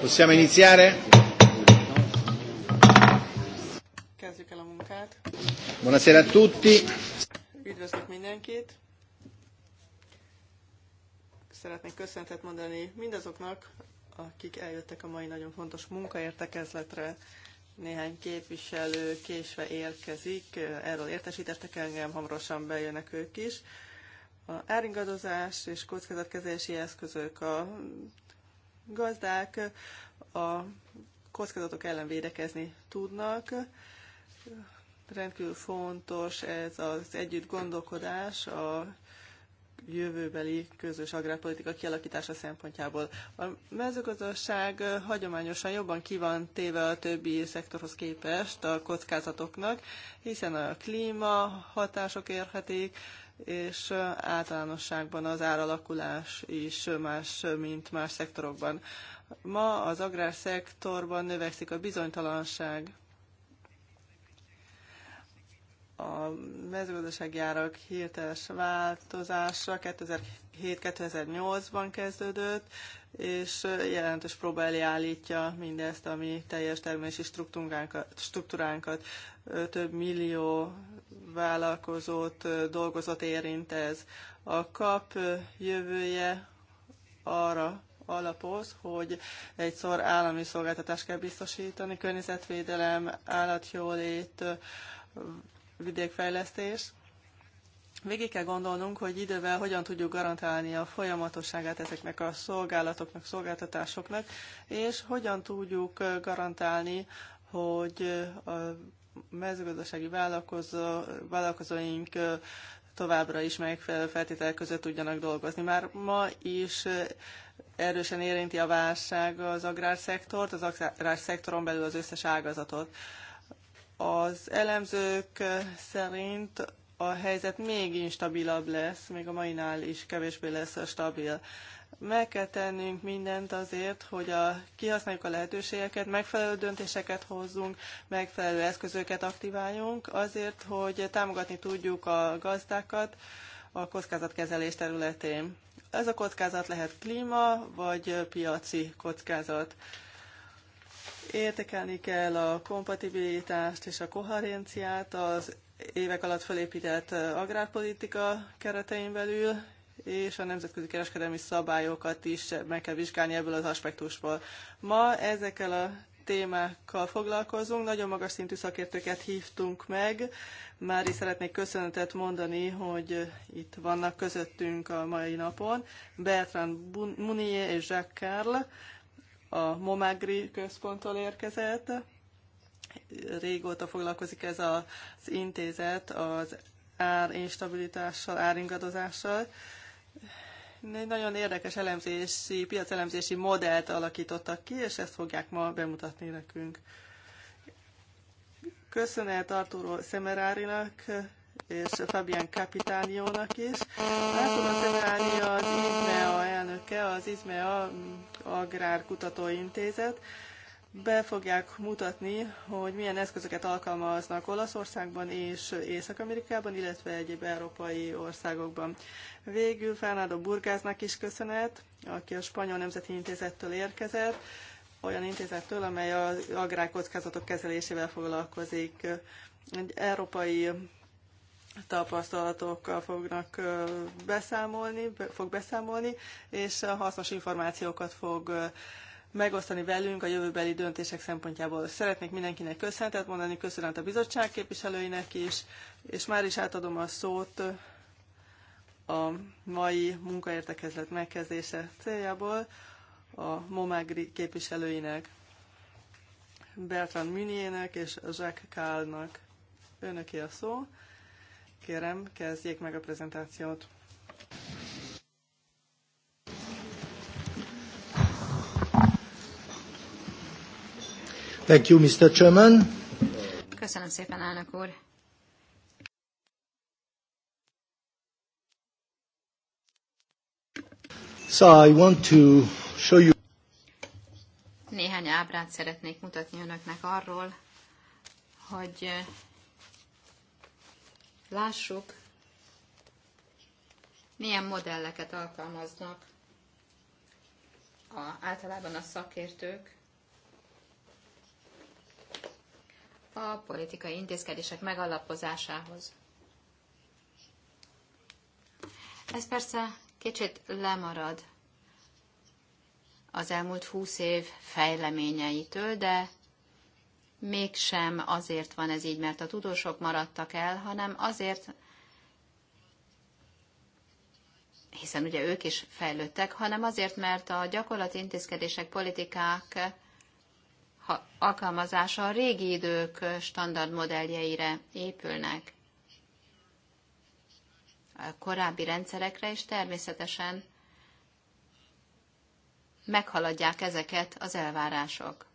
Possiamo iniziare? Kezdjük el a munkát. Buonasera a tutti. Üdvözlök mindenkit. Szeretnék köszöntet mondani mindazoknak, akik eljöttek a mai nagyon fontos munkaértekezletre. Néhány képviselő késve érkezik, erről értesítettek engem, hamarosan bejönnek ők is a áringadozás és kockázatkezelési eszközök, a gazdák a kockázatok ellen védekezni tudnak. Rendkívül fontos ez az együtt gondolkodás a jövőbeli közös agrárpolitika kialakítása szempontjából. A mezőgazdaság hagyományosan jobban ki van téve a többi szektorhoz képest a kockázatoknak, hiszen a klíma hatások érhetik, és általánosságban az áralakulás is más, mint más szektorokban. Ma az agrárszektorban növekszik a bizonytalanság. A mezőgazdasági árak hirtelen változása 2007-2008-ban kezdődött, és jelentős próba elé állítja mindezt, ami teljes termési struktúránkat, struktúránkat több millió vállalkozót, dolgozat érint ez. A kap jövője arra alapoz, hogy egyszer állami szolgáltatást kell biztosítani, környezetvédelem, állatjólét, vidékfejlesztés. Végig kell gondolnunk, hogy idővel hogyan tudjuk garantálni a folyamatosságát ezeknek a szolgálatoknak, szolgáltatásoknak, és hogyan tudjuk garantálni, hogy a mezőgazdasági vállalkozó, vállalkozóink továbbra is megfelelő feltételek között tudjanak dolgozni. Már ma is erősen érinti a válság az agrárszektort, az agrárszektoron belül az összes ágazatot. Az elemzők szerint a helyzet még instabilabb lesz, még a mainál is kevésbé lesz stabil. Meg kell tennünk mindent azért, hogy a, kihasználjuk a lehetőségeket, megfelelő döntéseket hozzunk, megfelelő eszközöket aktiváljunk, azért, hogy támogatni tudjuk a gazdákat a kockázatkezelés területén. Ez a kockázat lehet klíma vagy piaci kockázat Értekelni kell a kompatibilitást és a koherenciát az évek alatt felépített agrárpolitika keretein belül, és a nemzetközi kereskedelmi szabályokat is meg kell vizsgálni ebből az aspektusból. Ma ezekkel a témákkal foglalkozunk, nagyon magas szintű szakértőket hívtunk meg. Már is szeretnék köszönetet mondani, hogy itt vannak közöttünk a mai napon. Bertrand Munier és Jacques Carl a Momagri központtól érkezett. Régóta foglalkozik ez az intézet az ár instabilitással, áringadozással, egy nagyon érdekes elemzési, piacelemzési modellt alakítottak ki, és ezt fogják ma bemutatni nekünk. Köszönet Arturo Szemerárinak és Fabian Capitániónak is. Arturo Szemeráni az IZMEA elnöke, az IZMEA Agrárkutatóintézet. Intézet be fogják mutatni, hogy milyen eszközöket alkalmaznak Olaszországban és Észak-Amerikában, illetve egyéb európai országokban. Végül Fernando Burgáznak is köszönet, aki a Spanyol Nemzeti Intézettől érkezett, olyan intézettől, amely az agrárkockázatok kezelésével foglalkozik. Egy európai tapasztalatokkal fognak beszámolni, fog beszámolni, és hasznos információkat fog megosztani velünk a jövőbeli döntések szempontjából. Szeretnék mindenkinek köszönetet mondani, köszönet a bizottság képviselőinek is, és már is átadom a szót a mai munkaértekezlet megkezdése céljából a Momagri képviselőinek, Bertrand Müniének és Jacques Kálnak. Önöké a szó. Kérem, kezdjék meg a prezentációt. Thank you, Mr. Chairman. Köszönöm szépen, elnök úr. So I want to show you néhány ábrát szeretnék mutatni önöknek arról, hogy eh, lássuk, milyen modelleket alkalmaznak a, általában a szakértők a politikai intézkedések megalapozásához. Ez persze kicsit lemarad az elmúlt húsz év fejleményeitől, de mégsem azért van ez így, mert a tudósok maradtak el, hanem azért, hiszen ugye ők is fejlődtek, hanem azért, mert a gyakorlati intézkedések, politikák alkalmazása a régi idők standard modelljeire épülnek, a korábbi rendszerekre, is természetesen meghaladják ezeket az elvárások.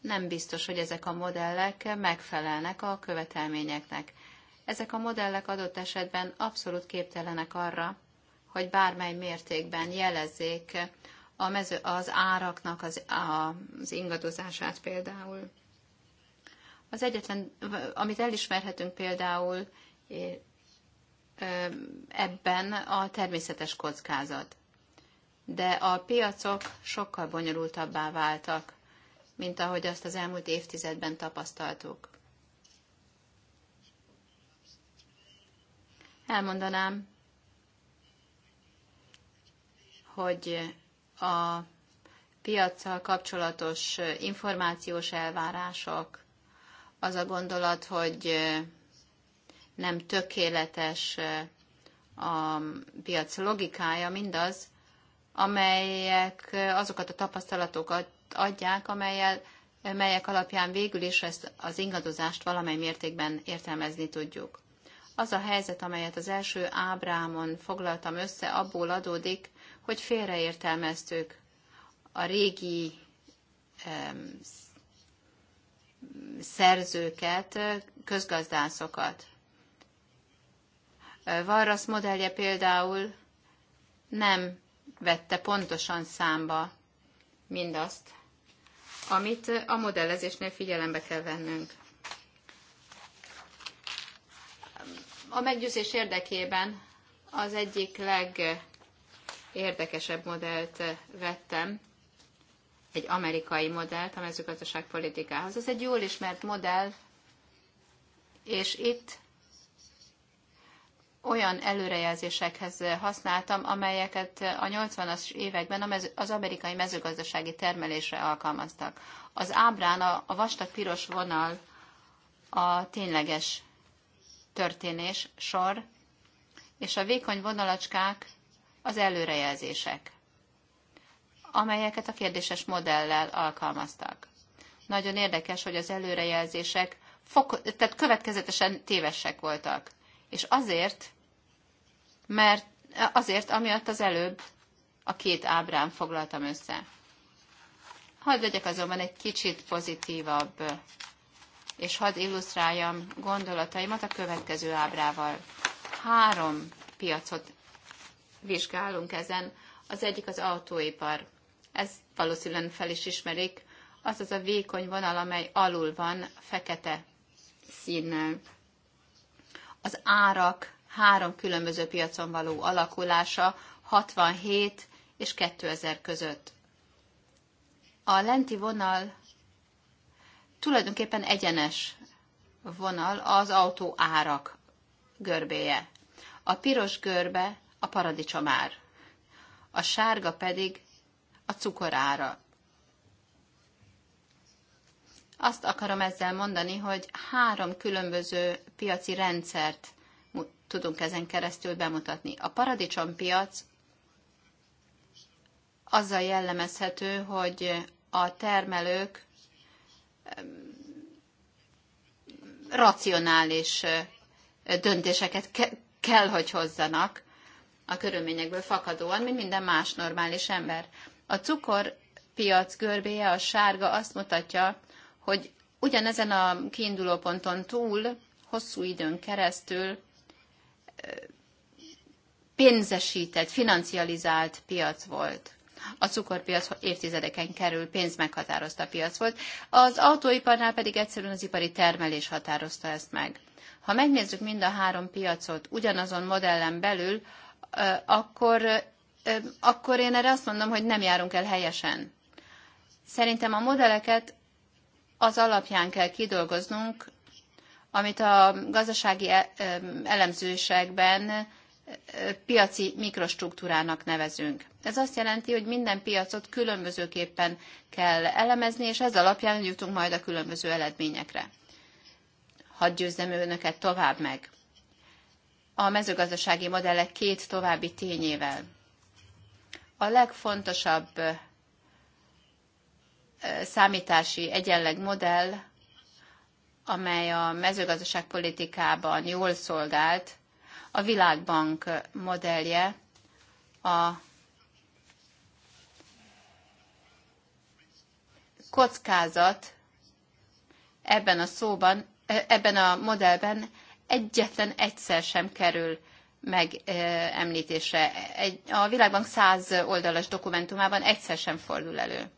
Nem biztos, hogy ezek a modellek megfelelnek a követelményeknek. Ezek a modellek adott esetben abszolút képtelenek arra, hogy bármely mértékben jelezzék a mező, az áraknak az, az ingadozását például. Az egyetlen, amit elismerhetünk például ebben a természetes kockázat. De a piacok sokkal bonyolultabbá váltak, mint ahogy azt az elmúlt évtizedben tapasztaltuk. Elmondanám, hogy a piaccal kapcsolatos információs elvárások, az a gondolat, hogy nem tökéletes a piac logikája, mindaz, amelyek azokat a tapasztalatokat adják, amelyel, melyek alapján végül is ezt az ingadozást valamely mértékben értelmezni tudjuk. Az a helyzet, amelyet az első ábrámon foglaltam össze, abból adódik, hogy félreértelmeztük a régi um, szerzőket, közgazdászokat. Varrasz modellje például nem vette pontosan számba mindazt, amit a modellezésnél figyelembe kell vennünk. A meggyőzés érdekében az egyik leg érdekesebb modellt eh, vettem, egy amerikai modellt a mezőgazdaság politikához. Ez egy jól ismert modell, és itt olyan előrejelzésekhez eh, használtam, amelyeket eh, a 80-as években az amerikai mezőgazdasági termelésre alkalmaztak. Az ábrán a, vastag piros vonal a tényleges történés sor, és a vékony vonalacskák az előrejelzések, amelyeket a kérdéses modellel alkalmaztak. Nagyon érdekes, hogy az előrejelzések fok, tehát következetesen tévesek voltak. És azért, mert azért, amiatt az előbb a két ábrán foglaltam össze. Hadd legyek azonban egy kicsit pozitívabb, és hadd illusztráljam gondolataimat a következő ábrával. Három piacot vizsgálunk ezen. Az egyik az autóipar. Ezt valószínűleg fel is ismerik. Az az a vékony vonal, amely alul van fekete színnel. Az árak három különböző piacon való alakulása 67 és 2000 között. A lenti vonal tulajdonképpen egyenes vonal az autó árak görbéje. A piros görbe a paradicsomár, a sárga pedig a cukorára. Azt akarom ezzel mondani, hogy három különböző piaci rendszert tudunk ezen keresztül bemutatni. A paradicsompiac azzal jellemezhető, hogy a termelők racionális döntéseket kell, hogy hozzanak, a körülményekből fakadóan, mint minden más normális ember. A cukorpiac görbéje, a sárga azt mutatja, hogy ugyanezen a kiinduló ponton túl, hosszú időn keresztül pénzesített, financializált piac volt. A cukorpiac évtizedeken kerül pénz meghatározta a piac volt, az autóiparnál pedig egyszerűen az ipari termelés határozta ezt meg. Ha megnézzük mind a három piacot ugyanazon modellen belül, akkor, akkor én erre azt mondom, hogy nem járunk el helyesen. Szerintem a modelleket az alapján kell kidolgoznunk, amit a gazdasági e, elemzősekben piaci mikrostruktúrának nevezünk. Ez azt jelenti, hogy minden piacot különbözőképpen kell elemezni, és ez alapján jutunk majd a különböző eredményekre. Hadd győzzem önöket tovább meg a mezőgazdasági modellek két további tényével. A legfontosabb számítási egyenleg modell, amely a mezőgazdaságpolitikában jól szolgált, a Világbank modellje, a kockázat ebben a szóban, ebben a modellben egyetlen egyszer sem kerül megemlítésre. Egy, a világban száz oldalas dokumentumában egyszer sem fordul elő.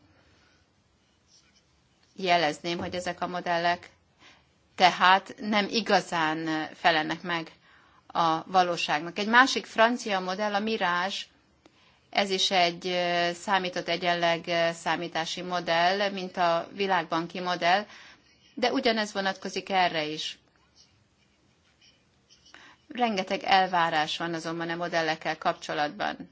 Jelezném, hogy ezek a modellek tehát nem igazán felelnek meg a valóságnak. Egy másik francia modell, a Mirage, ez is egy számított egyenleg számítási modell, mint a világbanki modell, de ugyanez vonatkozik erre is. Rengeteg elvárás van azonban a modellekkel kapcsolatban.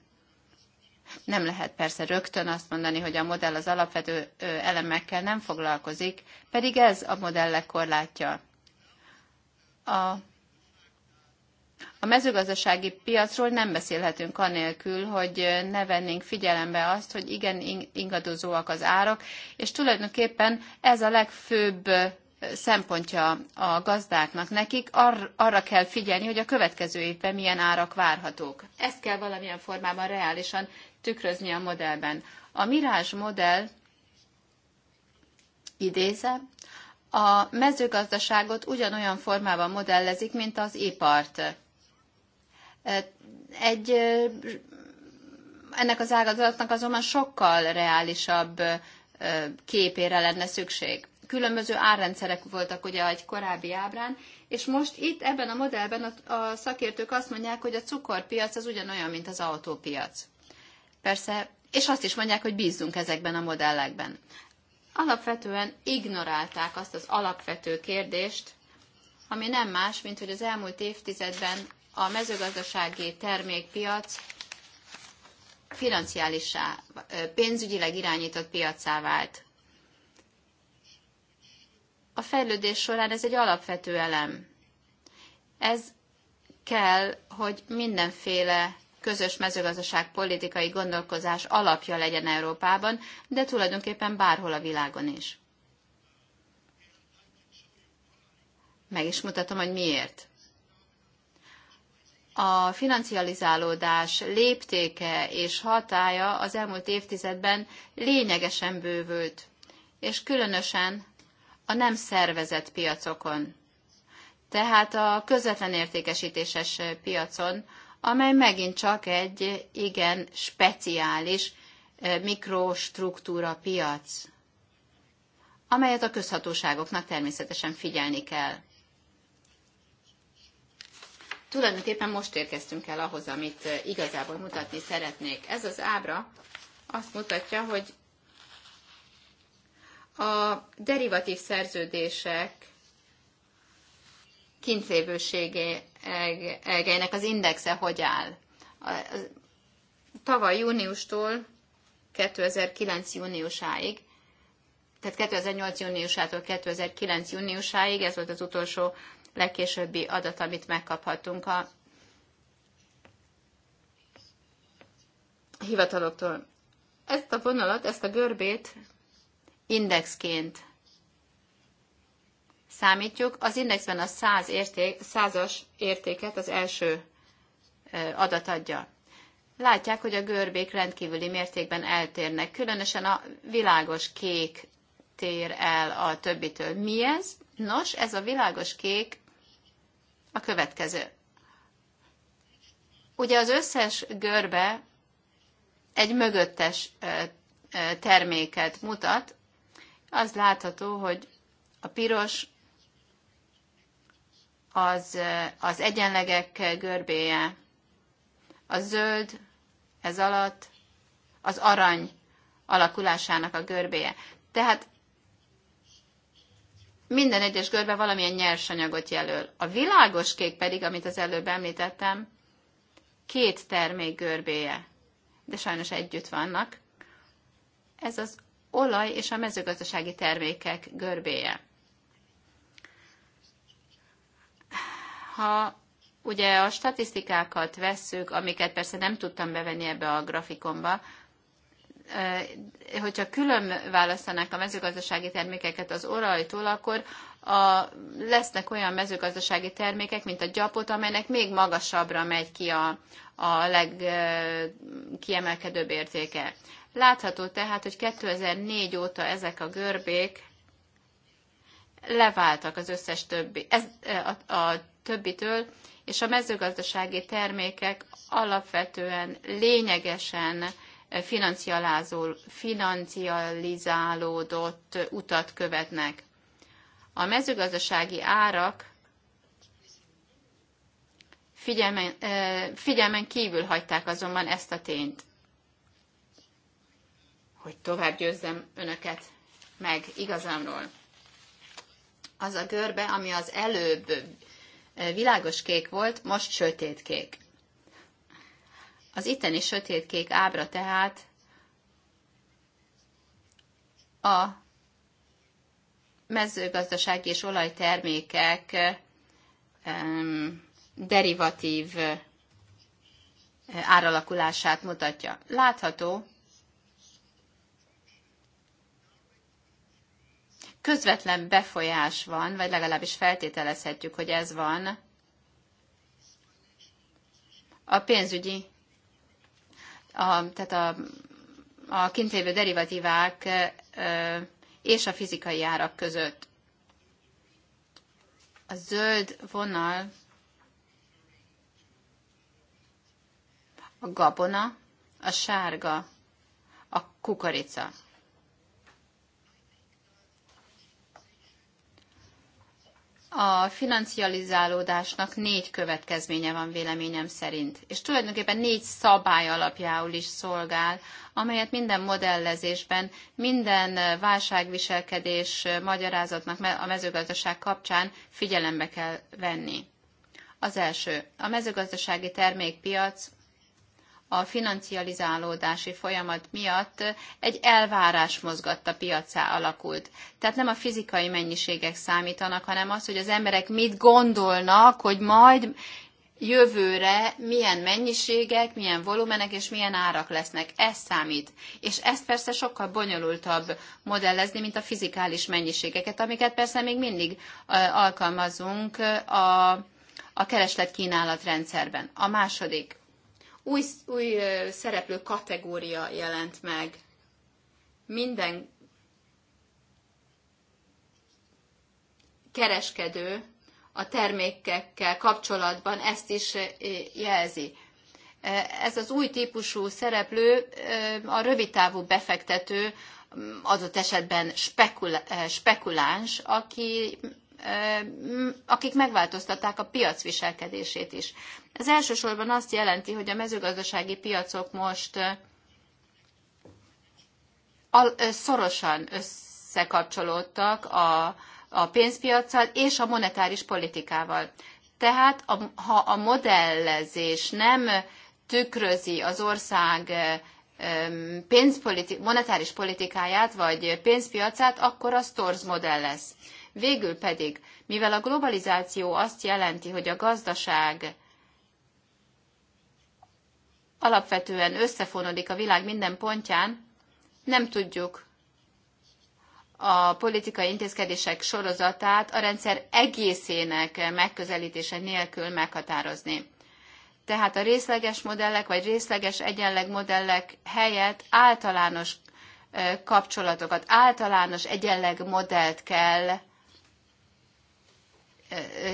Nem lehet persze rögtön azt mondani, hogy a modell az alapvető elemekkel nem foglalkozik, pedig ez a modellek korlátja. A a mezőgazdasági piacról nem beszélhetünk anélkül, hogy ne vennénk figyelembe azt, hogy igen ingadozóak az árak, és tulajdonképpen ez a legfőbb szempontja a gazdáknak, nekik ar- arra kell figyelni, hogy a következő évben milyen árak várhatók. Ezt kell valamilyen formában reálisan tükrözni a modellben. A Mirázs modell idéze, a mezőgazdaságot ugyanolyan formában modellezik, mint az ipart. Egy, ennek az ágazatnak azonban sokkal reálisabb képére lenne szükség különböző árrendszerek voltak ugye egy korábbi ábrán, és most itt ebben a modellben a, a szakértők azt mondják, hogy a cukorpiac az ugyanolyan, mint az autópiac. Persze, és azt is mondják, hogy bízzunk ezekben a modellekben. Alapvetően ignorálták azt az alapvető kérdést, ami nem más, mint hogy az elmúlt évtizedben a mezőgazdasági termékpiac financiálisá, pénzügyileg irányított piacá vált a fejlődés során ez egy alapvető elem. Ez kell, hogy mindenféle közös mezőgazdaság politikai gondolkozás alapja legyen Európában, de tulajdonképpen bárhol a világon is. Meg is mutatom, hogy miért. A financializálódás léptéke és hatája az elmúlt évtizedben lényegesen bővült, és különösen a nem szervezett piacokon, tehát a közvetlen értékesítéses piacon, amely megint csak egy igen speciális eh, mikrostruktúra piac, amelyet a közhatóságoknak természetesen figyelni kell. Tulajdonképpen most érkeztünk el ahhoz, amit eh, igazából mutatni szeretnék. Ez az ábra azt mutatja, hogy a derivatív szerződések kincévőségeinek az indexe hogy áll. Tavaly júniustól 2009 júniusáig, tehát 2008 júniusától 2009 júniusáig, ez volt az utolsó legkésőbbi adat, amit megkaphattunk a hivataloktól. Ezt a vonalat, ezt a görbét indexként számítjuk. Az indexben a 100 érték, 100-as értéket az első adat adja. Látják, hogy a görbék rendkívüli mértékben eltérnek, különösen a világos kék tér el a többitől. Mi ez? Nos, ez a világos kék a következő. Ugye az összes görbe egy mögöttes terméket mutat, az látható, hogy a piros az, az egyenlegek görbéje, a zöld ez alatt az arany alakulásának a görbéje. Tehát minden egyes görbe valamilyen nyersanyagot jelöl. A világos kék pedig, amit az előbb említettem, két termék görbéje, de sajnos együtt vannak. Ez az olaj és a mezőgazdasági termékek görbéje. Ha ugye a statisztikákat vesszük, amiket persze nem tudtam bevenni ebbe a grafikonba, hogyha külön választanák a mezőgazdasági termékeket az olajtól, akkor a, lesznek olyan mezőgazdasági termékek, mint a gyapot, amelynek még magasabbra megy ki a, a legkiemelkedőbb értéke. Látható tehát, hogy 2004 óta ezek a görbék leváltak az összes többi, ez, a, a többitől, és a mezőgazdasági termékek alapvetően lényegesen financializálódott utat követnek. A mezőgazdasági árak figyelmen, figyelmen kívül hagyták azonban ezt a tényt hogy tovább győzzem önöket meg igazamról. Az a görbe, ami az előbb világos kék volt, most sötét kék. Az itteni sötét kék ábra tehát a mezőgazdasági és olajtermékek derivatív áralakulását mutatja. Látható, közvetlen befolyás van, vagy legalábbis feltételezhetjük, hogy ez van a pénzügyi, a, tehát a, a lévő derivatívák és a fizikai árak között. A zöld vonal a gabona, a sárga, a kukorica. a financializálódásnak négy következménye van véleményem szerint, és tulajdonképpen négy szabály alapjául is szolgál, amelyet minden modellezésben, minden válságviselkedés magyarázatnak a mezőgazdaság kapcsán figyelembe kell venni. Az első, a mezőgazdasági termékpiac a financializálódási folyamat miatt egy elvárás mozgatta piacá alakult. Tehát nem a fizikai mennyiségek számítanak, hanem az, hogy az emberek mit gondolnak, hogy majd jövőre milyen mennyiségek, milyen volumenek és milyen árak lesznek. Ez számít. És ezt persze sokkal bonyolultabb modellezni, mint a fizikális mennyiségeket, amiket persze még mindig alkalmazunk a, a kereslet-kínálat rendszerben. A második, új, új szereplő kategória jelent meg. Minden kereskedő a termékekkel kapcsolatban ezt is jelzi. Ez az új típusú szereplő a rövidtávú befektető, adott esetben spekula, spekuláns, aki akik megváltoztatták a piac viselkedését is. Ez elsősorban azt jelenti, hogy a mezőgazdasági piacok most szorosan összekapcsolódtak a, a pénzpiacsal és a monetáris politikával. Tehát a, ha a modellezés nem tükrözi az ország pénzpolitik, monetáris politikáját vagy pénzpiacát, akkor az torz modell lesz. Végül pedig, mivel a globalizáció azt jelenti, hogy a gazdaság alapvetően összefonodik a világ minden pontján, nem tudjuk a politikai intézkedések sorozatát a rendszer egészének megközelítése nélkül meghatározni. Tehát a részleges modellek vagy részleges egyenleg modellek helyett általános kapcsolatokat, általános egyenleg modellt kell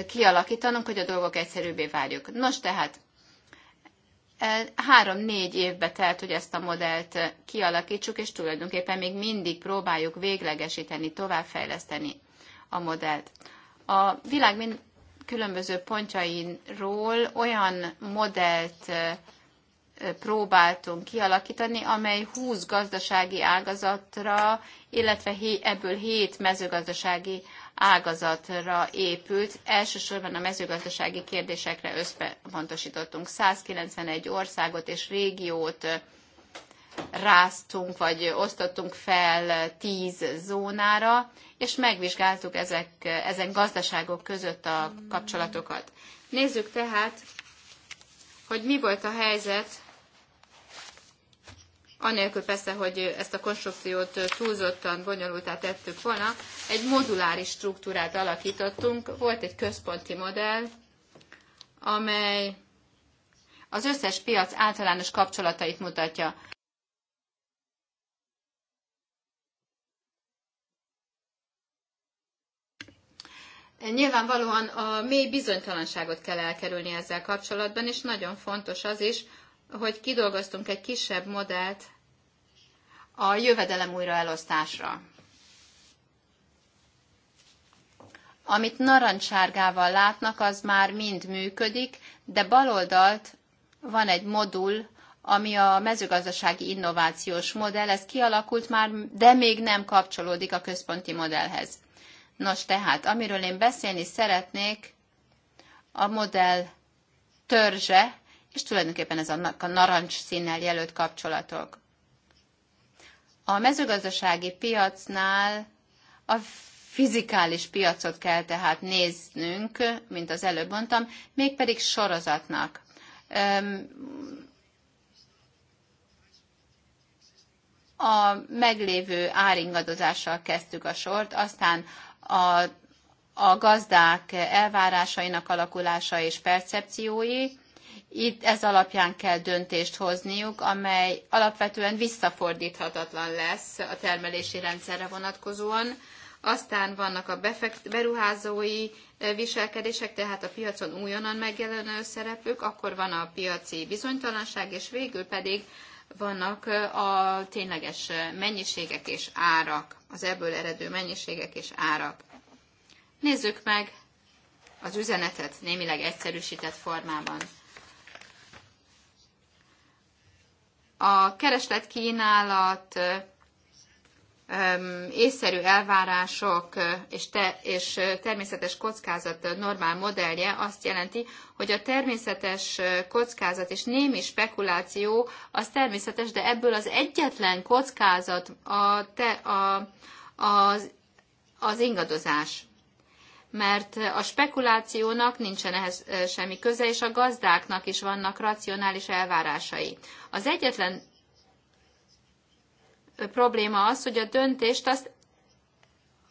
kialakítanunk, hogy a dolgok egyszerűbbé várjuk. Nos tehát, e, három-négy évbe telt, hogy ezt a modellt kialakítsuk, és tulajdonképpen még mindig próbáljuk véglegesíteni, továbbfejleszteni a modellt. A világ mind különböző pontjainról olyan modellt e, próbáltunk kialakítani, amely 20 gazdasági ágazatra, illetve ebből 7 mezőgazdasági ágazatra épült, elsősorban a mezőgazdasági kérdésekre összpontosítottunk. 191 országot és régiót ráztunk, vagy osztottunk fel tíz zónára, és megvizsgáltuk ezek, ezen gazdaságok között a kapcsolatokat. Nézzük tehát, hogy mi volt a helyzet anélkül persze, hogy ezt a konstrukciót túlzottan bonyolultá tettük volna, egy moduláris struktúrát alakítottunk, volt egy központi modell, amely az összes piac általános kapcsolatait mutatja. Nyilvánvalóan a mély bizonytalanságot kell elkerülni ezzel kapcsolatban, és nagyon fontos az is, hogy kidolgoztunk egy kisebb modellt a jövedelem újraelosztásra. Amit narancssárgával látnak, az már mind működik, de baloldalt van egy modul, ami a mezőgazdasági innovációs modell, ez kialakult már, de még nem kapcsolódik a központi modellhez. Nos tehát, amiről én beszélni szeretnék, a modell törzse, és tulajdonképpen ez a narancs színnel jelölt kapcsolatok. A mezőgazdasági piacnál a fizikális piacot kell tehát néznünk, mint az előbb mondtam, mégpedig sorozatnak. A meglévő áringadozással kezdtük a sort, aztán a, a gazdák elvárásainak alakulása és percepciói, itt ez alapján kell döntést hozniuk, amely alapvetően visszafordíthatatlan lesz a termelési rendszerre vonatkozóan. Aztán vannak a befekt, beruházói viselkedések, tehát a piacon újonnan megjelenő szereplők, akkor van a piaci bizonytalanság, és végül pedig vannak a tényleges mennyiségek és árak, az ebből eredő mennyiségek és árak. Nézzük meg az üzenetet némileg egyszerűsített formában. a kereslet-kínálat észszerű elvárások és, te, és természetes kockázat normál modellje azt jelenti, hogy a természetes kockázat és némi spekuláció az természetes, de ebből az egyetlen kockázat a, te, a, az, az ingadozás mert a spekulációnak nincsen ehhez semmi köze, és a gazdáknak is vannak racionális elvárásai. Az egyetlen probléma az, hogy a döntést azt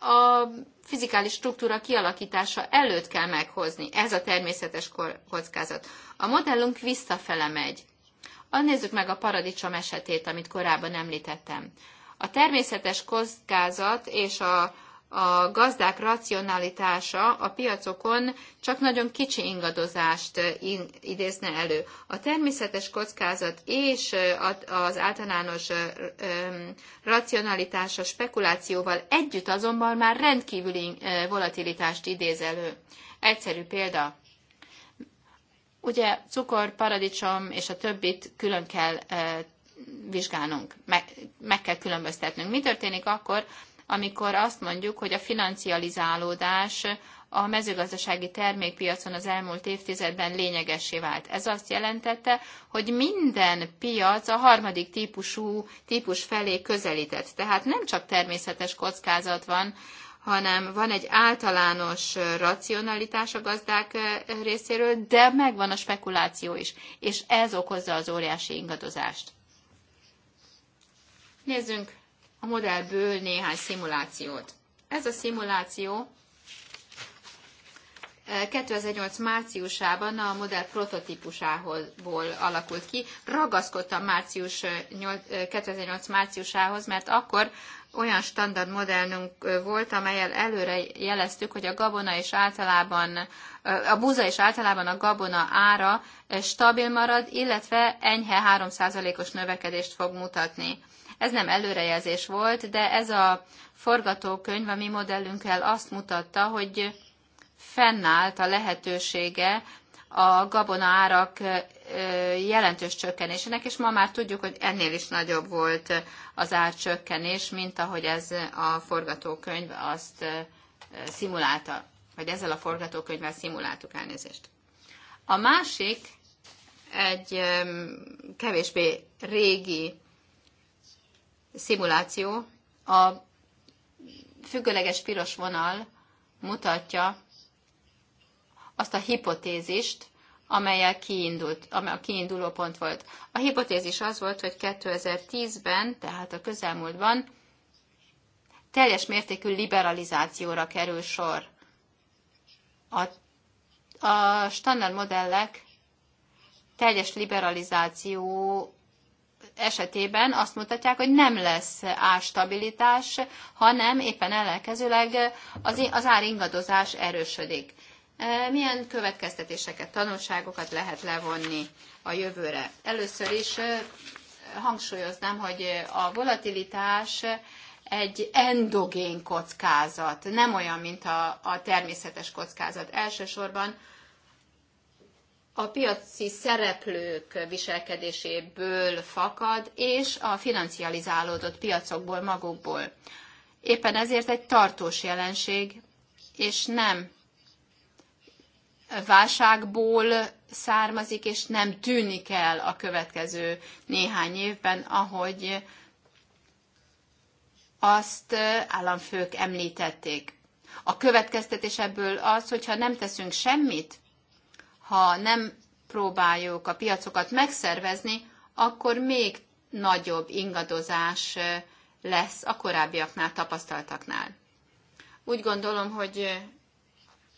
a fizikális struktúra kialakítása előtt kell meghozni. Ez a természetes kockázat. A modellünk visszafele megy. Ah, nézzük meg a paradicsom esetét, amit korábban említettem. A természetes kockázat és a, a gazdák racionalitása a piacokon csak nagyon kicsi ingadozást eh, idézne elő. A természetes kockázat és eh, az általános eh, racionalitása spekulációval együtt azonban már rendkívüli volatilitást idéz elő. Egyszerű példa. Ugye cukor, paradicsom és a többit külön kell vizsgálnunk, meg, meg kell különböztetnünk. Mi történik akkor, amikor azt mondjuk, hogy a financializálódás a mezőgazdasági termékpiacon az elmúlt évtizedben lényegessé vált. Ez azt jelentette, hogy minden piac a harmadik típusú típus felé közelített. Tehát nem csak természetes kockázat van, hanem van egy általános racionalitás a gazdák részéről, de megvan a spekuláció is, és ez okozza az óriási ingadozást. Nézzünk a modellből néhány szimulációt. Ez a szimuláció 2008 márciusában a modell prototípusából alakult ki. Ragaszkodtam március, 2008 márciusához, mert akkor olyan standard modellünk volt, amelyel előre jeleztük, hogy a gabona és általában, a búza és általában a gabona ára stabil marad, illetve enyhe 3%-os növekedést fog mutatni. Ez nem előrejelzés volt, de ez a forgatókönyv a mi modellünkkel azt mutatta, hogy fennállt a lehetősége a gabona árak jelentős csökkenésének, és ma már tudjuk, hogy ennél is nagyobb volt az árcsökkenés, mint ahogy ez a forgatókönyv azt szimulálta, vagy ezzel a forgatókönyvvel szimuláltuk elnézést. A másik egy kevésbé régi szimuláció, a függőleges piros vonal mutatja azt a hipotézist, amelyel kiindult, amely a kiinduló pont volt. A hipotézis az volt, hogy 2010-ben, tehát a közelmúltban teljes mértékű liberalizációra kerül sor. A, a standard modellek teljes liberalizáció esetében azt mutatják, hogy nem lesz árstabilitás, hanem éppen ellenkezőleg az, az ingadozás erősödik. E, milyen következtetéseket, tanulságokat lehet levonni a jövőre. Először is e, hangsúlyoznám, hogy a volatilitás egy endogén kockázat, nem olyan, mint a, a természetes kockázat. Elsősorban a piaci szereplők viselkedéséből fakad, és a financializálódott piacokból magukból. Éppen ezért egy tartós jelenség, és nem válságból származik, és nem tűnik el a következő néhány évben, ahogy azt államfők említették. A következtetés ebből az, hogyha nem teszünk semmit, ha nem próbáljuk a piacokat megszervezni, akkor még nagyobb ingadozás lesz a korábbiaknál tapasztaltaknál. Úgy gondolom, hogy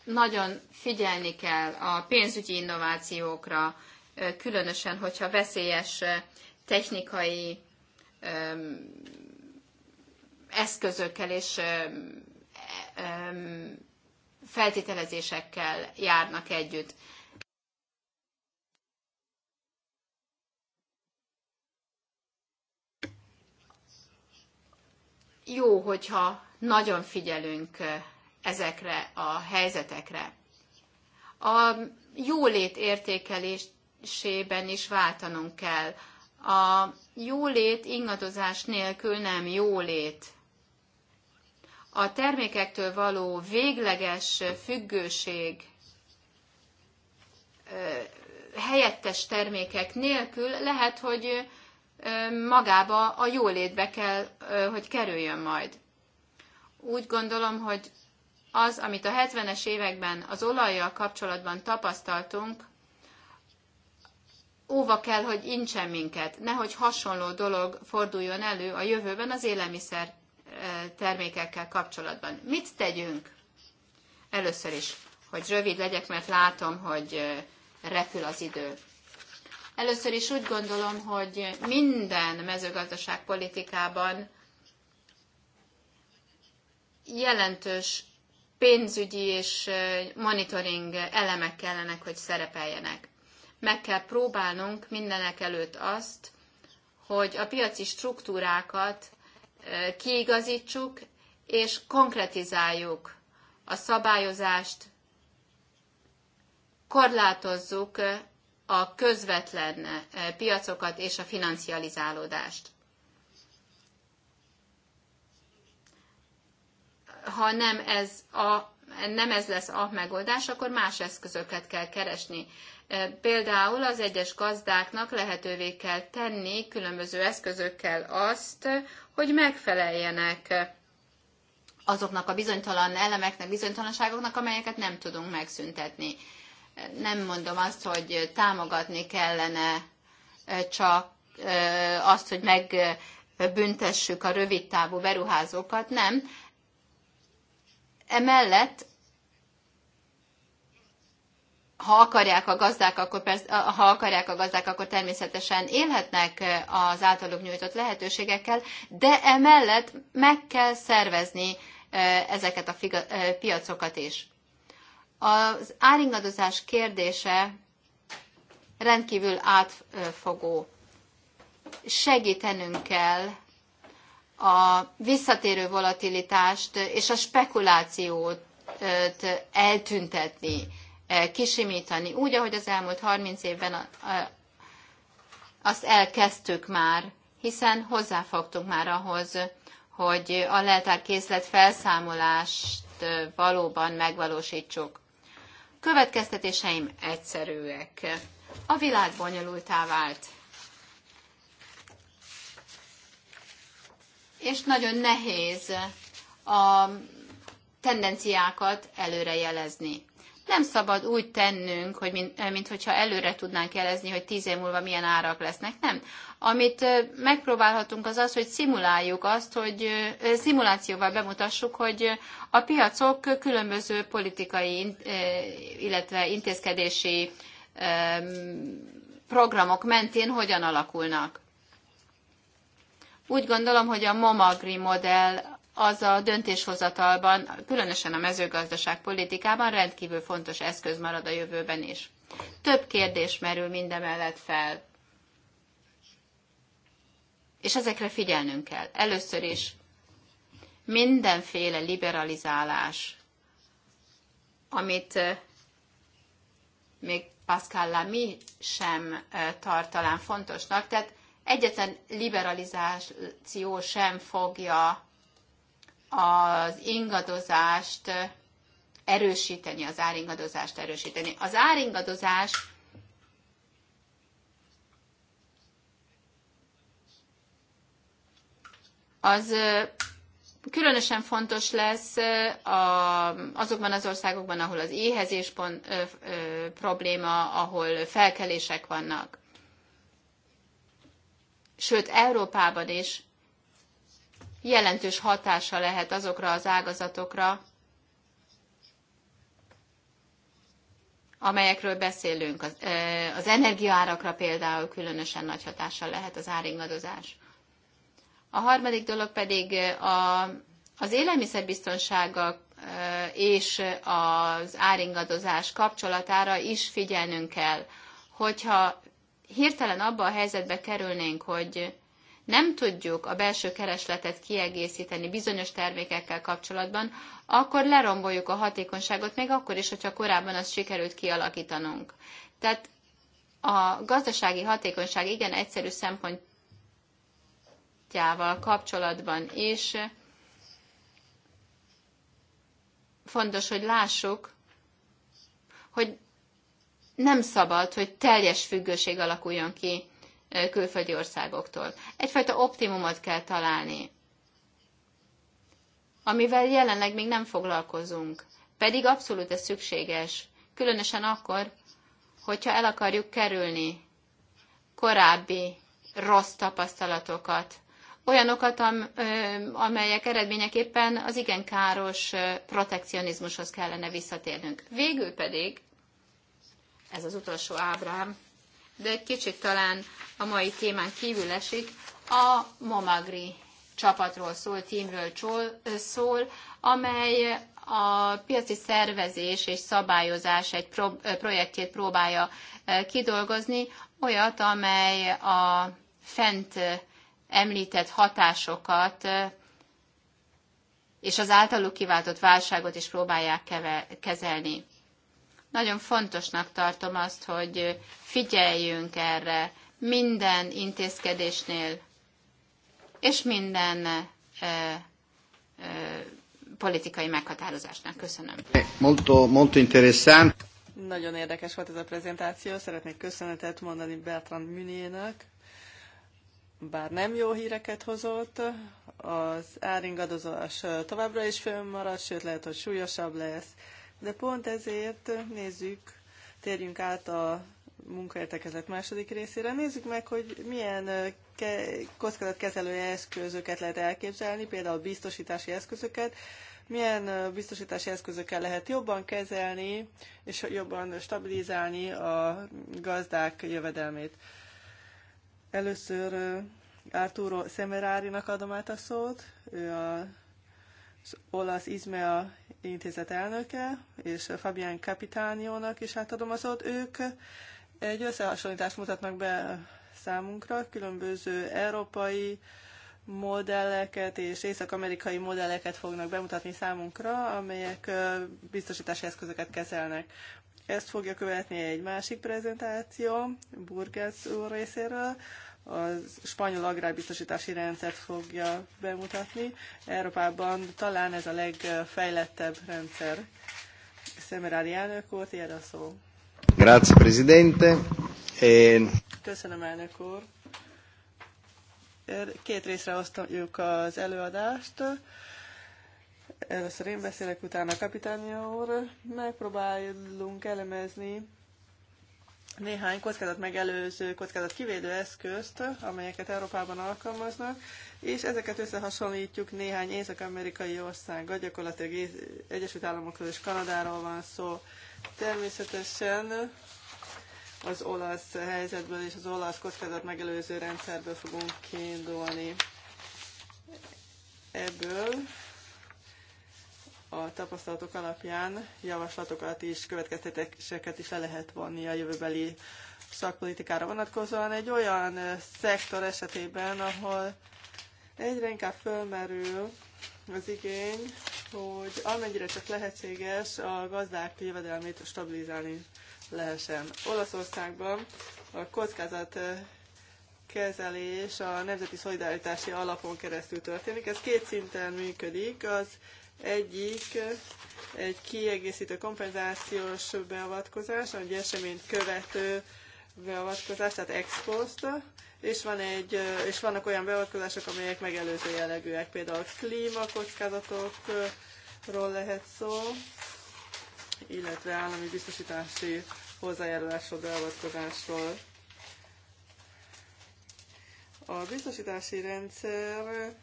nagyon figyelni kell a pénzügyi innovációkra, különösen, hogyha veszélyes technikai eszközökkel és feltételezésekkel járnak együtt. Jó, hogyha nagyon figyelünk ezekre a helyzetekre. A jólét értékelésében is váltanunk kell. A jólét ingadozás nélkül nem jólét. A termékektől való végleges függőség helyettes termékek nélkül lehet, hogy magába a jólétbe kell, hogy kerüljön majd. Úgy gondolom, hogy az, amit a 70-es években az olajjal kapcsolatban tapasztaltunk, óva kell, hogy incsen minket, nehogy hasonló dolog forduljon elő a jövőben az élelmiszer eh, termékekkel kapcsolatban. Mit tegyünk? Először is, hogy rövid legyek, mert látom, hogy eh, repül az idő. Először is úgy gondolom, hogy minden mezőgazdaságpolitikában jelentős pénzügyi és monitoring elemek kellenek, hogy szerepeljenek. Meg kell próbálnunk mindenek előtt azt, hogy a piaci struktúrákat kiigazítsuk és konkretizáljuk a szabályozást, korlátozzuk a közvetlen piacokat és a financializálódást. ha nem ez, a, nem ez lesz a megoldás, akkor más eszközöket kell keresni. E, például az egyes gazdáknak lehetővé kell tenni különböző eszközökkel azt, hogy megfeleljenek azoknak a bizonytalan elemeknek, bizonytalanságoknak, amelyeket nem tudunk megszüntetni. E, nem mondom azt, hogy támogatni kellene e, csak azt, hogy megbüntessük a rövidtávú beruházókat, nem, Emellett ha akarják a gazdák, akkor persze, ha akarják a gazdák, akkor természetesen élhetnek az általuk nyújtott lehetőségekkel, de emellett meg kell szervezni ezeket a figa, piacokat is. Az áringadozás kérdése rendkívül átfogó. Segítenünk kell a visszatérő volatilitást és a spekulációt eltüntetni, kisimítani, úgy, ahogy az elmúlt 30 évben azt elkezdtük már, hiszen hozzáfogtunk már ahhoz, hogy a leltárkészlet felszámolást valóban megvalósítsuk. Következtetéseim egyszerűek. A világ bonyolultá vált. és nagyon nehéz a tendenciákat előre jelezni. Nem szabad úgy tennünk, hogy mint, eh, mint hogyha előre tudnánk jelezni, hogy tíz év múlva milyen árak lesznek. Nem. Amit eh, megpróbálhatunk az az, hogy szimuláljuk azt, hogy eh, szimulációval bemutassuk, hogy a piacok különböző politikai, illetve intézkedési programok mentén hogyan alakulnak. Úgy gondolom, hogy a Momagri modell az a döntéshozatalban, különösen a mezőgazdaság politikában rendkívül fontos eszköz marad a jövőben is. Több kérdés merül mindemellett fel, és ezekre figyelnünk kell. Először is mindenféle liberalizálás, amit eh, még Pascal Lamy sem eh, tart talán fontosnak, tehát egyetlen liberalizáció sem fogja az ingadozást erősíteni, az áringadozást erősíteni. Az áringadozás az különösen fontos lesz azokban az országokban, ahol az éhezés pont, ö, ö, probléma, ahol felkelések vannak sőt Európában is jelentős hatása lehet azokra az ágazatokra, amelyekről beszélünk. Az, az energiaárakra például különösen nagy hatással lehet az áringadozás. A harmadik dolog pedig a, az élelmiszerbiztonsága és az áringadozás kapcsolatára is figyelnünk kell. Hogyha hirtelen abba a helyzetbe kerülnénk, hogy nem tudjuk a belső keresletet kiegészíteni bizonyos termékekkel kapcsolatban, akkor leromboljuk a hatékonyságot, még akkor is, hogyha korábban azt sikerült kialakítanunk. Tehát a gazdasági hatékonyság igen egyszerű szempontjával kapcsolatban is fontos, hogy lássuk, hogy nem szabad, hogy teljes függőség alakuljon ki külföldi országoktól. Egyfajta optimumot kell találni, amivel jelenleg még nem foglalkozunk. Pedig abszolút ez szükséges, különösen akkor, hogyha el akarjuk kerülni korábbi rossz tapasztalatokat, olyanokat, amelyek eredményeképpen az igen káros protekcionizmushoz kellene visszatérnünk. Végül pedig ez az utolsó ábrám, de egy kicsit talán a mai témán kívül esik, a Momagri csapatról szól, tímről szól, amely a piaci szervezés és szabályozás egy pro- projektjét próbálja kidolgozni, olyat, amely a fent említett hatásokat és az általuk kiváltott válságot is próbálják kezelni. Nagyon fontosnak tartom azt, hogy figyeljünk erre minden intézkedésnél, és minden eh, eh, politikai meghatározásnál. Köszönöm. Molto, molto interessante. Nagyon érdekes volt ez a prezentáció. Szeretnék köszönetet mondani Bertrand Münének, bár nem jó híreket hozott, az áringadozás továbbra is fönnmarad, sőt lehet, hogy súlyosabb lesz. De pont ezért nézzük, térjünk át a munkaértekezet második részére. Nézzük meg, hogy milyen ke- kockázatkezelő eszközöket lehet elképzelni, például biztosítási eszközöket, milyen biztosítási eszközökkel lehet jobban kezelni és jobban stabilizálni a gazdák jövedelmét. Először Arturo Szemerárinak adom át a szót, ő az olasz Izmea intézet elnöke, és Fabián Kapitániónak is átadom az ott. Ők egy összehasonlítást mutatnak be számunkra, különböző európai modelleket és észak-amerikai modelleket fognak bemutatni számunkra, amelyek biztosítási eszközöket kezelnek. Ezt fogja követni egy másik prezentáció Burgess úr részéről, a spanyol agrárbiztosítási rendszert fogja bemutatni. Európában talán ez a legfejlettebb rendszer. Szemerári elnök úr, tiéd a szó. Grazie, Presidente. Én... Köszönöm, elnök úr. Két részre osztjuk az előadást. Először én beszélek, utána kapitány úr. Megpróbálunk elemezni néhány kockázat megelőző, kockázat kivédő eszközt, amelyeket Európában alkalmaznak, és ezeket összehasonlítjuk néhány észak-amerikai országgal, gyakorlatilag Egyesült Államokról és Kanadáról van szó. Természetesen az olasz helyzetből és az olasz kockázat megelőző rendszerből fogunk kiindulni. Ebből a tapasztalatok alapján javaslatokat is, következtetéseket is le lehet vonni a jövőbeli szakpolitikára vonatkozóan egy olyan szektor esetében, ahol egyre inkább fölmerül az igény, hogy amennyire csak lehetséges a gazdák jövedelmét stabilizálni lehessen. Olaszországban a kockázat kezelés a Nemzeti Szolidaritási Alapon keresztül történik. Ez két szinten működik. Az egyik egy kiegészítő kompenzációs beavatkozás, egy eseményt követő beavatkozás, tehát ex post, és, van egy, és vannak olyan beavatkozások, amelyek megelőző jellegűek, például klímakockázatokról lehet szó, illetve állami biztosítási hozzájárulásról, beavatkozásról. A biztosítási rendszer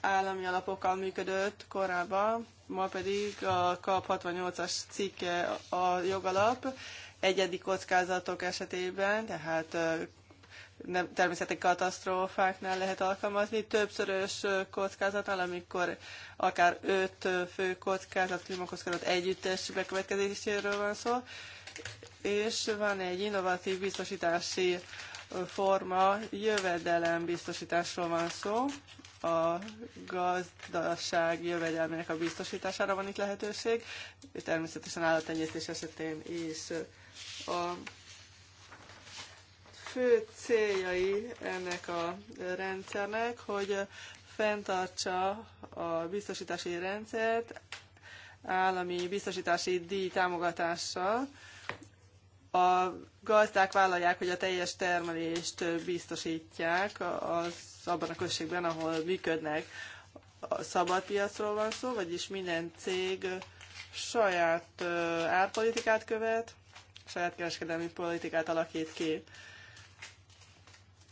állami alapokkal működött korábban, ma pedig a KAP 68-as cikke a jogalap egyedi kockázatok esetében, tehát nem, természeti katasztrófáknál lehet alkalmazni, többszörös kockázatnál, amikor akár öt fő kockázat, klímakockázat együttes bekövetkezéséről van szó, és van egy innovatív biztosítási forma, jövedelem biztosításról van szó, a gazdaság jövedelmének a biztosítására van itt lehetőség, és természetesen állattenyésztés esetén is. A fő céljai ennek a rendszernek, hogy fenntartsa a biztosítási rendszert állami biztosítási díj támogatással. A gazdák vállalják, hogy a teljes termelést biztosítják az abban a községben, ahol működnek. A szabad piacról van szó, vagyis minden cég saját árpolitikát követ, saját kereskedelmi politikát alakít ki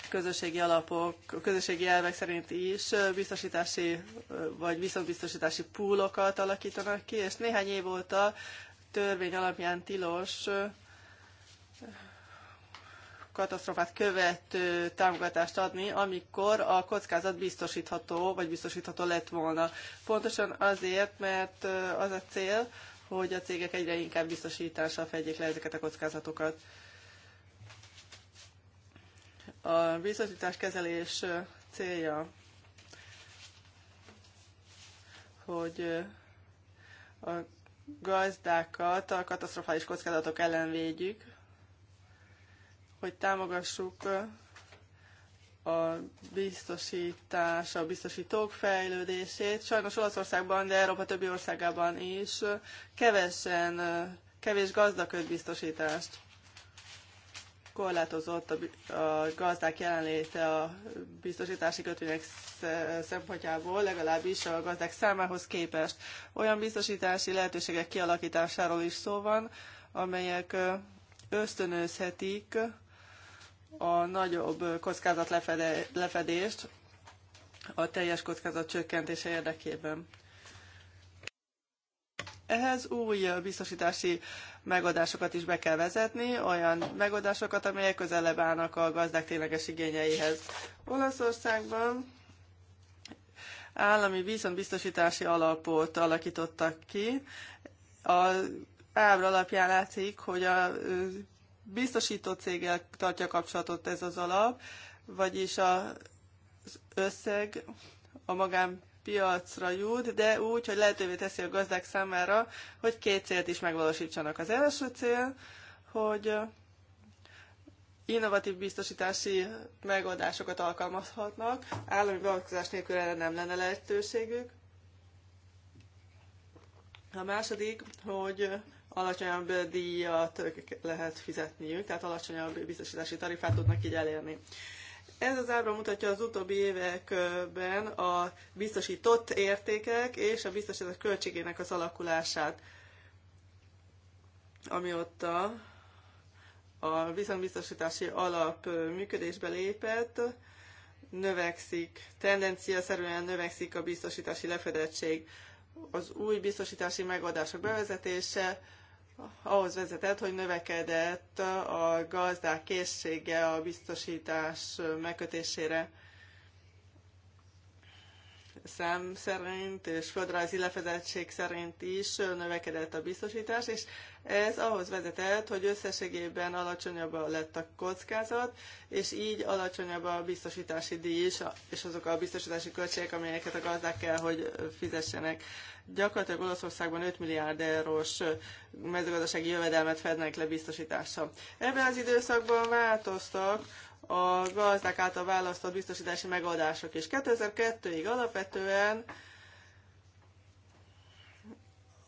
közösségi alapok, közösségi elvek szerint is biztosítási vagy viszontbiztosítási púlokat alakítanak ki, és néhány év óta törvény alapján tilos katasztrófát követő támogatást adni, amikor a kockázat biztosítható, vagy biztosítható lett volna. Pontosan azért, mert az a cél, hogy a cégek egyre inkább biztosítással fedjék le ezeket a kockázatokat. A biztosítás kezelés célja, hogy a gazdákat a katasztrofális kockázatok ellen védjük, hogy támogassuk a biztosítás, a biztosítók fejlődését. Sajnos Olaszországban, de Európa többi országában is kevesen, kevés gazda biztosítást. Korlátozott a, a gazdák jelenléte a biztosítási kötvények szempontjából, legalábbis a gazdák számához képest. Olyan biztosítási lehetőségek kialakításáról is szó van, amelyek ösztönözhetik a nagyobb kockázat lefedést a teljes kockázat csökkentése érdekében. Ehhez új biztosítási megoldásokat is be kell vezetni, olyan megoldásokat, amelyek közelebb állnak a gazdák tényleges igényeihez. Olaszországban állami viszontbiztosítási alapot alakítottak ki. A ábra alapján látszik, hogy a biztosító céggel tartja kapcsolatot ez az alap, vagyis az összeg a magán piacra jut, de úgy, hogy lehetővé teszi a gazdák számára, hogy két célt is megvalósítsanak. Az első cél, hogy innovatív biztosítási megoldásokat alkalmazhatnak, állami beavatkozás nélkül erre nem lenne lehetőségük. A második, hogy alacsonyabb díjat lehet fizetniük, tehát alacsonyabb biztosítási tarifát tudnak így elérni. Ez az ábra mutatja az utóbbi években a biztosított értékek és a biztosítás költségének az alakulását, amióta a viszontbiztosítási alap működésbe lépett, növekszik, tendencia szerűen növekszik a biztosítási lefedettség. Az új biztosítási megoldások bevezetése ahhoz vezetett, hogy növekedett a gazdák készsége a biztosítás megkötésére. Szám szerint és földrajzi lefedettség szerint is növekedett a biztosítás, és ez ahhoz vezetett, hogy összességében alacsonyabb lett a kockázat, és így alacsonyabb a biztosítási díj is, és azok a biztosítási költségek, amelyeket a gazdák kell, hogy fizessenek. Gyakorlatilag Olaszországban 5 milliárd eurós mezőgazdasági jövedelmet fednek le biztosítással. Ebben az időszakban változtak a gazdák által választott biztosítási megoldások is. 2002-ig alapvetően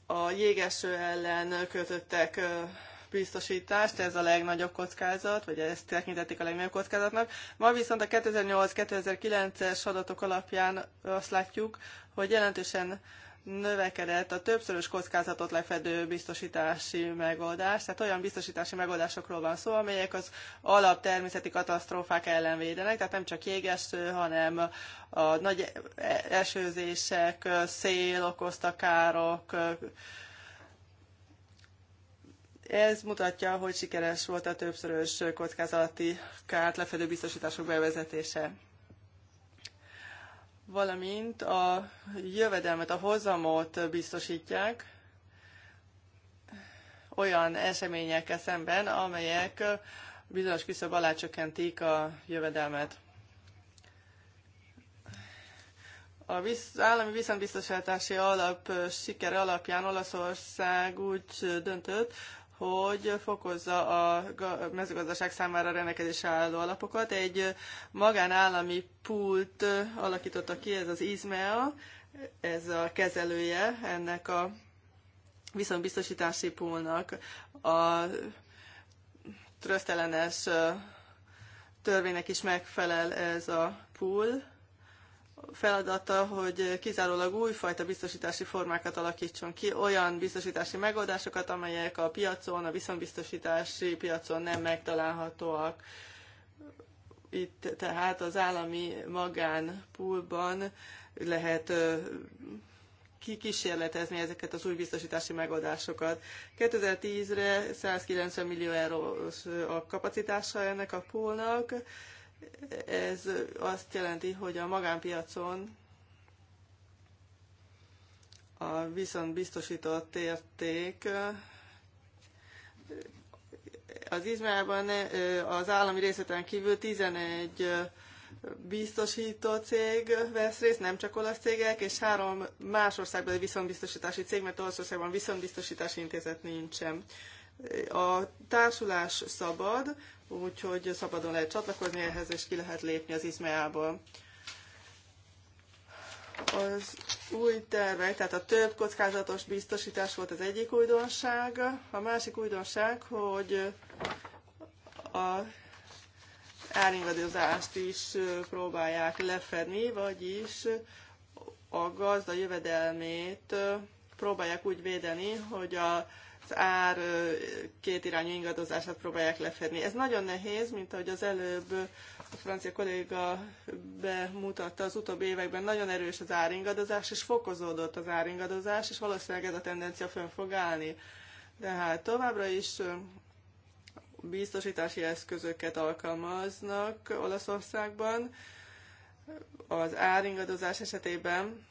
a jégeső ellen kötöttek biztosítást, ez a legnagyobb kockázat, vagy ezt tekintették a legnagyobb kockázatnak. Ma viszont a 2008-2009-es adatok alapján azt látjuk, hogy jelentősen növekedett a többszörös kockázatot lefedő biztosítási megoldás, tehát olyan biztosítási megoldásokról van szó, amelyek az alap természeti katasztrófák ellen védenek, tehát nem csak jégeső, hanem a nagy esőzések, szél okozta károk, ez mutatja, hogy sikeres volt a többszörös kockázati kárt lefedő biztosítások bevezetése valamint a jövedelmet, a hozamot biztosítják olyan eseményekkel szemben, amelyek bizonyos küszöb alá csökkentik a jövedelmet. A visz, állami viszontbiztosítási alap sikere alapján Olaszország úgy döntött, hogy fokozza a mezőgazdaság számára rendelkezésre álló alapokat. Egy magánállami pult alakította ki, ez az IZMEA, ez a kezelője ennek a viszontbiztosítási poolnak. A trösztelenes törvénynek is megfelel ez a pool feladata, hogy kizárólag újfajta biztosítási formákat alakítson ki, olyan biztosítási megoldásokat, amelyek a piacon, a viszonbiztosítási piacon nem megtalálhatóak. Itt tehát az állami magánpulban lehet kikísérletezni ezeket az új biztosítási megoldásokat. 2010-re 190 millió eurós a kapacitása ennek a poolnak, ez azt jelenti, hogy a magánpiacon a viszont biztosított érték az Izraelben az állami részleten kívül 11 biztosító cég vesz részt, nem csak olasz cégek, és három más országban viszontbiztosítási cég, mert Olaszországban viszontbiztosítási intézet nincsen. A társulás szabad, úgyhogy szabadon lehet csatlakozni ehhez, és ki lehet lépni az izmeából. Az új tervek, tehát a több kockázatos biztosítás volt az egyik újdonság. A másik újdonság, hogy a áringadozást is próbálják lefedni, vagyis a gazda jövedelmét próbálják úgy védeni, hogy a az ár két irányú ingadozását próbálják lefedni. Ez nagyon nehéz, mint ahogy az előbb a francia kolléga bemutatta az utóbbi években, nagyon erős az áringadozás, és fokozódott az áringadozás, és valószínűleg ez a tendencia fönn fog állni. De hát továbbra is biztosítási eszközöket alkalmaznak Olaszországban. Az áringadozás esetében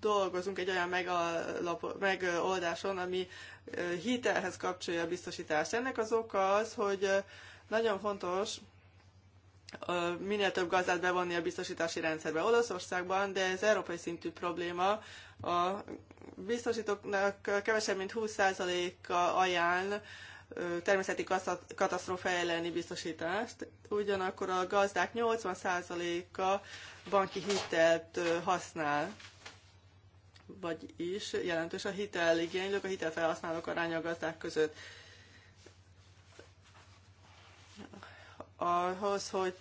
dolgozunk egy olyan megoldáson, ami hitelhez kapcsolja a biztosítást. Ennek az oka az, hogy nagyon fontos minél több gazdát bevonni a biztosítási rendszerbe. Olaszországban, de ez európai szintű probléma, a biztosítóknak kevesebb, mint 20%-a ajánl természeti katasztrófa elleni biztosítást, ugyanakkor a gazdák 80%-a banki hitelt használ, vagyis jelentős a hiteligénylők, a hitelfelhasználók aránya a gazdák között. Ahhoz, hogy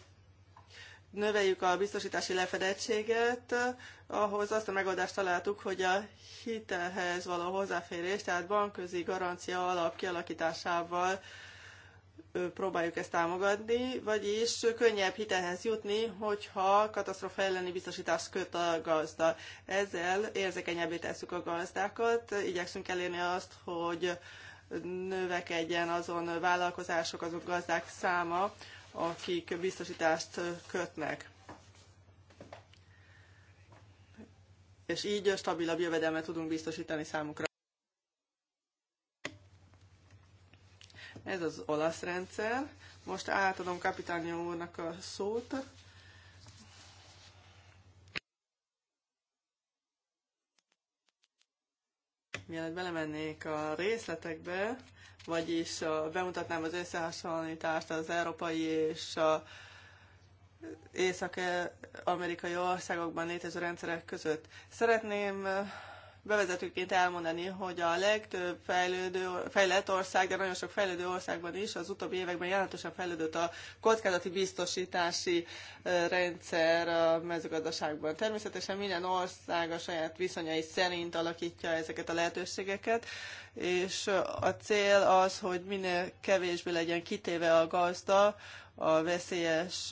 növeljük a biztosítási lefedettséget, ahhoz azt a megoldást találtuk, hogy a hitelhez való hozzáférés, tehát bankközi garancia alap kialakításával próbáljuk ezt támogatni, vagyis könnyebb hitelhez jutni, hogyha katasztrofa elleni biztosítást köt a gazda. Ezzel érzékenyebbé tesszük a gazdákat, igyekszünk elérni azt, hogy növekedjen azon vállalkozások, azon gazdák száma, akik biztosítást kötnek. És így stabilabb jövedelmet tudunk biztosítani számukra. Ez az olasz rendszer. Most átadom kapitány úrnak a szót. Mielőtt belemennék a részletekbe, vagyis bemutatnám az összehasonlítást az európai és a észak-amerikai országokban létező rendszerek között. Szeretném bevezetőként elmondani, hogy a legtöbb fejlődő, fejlett ország, de nagyon sok fejlődő országban is az utóbbi években jelentősen fejlődött a kockázati biztosítási rendszer a mezőgazdaságban. Természetesen minden ország a saját viszonyai szerint alakítja ezeket a lehetőségeket, és a cél az, hogy minél kevésbé legyen kitéve a gazda a veszélyes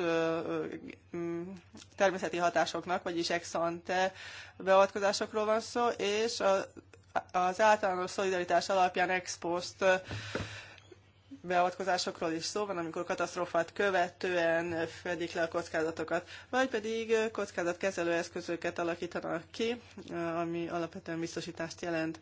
mm, természeti hatásoknak, vagyis exante beavatkozásokról van szó, és az általános szolidaritás alapján expost beavatkozásokról is szó van, amikor katasztrófát követően fedik le a kockázatokat, vagy pedig kockázatkezelő eszközöket alakítanak ki, ami alapvetően biztosítást jelent.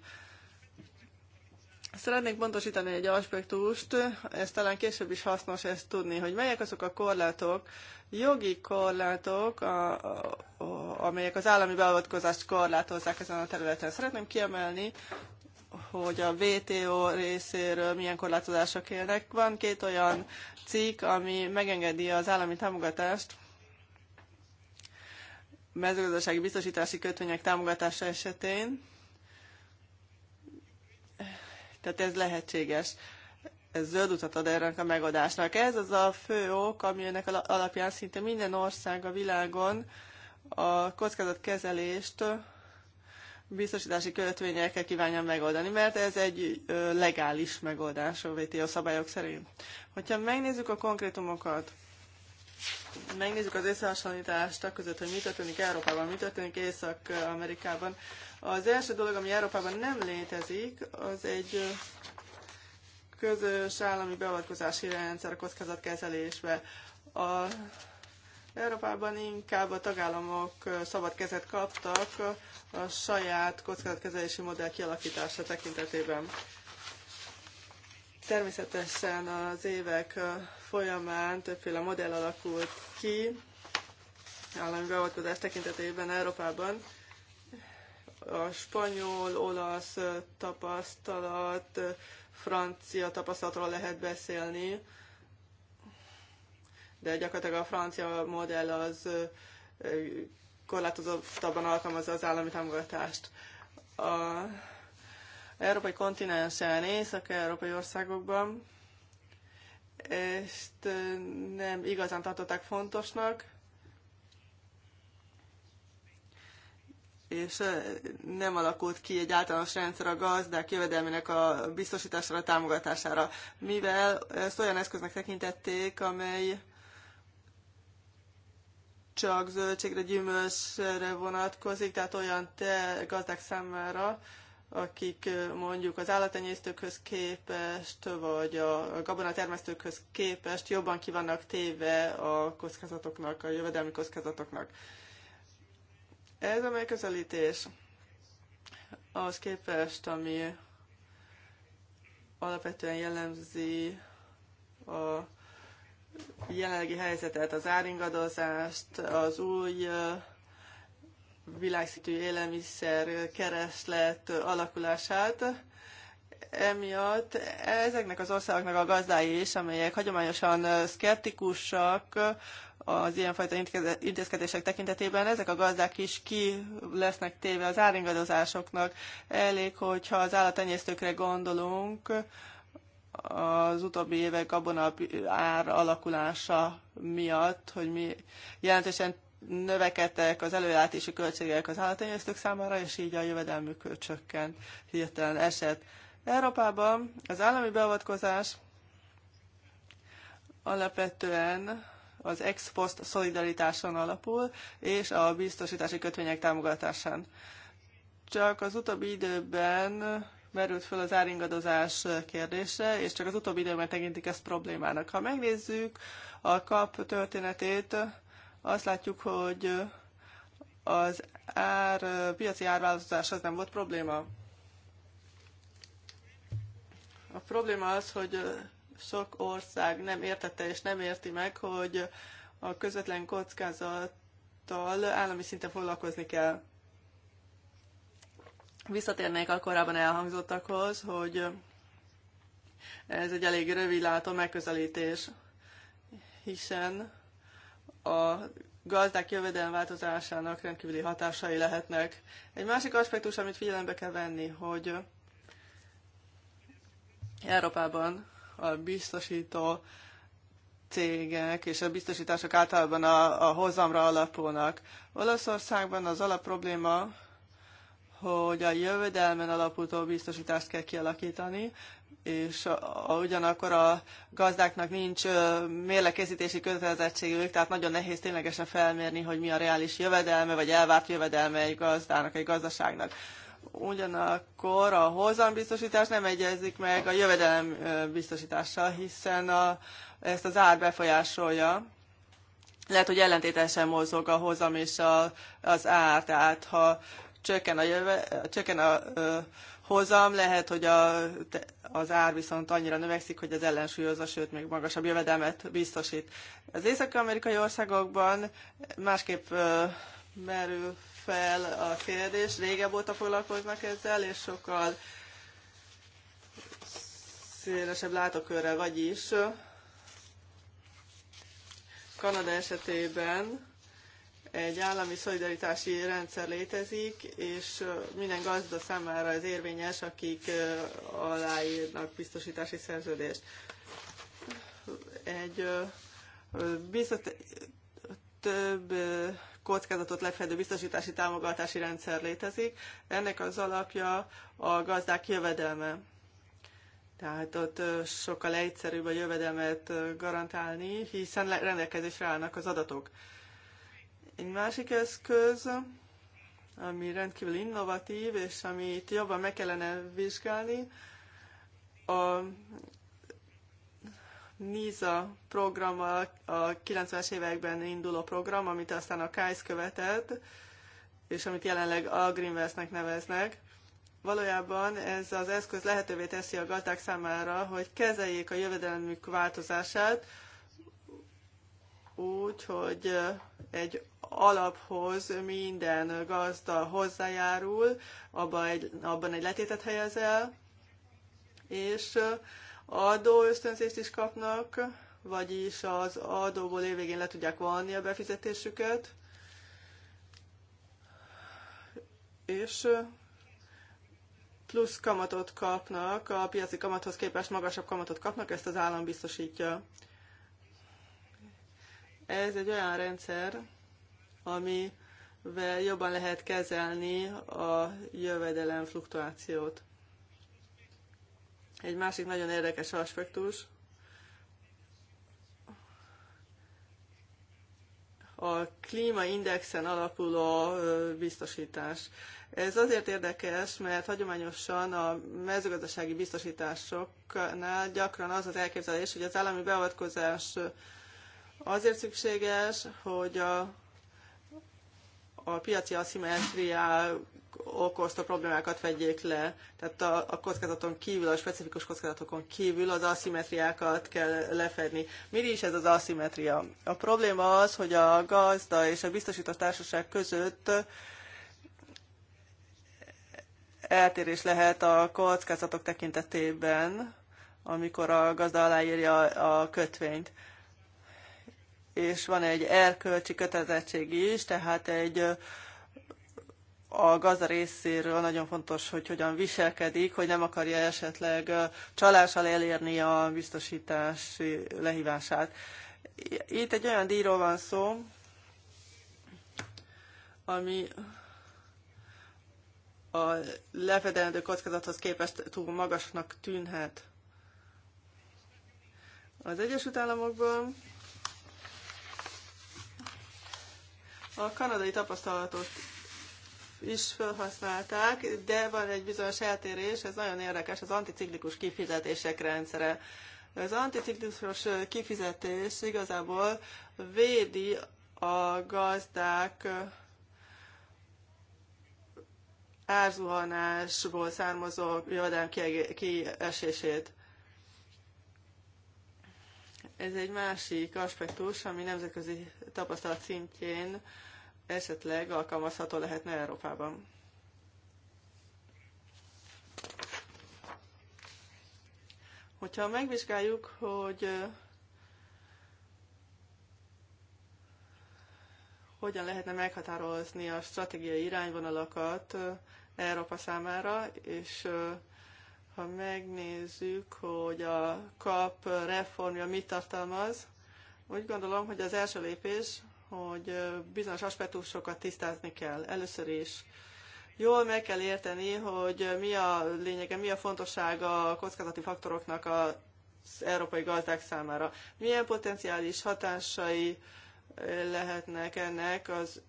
Szeretnék pontosítani egy aspektust, ez talán később is hasznos ezt tudni, hogy melyek azok a korlátok, jogi korlátok, a, a, a, amelyek az állami beavatkozást korlátozzák ezen a területen. Szeretném kiemelni, hogy a WTO részéről milyen korlátozások élnek. Van két olyan cikk, ami megengedi az állami támogatást, mezőgazdasági biztosítási kötvények támogatása esetén, tehát ez lehetséges. Ez zöld utat ad erre a megoldásnak. Ez az a fő ok, ami ennek alapján szinte minden ország a világon a kockázatkezelést biztosítási követvényekkel kívánja megoldani, mert ez egy legális megoldás a WTO szabályok szerint. Hogyha megnézzük a konkrétumokat, megnézzük az összehasonlítást, között, hogy mi történik Európában, mi történik Észak-Amerikában, az első dolog, ami Európában nem létezik, az egy közös állami beavatkozási rendszer a kockázatkezelésbe. A Európában inkább a tagállamok szabad kezet kaptak a saját kockázatkezelési modell kialakítása tekintetében. Természetesen az évek folyamán többféle modell alakult ki állami beavatkozás tekintetében Európában, a spanyol, olasz tapasztalat, francia tapasztalatról lehet beszélni, de gyakorlatilag a francia modell az korlátozottabban alkalmazza az állami támogatást. A európai kontinensen, észak-európai országokban ezt nem igazán tartották fontosnak, és eh, nem alakult ki egy általános rendszer a gazdák jövedelmének a biztosítására, a támogatására, mivel ezt olyan eszköznek tekintették, amely csak zöldségre, gyümölcsre vonatkozik, tehát olyan te gazdák számára, akik eh, mondjuk az állatenyésztőkhöz képest, vagy a gabonatermesztőkhöz képest jobban kivannak téve a kockázatoknak, a jövedelmi kockázatoknak. Ez a megközelítés az képest, ami alapvetően jellemzi a jelenlegi helyzetet, az áringadozást, az új világszintű élelmiszer kereslet alakulását, emiatt ezeknek az országoknak a gazdái is, amelyek hagyományosan szkeptikusak az ilyenfajta intézkedések tekintetében, ezek a gazdák is ki lesznek téve az áringadozásoknak. Elég, hogyha az állatenyésztőkre gondolunk, az utóbbi évek gabona ár alakulása miatt, hogy mi jelentősen növekedtek az előállítási költségek az állatenyésztők számára, és így a jövedelmük csökkent hirtelen esett. Európában az állami beavatkozás alapvetően az ex post szolidaritáson alapul, és a biztosítási kötvények támogatásán. Csak az utóbbi időben merült föl az áringadozás kérdése, és csak az utóbbi időben tekintik ezt problémának. Ha megnézzük a kap történetét, azt látjuk, hogy az ár, piaci árváltozás az nem volt probléma. A probléma az, hogy sok ország nem értette és nem érti meg, hogy a közvetlen kockázattal állami szinten foglalkozni kell. Visszatérnék a korábban elhangzottakhoz, hogy ez egy elég rövidlátó megközelítés, hiszen a gazdák jövedelem változásának rendkívüli hatásai lehetnek. Egy másik aspektus, amit figyelembe kell venni, hogy Európában a biztosító cégek és a biztosítások általában a, a hozamra alapulnak. Olaszországban az alapprobléma, hogy a jövedelmen alapuló biztosítást kell kialakítani, és a, a, ugyanakkor a gazdáknak nincs mérlekészítési kötelezettségük, tehát nagyon nehéz ténylegesen felmérni, hogy mi a reális jövedelme, vagy elvárt jövedelme egy gazdának, egy gazdaságnak. Ugyanakkor a hozambiztosítás nem egyezik meg a jövedelem biztosítással, hiszen a, ezt az ár befolyásolja. Lehet, hogy ellentétesen mozog a hozam és a, az ár, tehát ha csökken a, jöve, csökken a ö, hozam, lehet, hogy a, az ár viszont annyira növekszik, hogy az ellensúlyozza, sőt, még magasabb jövedelmet biztosít. Az észak-amerikai országokban másképp ö, merül fel a kérdés, régebb óta foglalkoznak ezzel, és sokkal szélesebb látókörrel, vagyis Kanada esetében egy állami szolidaritási rendszer létezik, és minden gazda számára ez érvényes, akik aláírnak biztosítási szerződést. Egy biztos több kockázatot lefedő biztosítási támogatási rendszer létezik. Ennek az alapja a gazdák jövedelme. Tehát ott sokkal egyszerűbb a jövedelmet garantálni, hiszen rendelkezésre állnak az adatok. Egy másik eszköz, ami rendkívül innovatív, és amit jobban meg kellene vizsgálni, a NISA program, a 90-es években induló program, amit aztán a KAIS követett, és amit jelenleg a Greenwestnek neveznek. Valójában ez az eszköz lehetővé teszi a gazdák számára, hogy kezeljék a jövedelmük változását úgy, hogy egy alaphoz minden gazda hozzájárul, abban egy, abban egy letétet helyez el, és adó ösztönzést is kapnak, vagyis az adóból évvégén le tudják vonni a befizetésüket, és plusz kamatot kapnak, a piaci kamathoz képest magasabb kamatot kapnak, ezt az állam biztosítja. Ez egy olyan rendszer, amivel jobban lehet kezelni a jövedelem fluktuációt. Egy másik nagyon érdekes aspektus, a klímaindexen alapuló biztosítás. Ez azért érdekes, mert hagyományosan a mezőgazdasági biztosításoknál gyakran az az elképzelés, hogy az állami beavatkozás azért szükséges, hogy a, a piaci aszimetriá okozta problémákat vegyék le. Tehát a, a kockázaton kívül, a specifikus kockázatokon kívül az aszimetriákat kell lefedni. Mi is ez az aszimetria? A probléma az, hogy a gazda és a biztosító társaság között eltérés lehet a kockázatok tekintetében, amikor a gazda aláírja a kötvényt és van egy erkölcsi kötelezettség is, tehát egy a gazda részéről nagyon fontos, hogy hogyan viselkedik, hogy nem akarja esetleg csalással elérni a biztosítás lehívását. Itt egy olyan díjról van szó, ami a lefedelendő kockázathoz képest túl magasnak tűnhet. Az Egyesült Államokból a kanadai tapasztalatot is felhasználták, de van egy bizonyos eltérés, ez nagyon érdekes, az anticiklikus kifizetések rendszere. Az anticiklikus kifizetés igazából védi a gazdák árzuhanásból származó jövedelem kiesését. Ez egy másik aspektus, ami nemzetközi tapasztalat szintjén esetleg alkalmazható lehetne Európában. Hogyha megvizsgáljuk, hogy hogyan lehetne meghatározni a stratégiai irányvonalakat Európa számára, és ha megnézzük, hogy a kap reformja mit tartalmaz, úgy gondolom, hogy az első lépés hogy bizonyos aspektusokat tisztázni kell. Először is jól meg kell érteni, hogy mi a lényege, mi a fontossága a kockázati faktoroknak az európai gazdák számára. Milyen potenciális hatásai lehetnek ennek az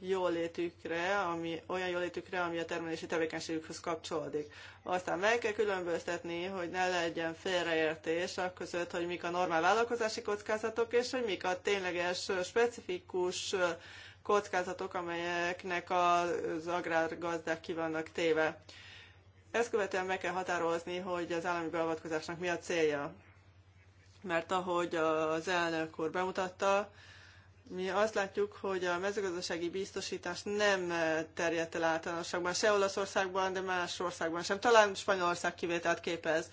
jólétükre, ami, olyan jólétükre, ami a termelési tevékenységükhöz kapcsolódik. Aztán meg kell különböztetni, hogy ne legyen félreértés a között, hogy mik a normál vállalkozási kockázatok, és hogy mik a tényleges, specifikus kockázatok, amelyeknek az agrárgazdák ki vannak téve. Ezt követően meg kell határozni, hogy az állami beavatkozásnak mi a célja. Mert ahogy az elnök úr bemutatta, mi azt látjuk, hogy a mezőgazdasági biztosítás nem eh, terjedt el általánosságban, se Olaszországban, de más országban sem. Talán Spanyolország kivételt képez.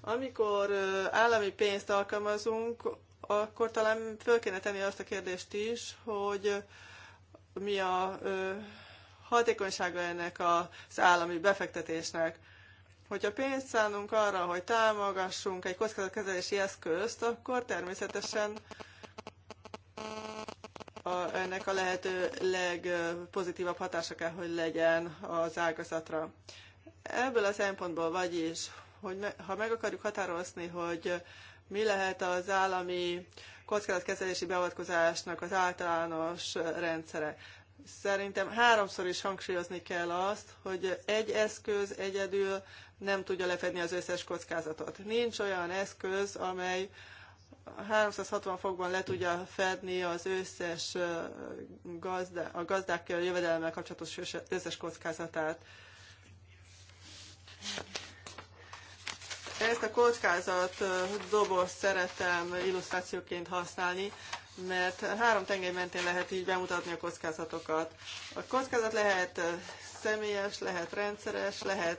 Amikor eh, állami pénzt alkalmazunk, akkor talán föl kéne tenni azt a kérdést is, hogy mi a eh, hatékonysága ennek az állami befektetésnek. Hogyha pénzt szánunk arra, hogy támogassunk egy kockázatkezelési eszközt, akkor természetesen a, ennek a lehető legpozitívabb hatása kell, hogy legyen az ágazatra. Ebből a szempontból vagyis, hogy me, ha meg akarjuk határozni, hogy mi lehet az állami kockázatkezelési beavatkozásnak az általános rendszere. Szerintem háromszor is hangsúlyozni kell azt, hogy egy eszköz egyedül nem tudja lefedni az összes kockázatot. Nincs olyan eszköz, amely uh, 360 fokban le tudja fedni az összes gazda, a gazdák jövedelemmel kapcsolatos összes kockázatát. Ezt a kockázat doboz szeretem illusztrációként használni, mert három tengely mentén lehet így bemutatni a kockázatokat. A kockázat lehet személyes, lehet rendszeres, lehet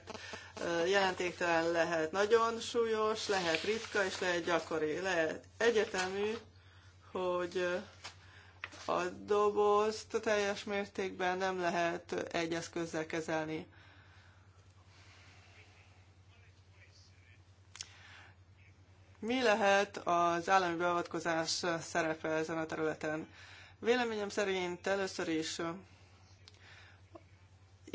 jelentéktelen lehet nagyon súlyos, lehet ritka és lehet gyakori. Lehet egyetemű, hogy a dobozt teljes mértékben nem lehet egy eszközzel kezelni. Mi lehet az állami beavatkozás szerepe ezen a területen? Véleményem szerint először is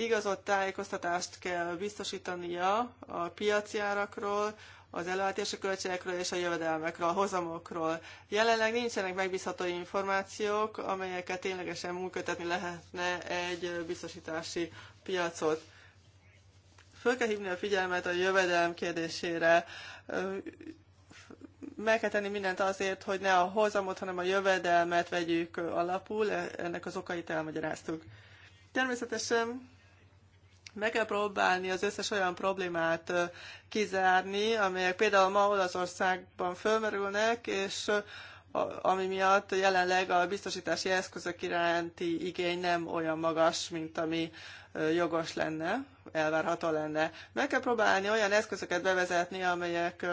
igazolt tájékoztatást kell biztosítania a piaci árakról, az előállítási költségekről és a jövedelmekről, a hozamokról. Jelenleg nincsenek megbízható információk, amelyeket ténylegesen működtetni lehetne egy biztosítási piacot. Föl kell hívni a figyelmet a jövedelem kérdésére. Meg kell tenni mindent azért, hogy ne a hozamot, hanem a jövedelmet vegyük alapul. Ennek az okait elmagyaráztuk. Természetesen meg kell próbálni az összes olyan problémát kizárni, amelyek például ma Olaszországban fölmerülnek, és ami miatt jelenleg a biztosítási eszközök iránti igény nem olyan magas, mint ami jogos lenne, elvárható lenne. Meg kell próbálni olyan eszközöket bevezetni, amelyek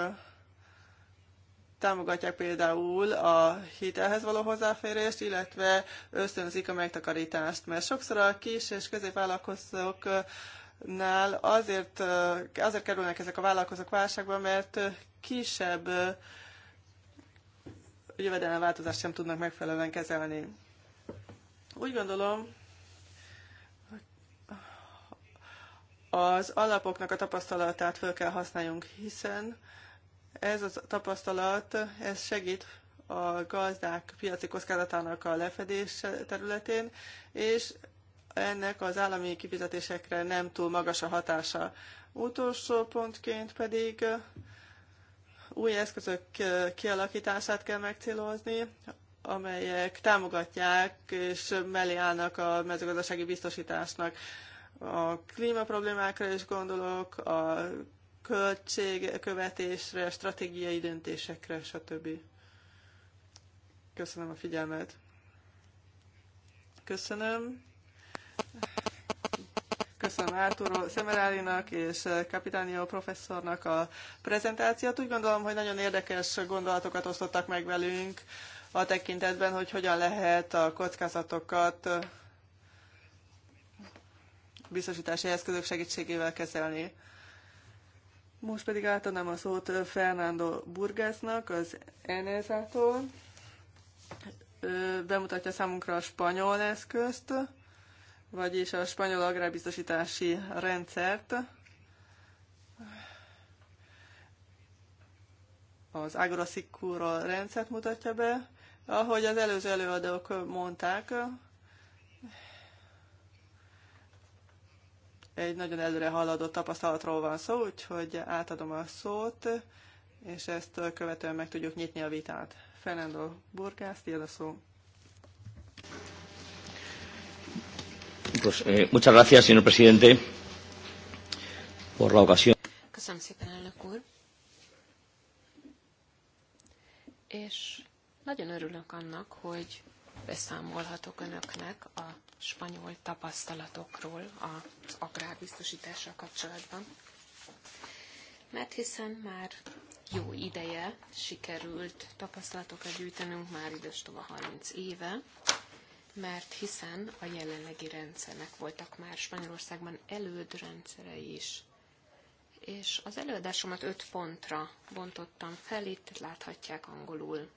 támogatják például a hitelhez való hozzáférést, illetve ösztönzik a megtakarítást, mert sokszor a kis és középvállalkozók nál azért, eh, azért kerülnek ezek a vállalkozók válságba, mert eh, kisebb eh, jövedelemváltozást sem tudnak megfelelően kezelni. Úgy gondolom, az alapoknak a tapasztalatát föl kell használjunk, hiszen ez a tapasztalat, ez segít a gazdák piaci kockázatának a lefedés területén, és ennek az állami kifizetésekre nem túl magas a hatása. Utolsó pontként pedig új eszközök kialakítását kell megcélozni, amelyek támogatják és mellé állnak a mezőgazdasági biztosításnak. A klímaproblémákra is gondolok, a költségkövetésre, stratégiai döntésekre, stb. Köszönöm a figyelmet. Köszönöm. Köszönöm Arturo Szemerálinak és Kapitánió professzornak a prezentációt. Úgy gondolom, hogy nagyon érdekes gondolatokat osztottak meg velünk a tekintetben, hogy hogyan lehet a kockázatokat biztosítási eszközök segítségével kezelni. Most pedig átadnám a szót Fernando Burgásznak, az Enezától. bemutatja számunkra a spanyol eszközt, vagyis a spanyol agrárbiztosítási rendszert. Az Agrosicuro rendszert mutatja be. Ahogy az előző előadók mondták, egy nagyon előre haladott tapasztalatról van szó, úgyhogy átadom a szót, és ezt követően meg tudjuk nyitni a vitát. Fernando Burgász, tiéd a szó. Pues, eh, muchas gracias, señor presidente, por la ocasión. Köszönöm szépen, elnök úr. És nagyon örülök annak, hogy beszámolhatok önöknek a spanyol tapasztalatokról az agrárbiztosítással kapcsolatban. Mert hiszen már jó ideje sikerült tapasztalatokat gyűjtenünk, már idős tova 30 éve, mert hiszen a jelenlegi rendszernek voltak már Spanyolországban elődrendszerei is. És az előadásomat öt pontra bontottam fel, itt láthatják angolul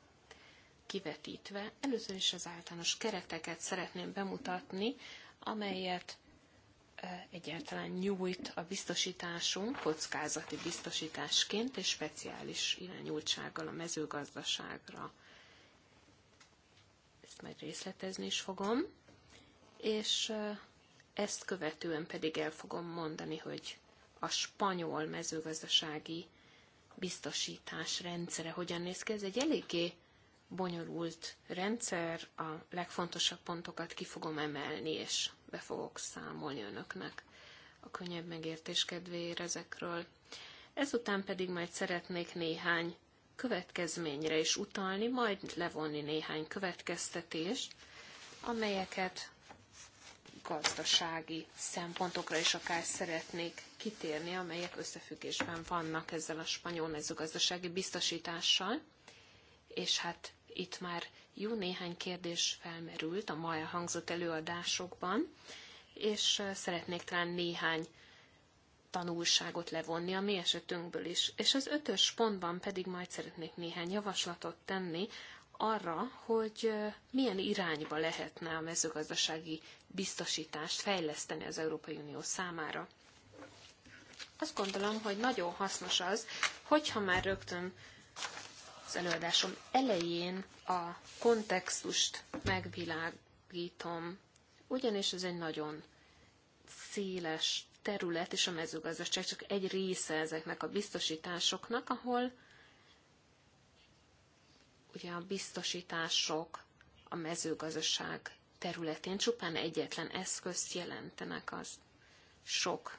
kivetítve. Először is az általános kereteket szeretném bemutatni, amelyet egyáltalán nyújt a biztosításunk kockázati biztosításként és speciális irányultsággal a mezőgazdaságra. Ezt majd részletezni is fogom, és ezt követően pedig el fogom mondani, hogy a spanyol mezőgazdasági biztosítás rendszere hogyan néz ki. Ez egy eléggé bonyolult rendszer, a legfontosabb pontokat ki fogom emelni, és be fogok számolni önöknek a könnyebb megértés kedvéért ezekről. Ezután pedig majd szeretnék néhány következményre is utalni, majd levonni néhány következtetést, amelyeket gazdasági szempontokra is akár szeretnék kitérni, amelyek összefüggésben vannak ezzel a spanyol mezőgazdasági biztosítással, és hát itt már jó néhány kérdés felmerült a mai hangzott előadásokban, és szeretnék talán néhány tanulságot levonni a mi esetünkből is. És az ötös pontban pedig majd szeretnék néhány javaslatot tenni arra, hogy milyen irányba lehetne a mezőgazdasági biztosítást fejleszteni az Európai Unió számára. Azt gondolom, hogy nagyon hasznos az, hogyha már rögtön az előadásom elején a kontextust megvilágítom, ugyanis ez egy nagyon széles terület, és a mezőgazdaság csak egy része ezeknek a biztosításoknak, ahol ugye a biztosítások a mezőgazdaság területén csupán egyetlen eszközt jelentenek az sok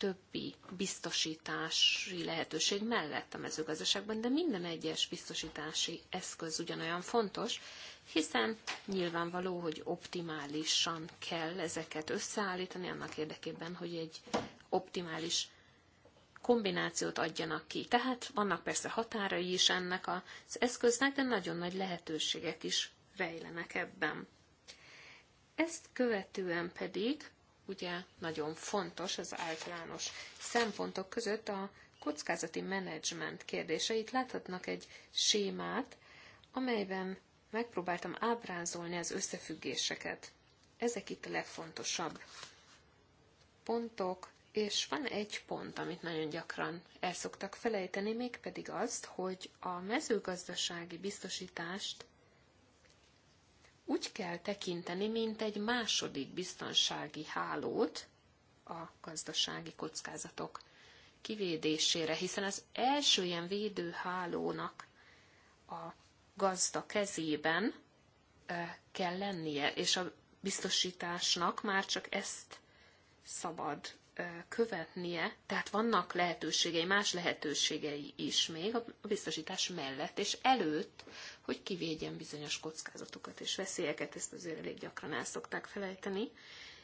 többi biztosítási lehetőség mellett a mezőgazdaságban, de minden egyes biztosítási eszköz ugyanolyan fontos, hiszen nyilvánvaló, hogy optimálisan kell ezeket összeállítani annak érdekében, hogy egy optimális kombinációt adjanak ki. Tehát vannak persze határai is ennek az eszköznek, de nagyon nagy lehetőségek is rejlenek ebben. Ezt követően pedig ugye nagyon fontos az általános szempontok között a kockázati menedzsment kérdése. Itt láthatnak egy sémát, amelyben megpróbáltam ábrázolni az összefüggéseket. Ezek itt a legfontosabb pontok, és van egy pont, amit nagyon gyakran el szoktak felejteni, mégpedig azt, hogy a mezőgazdasági biztosítást úgy kell tekinteni, mint egy második biztonsági hálót a gazdasági kockázatok kivédésére, hiszen az első ilyen védőhálónak a gazda kezében kell lennie, és a biztosításnak már csak ezt szabad követnie, tehát vannak lehetőségei, más lehetőségei is még a biztosítás mellett és előtt, hogy kivédjen bizonyos kockázatokat és veszélyeket, ezt azért elég gyakran el szokták felejteni,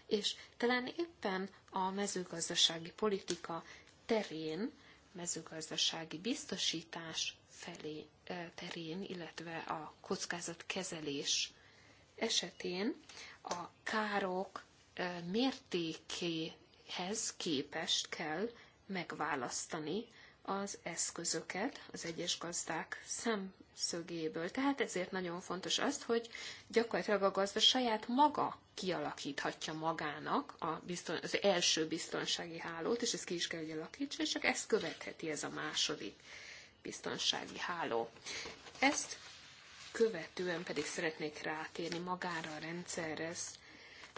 és talán éppen a mezőgazdasági politika terén, mezőgazdasági biztosítás felé terén, illetve a kockázatkezelés esetén a károk mértéké ehhez képest kell megválasztani az eszközöket az egyes gazdák szemszögéből. Tehát ezért nagyon fontos azt, hogy gyakorlatilag a gazda saját maga kialakíthatja magának a bizton, az első biztonsági hálót, és ezt ki is kell, hogy alakítsa, és csak ezt követheti ez a második biztonsági háló. Ezt követően pedig szeretnék rátérni magára a rendszerhez,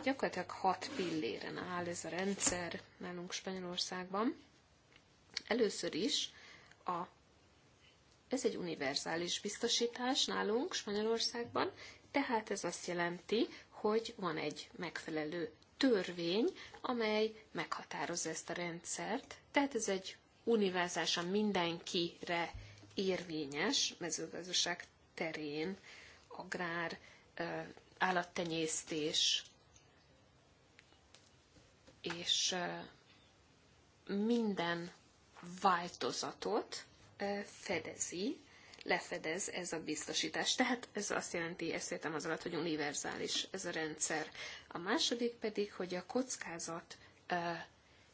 Gyakorlatilag hat pilléren áll ez a rendszer nálunk Spanyolországban. Először is a ez egy univerzális biztosítás nálunk Spanyolországban, tehát ez azt jelenti, hogy van egy megfelelő törvény, amely meghatározza ezt a rendszert, tehát ez egy univerzálisan mindenkire érvényes mezőgazdaság terén, agrár, állattenyésztés, és minden változatot fedezi, lefedez ez a biztosítás. Tehát ez azt jelenti, ezt értem az alatt, hogy univerzális ez a rendszer. A második pedig, hogy a kockázat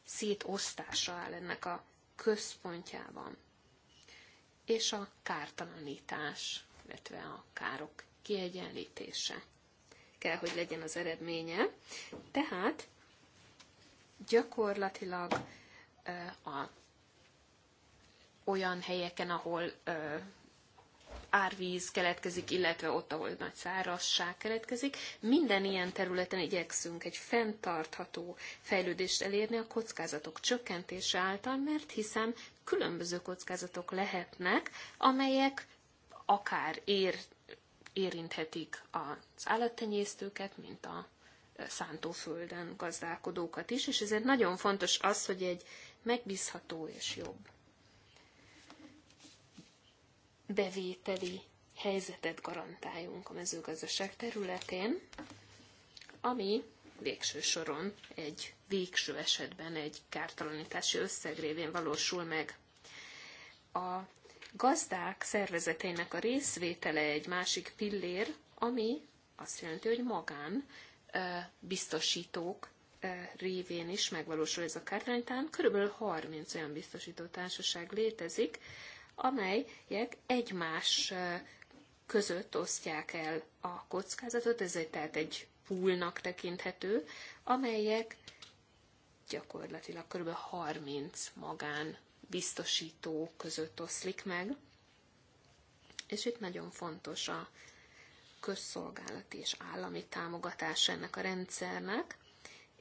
szétosztása áll ennek a központjában. És a kártalanítás, illetve a károk kiegyenlítése kell, hogy legyen az eredménye. Tehát gyakorlatilag a, olyan helyeken, ahol árvíz keletkezik, illetve ott, ahol nagy szárazság keletkezik. Minden ilyen területen igyekszünk egy fenntartható fejlődést elérni a kockázatok csökkentése által, mert hiszen különböző kockázatok lehetnek, amelyek akár ér, érinthetik az állattenyésztőket, mint a szántóföldön gazdálkodókat is, és ezért nagyon fontos az, hogy egy megbízható és jobb bevételi helyzetet garantáljunk a mezőgazdaság területén, ami végső soron egy végső esetben egy kártalanítási összeg révén valósul meg. A gazdák szervezeteinek a részvétele egy másik pillér, ami azt jelenti, hogy magán biztosítók révén is megvalósul ez a kártánytán. Körülbelül 30 olyan biztosító társaság létezik, amelyek egymás között osztják el a kockázatot, ez egy, tehát egy poolnak tekinthető, amelyek gyakorlatilag kb. 30 magán biztosító között oszlik meg. És itt nagyon fontos a közszolgálati és állami támogatás ennek a rendszernek,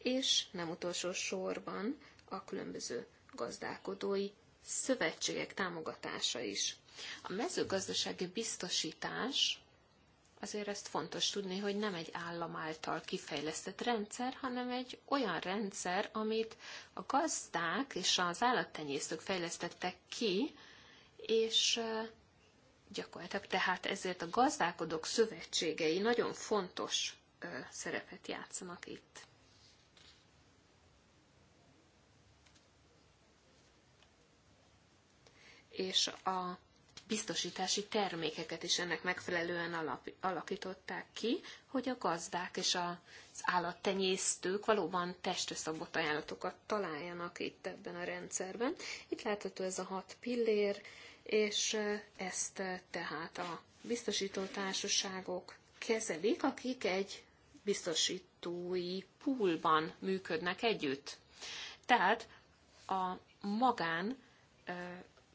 és nem utolsó sorban a különböző gazdálkodói szövetségek támogatása is. A mezőgazdasági biztosítás azért ezt fontos tudni, hogy nem egy állam által kifejlesztett rendszer, hanem egy olyan rendszer, amit a gazdák és az állattenyésztők fejlesztettek ki, és gyakorlatilag. Tehát ezért a gazdálkodók szövetségei nagyon fontos szerepet játszanak itt. És a biztosítási termékeket is ennek megfelelően alap, alakították ki, hogy a gazdák és az állattenyésztők valóban testőszabott ajánlatokat találjanak itt ebben a rendszerben. Itt látható ez a hat pillér, és ezt tehát a biztosító társaságok kezelik, akik egy biztosítói poolban működnek együtt. Tehát a magán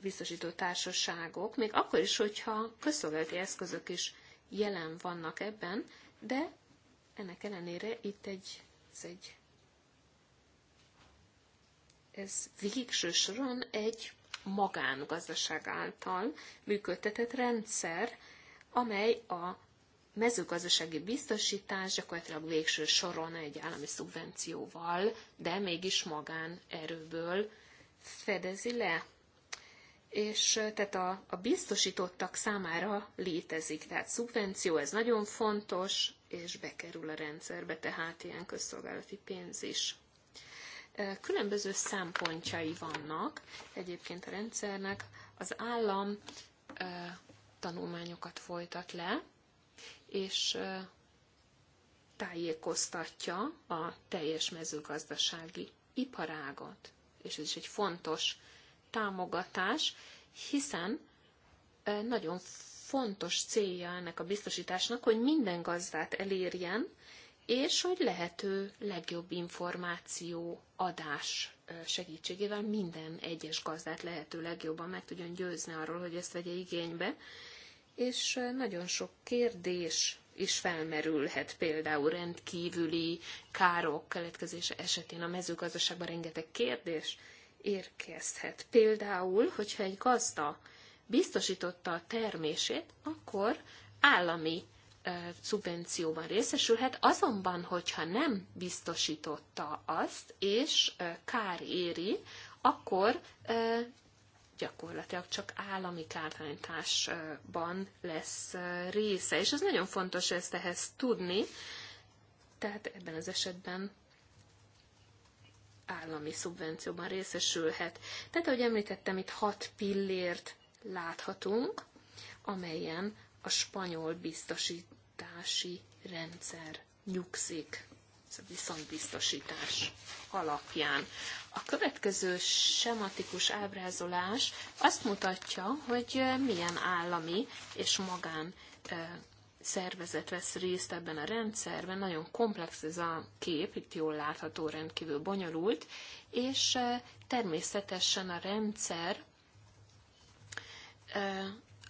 biztosító társaságok, még akkor is, hogyha közszolgálati eszközök is jelen vannak ebben, de ennek ellenére itt egy, ez egy ez végső soron egy magángazdaság által működtetett rendszer, amely a mezőgazdasági biztosítás gyakorlatilag végső soron egy állami szubvencióval, de mégis magán erőből fedezi le. És tehát a, a biztosítottak számára létezik, tehát szubvenció, ez nagyon fontos, és bekerül a rendszerbe, tehát ilyen közszolgálati pénz is. Különböző szempontjai vannak egyébként a rendszernek. Az állam tanulmányokat folytat le, és tájékoztatja a teljes mezőgazdasági iparágot. És ez is egy fontos támogatás, hiszen nagyon fontos célja ennek a biztosításnak, hogy minden gazdát elérjen, és hogy lehető legjobb információ adás segítségével minden egyes gazdát lehető legjobban meg tudjon győzni arról, hogy ezt vegye igénybe. És nagyon sok kérdés is felmerülhet, például rendkívüli károk keletkezése esetén a mezőgazdaságban rengeteg kérdés érkezhet. Például, hogyha egy gazda biztosította a termését, akkor állami szubvencióban részesülhet, azonban, hogyha nem biztosította azt, és kár éri, akkor gyakorlatilag csak állami kártalanításban lesz része. És ez nagyon fontos ezt ehhez tudni, tehát ebben az esetben állami szubvencióban részesülhet. Tehát, ahogy említettem, itt hat pillért láthatunk, amelyen a spanyol biztosítási rendszer nyugszik, ez a viszontbiztosítás alapján. A következő sematikus ábrázolás azt mutatja, hogy milyen állami és magán szervezet vesz részt ebben a rendszerben, nagyon komplex ez a kép, itt jól látható, rendkívül bonyolult, és természetesen a rendszer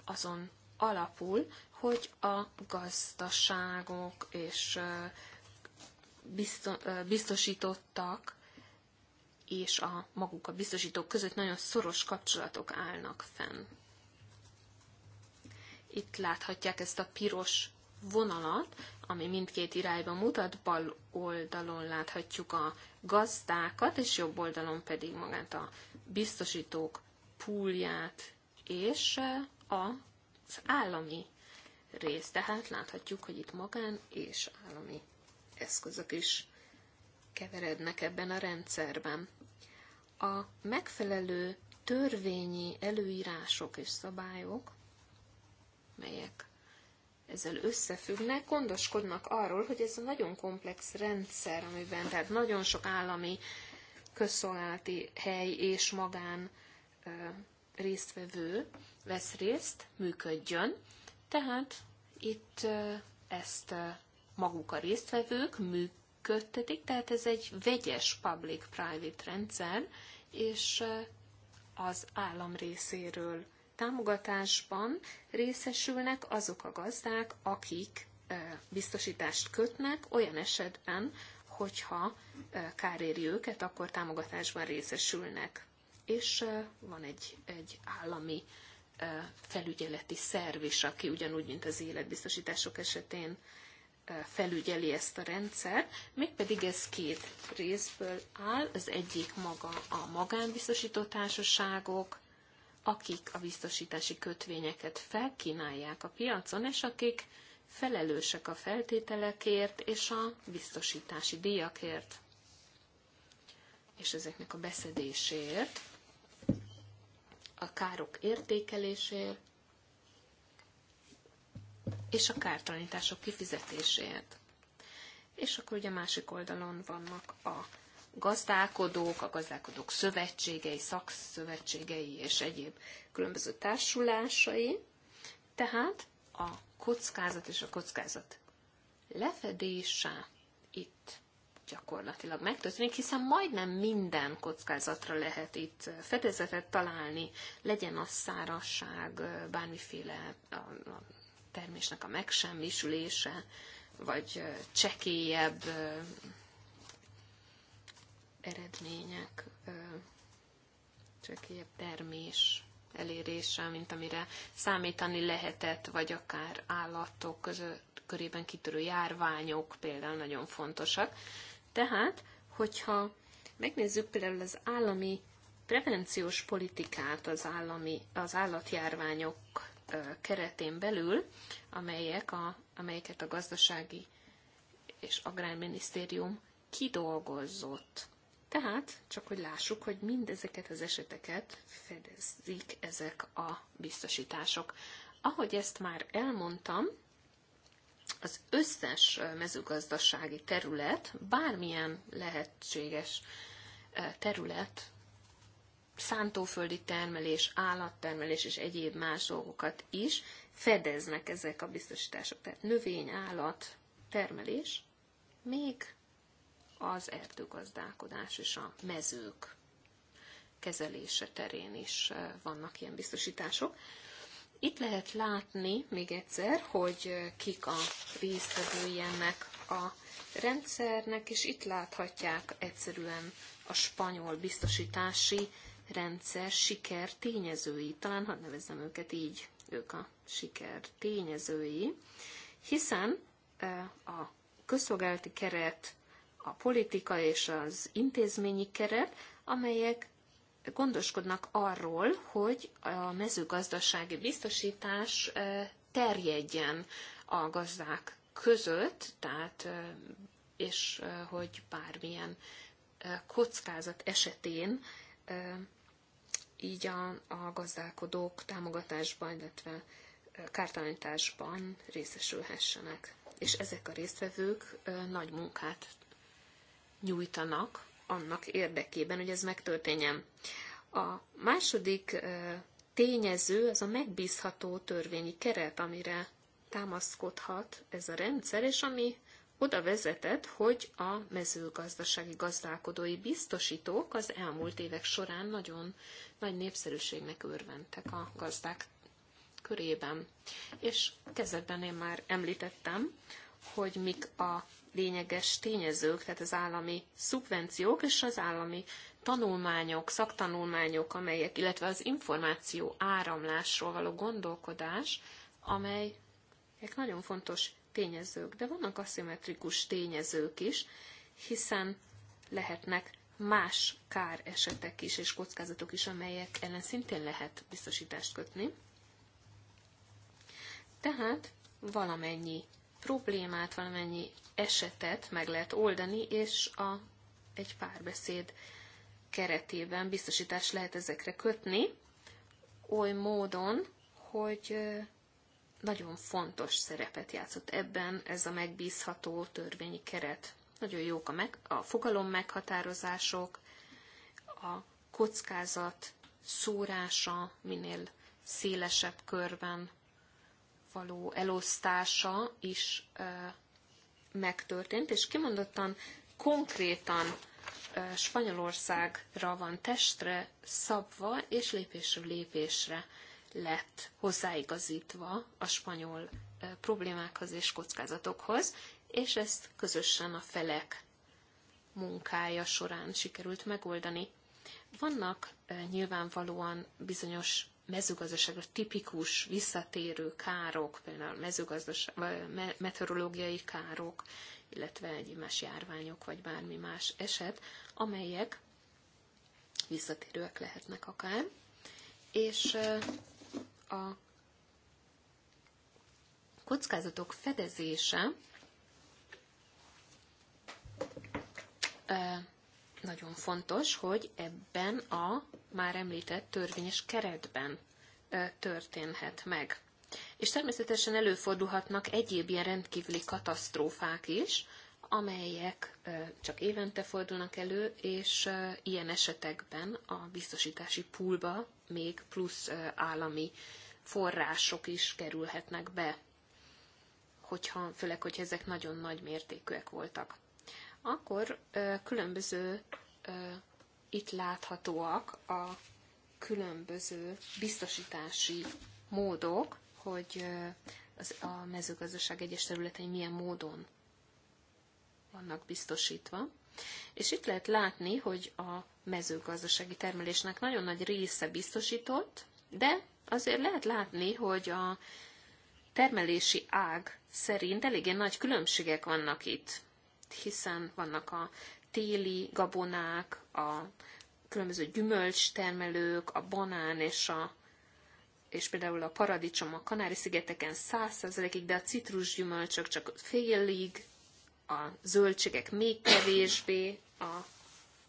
azon alapul, hogy a gazdaságok és biztosítottak és a maguk a biztosítók között nagyon szoros kapcsolatok állnak fenn. Itt láthatják ezt a piros vonalat, ami mindkét irányba mutat, bal oldalon láthatjuk a gazdákat, és jobb oldalon pedig magát a biztosítók púlját és a az állami rész. Tehát láthatjuk, hogy itt magán és állami eszközök is keverednek ebben a rendszerben. A megfelelő törvényi előírások és szabályok, melyek ezzel összefüggnek, gondoskodnak arról, hogy ez a nagyon komplex rendszer, amiben tehát nagyon sok állami közszolgálati hely és magán résztvevő vesz részt, működjön. Tehát itt ezt maguk a résztvevők működtetik, tehát ez egy vegyes public-private rendszer, és az állam részéről támogatásban részesülnek azok a gazdák, akik biztosítást kötnek olyan esetben, hogyha kár éri őket, akkor támogatásban részesülnek. És van egy, egy állami felügyeleti szerv is, aki ugyanúgy, mint az életbiztosítások esetén felügyeli ezt a rendszer, mégpedig ez két részből áll. Az egyik maga a magánbiztosító társaságok, akik a biztosítási kötvényeket felkínálják a piacon, és akik felelősek a feltételekért és a biztosítási díjakért, és ezeknek a beszedésért a károk értékeléséért és a kártalanítások kifizetéséért. És akkor ugye a másik oldalon vannak a gazdálkodók, a gazdálkodók szövetségei, szakszövetségei és egyéb különböző társulásai. Tehát a kockázat és a kockázat lefedése itt gyakorlatilag megtörténik, hiszen majdnem minden kockázatra lehet itt fedezetet találni, legyen a szárasság, bármiféle a, a termésnek a megsemmisülése, vagy csekélyebb eredmények, csekélyebb termés elérése, mint amire számítani lehetett, vagy akár állatok között körében kitörő járványok például nagyon fontosak. Tehát, hogyha megnézzük például az állami prevenciós politikát az, állami, az állatjárványok keretén belül, amelyek a, amelyeket a gazdasági és agrárminisztérium kidolgozott. Tehát, csak hogy lássuk, hogy mindezeket az eseteket fedezik ezek a biztosítások. Ahogy ezt már elmondtam, az összes mezőgazdasági terület, bármilyen lehetséges terület, szántóföldi termelés, állattermelés és egyéb más dolgokat is fedeznek ezek a biztosítások. Tehát növény, állat, termelés, még az erdőgazdálkodás és a mezők kezelése terén is vannak ilyen biztosítások. Itt lehet látni még egyszer, hogy kik a résztvevői ennek a rendszernek, és itt láthatják egyszerűen a spanyol biztosítási rendszer siker tényezői, talán hadd nevezzem őket így, ők a siker tényezői, hiszen a közszolgálati keret, a politika és az intézményi keret, amelyek gondoskodnak arról, hogy a mezőgazdasági biztosítás terjedjen a gazdák között, tehát és hogy bármilyen kockázat esetén így a, a gazdálkodók támogatásban, illetve kártalanításban részesülhessenek. És ezek a résztvevők nagy munkát nyújtanak annak érdekében, hogy ez megtörténjen. A második tényező az a megbízható törvényi keret, amire támaszkodhat ez a rendszer, és ami oda vezetett, hogy a mezőgazdasági gazdálkodói biztosítók az elmúlt évek során nagyon nagy népszerűségnek örventek a gazdák körében. És kezdetben én már említettem, hogy mik a lényeges tényezők, tehát az állami szubvenciók és az állami tanulmányok, szaktanulmányok, amelyek, illetve az információ áramlásról való gondolkodás, amelyek nagyon fontos tényezők, de vannak aszimmetrikus tényezők is, hiszen lehetnek más kár esetek is és kockázatok is, amelyek ellen szintén lehet biztosítást kötni. Tehát valamennyi problémát, valamennyi esetet meg lehet oldani, és a, egy párbeszéd keretében biztosítást lehet ezekre kötni, oly módon, hogy nagyon fontos szerepet játszott ebben ez a megbízható törvényi keret. Nagyon jók a, meg, a fogalom meghatározások, a kockázat szórása minél szélesebb körben való elosztása is megtörtént, és kimondottan konkrétan Spanyolországra van testre szabva, és lépésről lépésre lett hozzáigazítva a spanyol problémákhoz és kockázatokhoz, és ezt közösen a felek munkája során sikerült megoldani. Vannak nyilvánvalóan bizonyos mezőgazdaságra tipikus visszatérő károk, például mezőgazdaság, meteorológiai károk, illetve egy más járványok, vagy bármi más eset, amelyek visszatérőek lehetnek akár. És a kockázatok fedezése nagyon fontos, hogy ebben a már említett törvényes keretben történhet meg. És természetesen előfordulhatnak egyéb ilyen rendkívüli katasztrófák is, amelyek csak évente fordulnak elő, és ilyen esetekben a biztosítási pulba még plusz állami források is kerülhetnek be, hogyha, főleg, hogy ezek nagyon nagy mértékűek voltak akkor különböző itt láthatóak a különböző biztosítási módok, hogy az, a mezőgazdaság egyes területei milyen módon vannak biztosítva. És itt lehet látni, hogy a mezőgazdasági termelésnek nagyon nagy része biztosított, de azért lehet látni, hogy a termelési ág szerint eléggé nagy különbségek vannak itt hiszen vannak a téli gabonák, a különböző gyümölcstermelők, a banán és a és például a paradicsom a Kanári-szigeteken 100%-ig, de a citrusgyümölcsök csak félig, a zöldségek még kevésbé, a,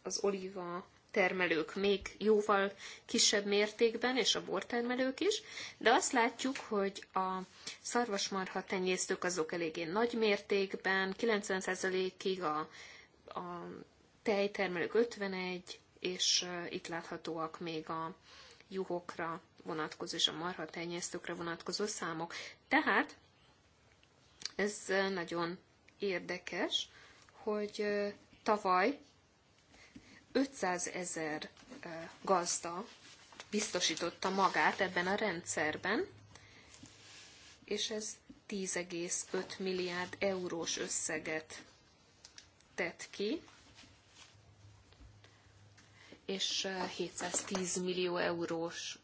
az oliva, termelők még jóval kisebb mértékben, és a bortermelők is, de azt látjuk, hogy a szarvasmarha tenyésztők azok eléggé nagy mértékben, 90%-ig a, a tejtermelők 51, és itt láthatóak még a juhokra vonatkozó és a marha tenyésztőkre vonatkozó számok. Tehát ez nagyon érdekes, hogy tavaly 500 ezer gazda biztosította magát ebben a rendszerben, és ez 10,5 milliárd eurós összeget tett ki, és 710 millió eurós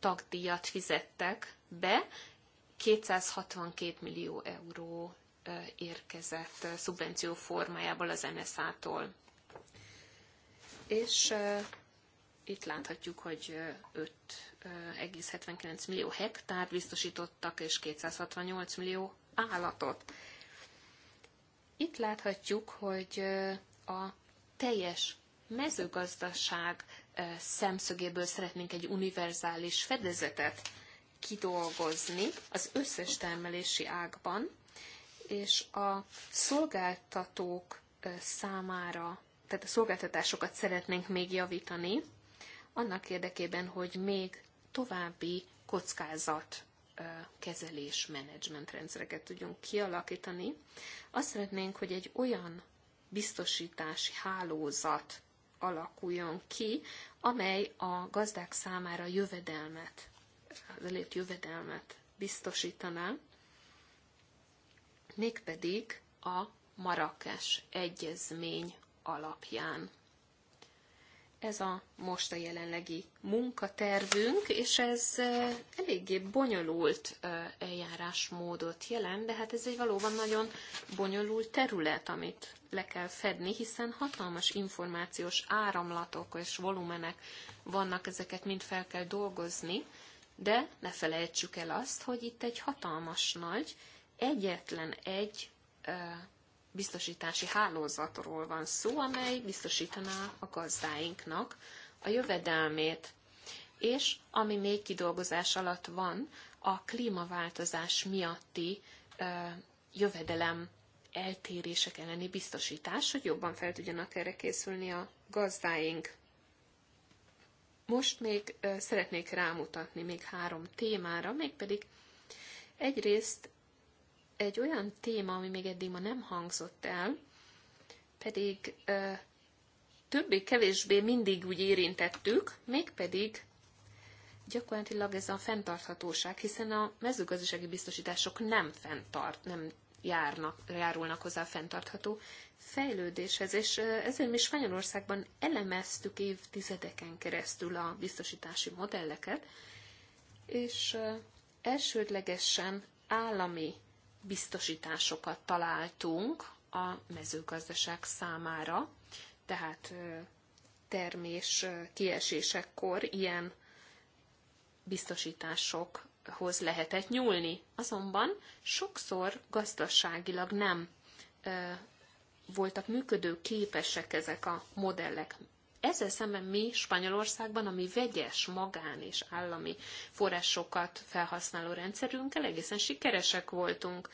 tagdíjat fizettek be, 262 millió euró érkezett szubvenció formájából az NSZ-tól és eh, itt láthatjuk, hogy 5,79 eh, eh, millió hektár biztosítottak, és 268 millió állatot. Itt láthatjuk, hogy a teljes mezőgazdaság szemszögéből szeretnénk egy univerzális fedezetet kidolgozni az összes termelési ágban, és a szolgáltatók számára tehát a szolgáltatásokat szeretnénk még javítani, annak érdekében, hogy még további kockázat kezelés, menedzsment rendszereket tudjunk kialakítani. Azt szeretnénk, hogy egy olyan biztosítási hálózat alakuljon ki, amely a gazdák számára jövedelmet, az elért jövedelmet biztosítaná, mégpedig a Marakes egyezmény alapján. Ez a most a jelenlegi munkatervünk, és ez eléggé bonyolult eljárásmódot jelent, de hát ez egy valóban nagyon bonyolult terület, amit le kell fedni, hiszen hatalmas információs áramlatok és volumenek vannak, ezeket mind fel kell dolgozni, de ne felejtsük el azt, hogy itt egy hatalmas nagy, egyetlen egy biztosítási hálózatról van szó, amely biztosítaná a gazdáinknak a jövedelmét. És ami még kidolgozás alatt van, a klímaváltozás miatti ö, jövedelem eltérések elleni biztosítás, hogy jobban fel tudjanak erre készülni a gazdáink. Most még szeretnék rámutatni még három témára, mégpedig egyrészt egy olyan téma, ami még eddig ma nem hangzott el, pedig többé-kevésbé mindig úgy érintettük, mégpedig gyakorlatilag ez a fenntarthatóság, hiszen a mezőgazdasági biztosítások nem fenntart, nem járnak, járulnak hozzá a fenntartható fejlődéshez, és ezért mi Spanyolországban elemeztük évtizedeken keresztül a biztosítási modelleket, és elsődlegesen állami biztosításokat találtunk a mezőgazdaság számára, tehát termés kiesésekkor ilyen biztosításokhoz lehetett nyúlni. Azonban sokszor gazdaságilag nem voltak működő képesek ezek a modellek. Ezzel szemben mi Spanyolországban ami vegyes, magán és állami forrásokat felhasználó rendszerünkkel egészen sikeresek voltunk.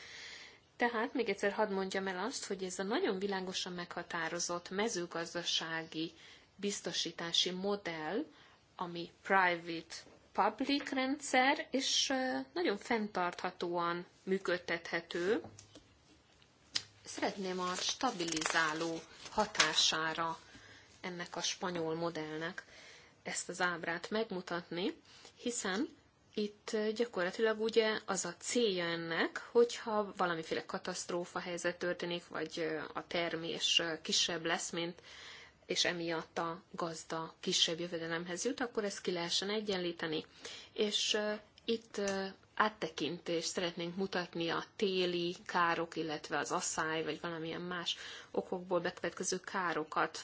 Tehát még egyszer hadd mondjam el azt, hogy ez a nagyon világosan meghatározott mezőgazdasági biztosítási modell, ami private public rendszer, és nagyon fenntarthatóan működtethető. Szeretném a stabilizáló hatására ennek a spanyol modellnek ezt az ábrát megmutatni, hiszen itt gyakorlatilag ugye az a célja ennek, hogyha valamiféle katasztrófa helyzet történik, vagy a termés kisebb lesz, mint és emiatt a gazda kisebb jövedelemhez jut, akkor ezt ki lehessen egyenlíteni. És itt áttekintést szeretnénk mutatni a téli károk, illetve az asszály, vagy valamilyen más okokból bekövetkező károkat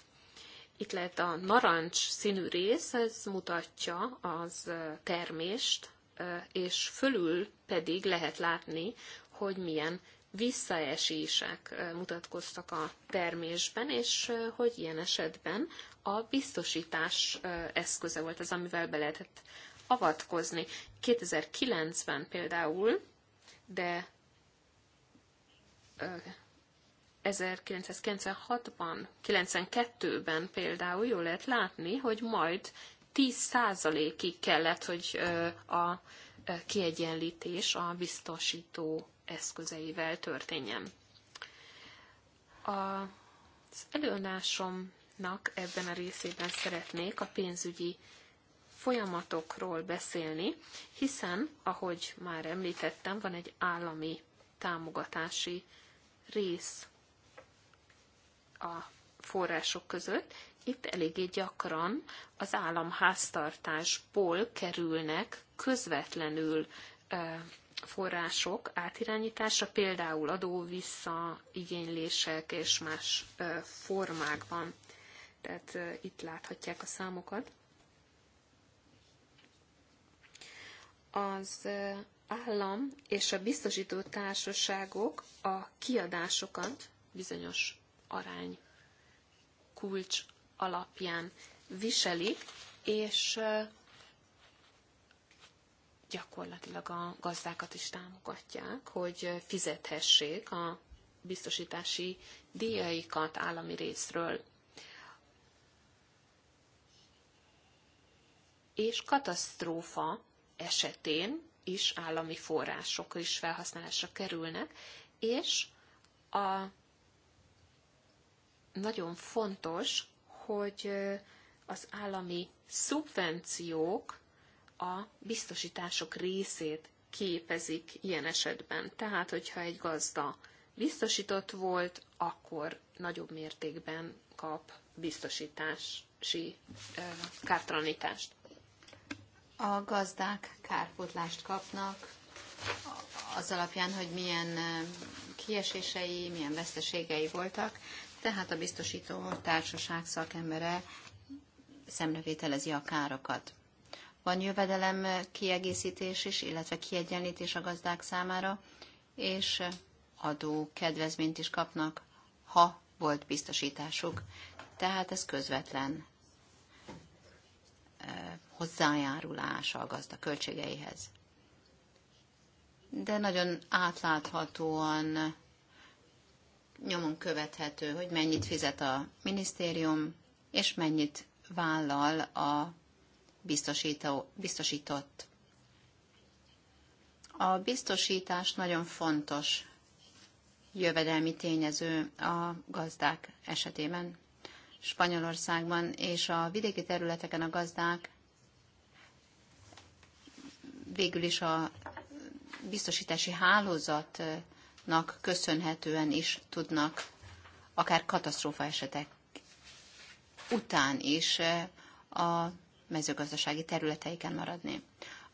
itt lehet a narancs színű rész, ez mutatja az termést, és fölül pedig lehet látni, hogy milyen visszaesések mutatkoztak a termésben, és hogy ilyen esetben a biztosítás eszköze volt az, amivel be lehetett avatkozni. 2009-ben például, de 1996-ban, 92-ben például jól lehet látni, hogy majd 10%-ig kellett, hogy a kiegyenlítés a biztosító eszközeivel történjen. Az előadásomnak ebben a részében szeretnék a pénzügyi folyamatokról beszélni, hiszen, ahogy már említettem, van egy állami támogatási rész a források között, itt eléggé gyakran az államháztartásból kerülnek közvetlenül források átirányítása, például adó visszaigénylések és más formákban. Tehát itt láthatják a számokat. Az állam és a biztosító társaságok a kiadásokat bizonyos arány kulcs alapján viselik, és gyakorlatilag a gazdákat is támogatják, hogy fizethessék a biztosítási díjaikat állami részről. És katasztrófa esetén is állami források is felhasználásra kerülnek, és a nagyon fontos, hogy az állami szubvenciók a biztosítások részét képezik ilyen esetben. Tehát, hogyha egy gazda biztosított volt, akkor nagyobb mértékben kap biztosítási kártalanítást. A gazdák kárpótlást kapnak az alapján, hogy milyen kiesései, milyen veszteségei voltak, tehát a biztosító társaság szakembere szemrevételezi a károkat. Van jövedelem kiegészítés is, illetve kiegyenlítés a gazdák számára, és adó kedvezményt is kapnak, ha volt biztosításuk. Tehát ez közvetlen hozzájárulása a gazda költségeihez. De nagyon átláthatóan nyomon követhető, hogy mennyit fizet a minisztérium, és mennyit vállal a biztosító, biztosított. A biztosítás nagyon fontos jövedelmi tényező a gazdák esetében. Spanyolországban és a vidéki területeken a gazdák végül is a biztosítási hálózat nak köszönhetően is tudnak akár katasztrófa esetek után is eh, a mezőgazdasági területeiken maradni.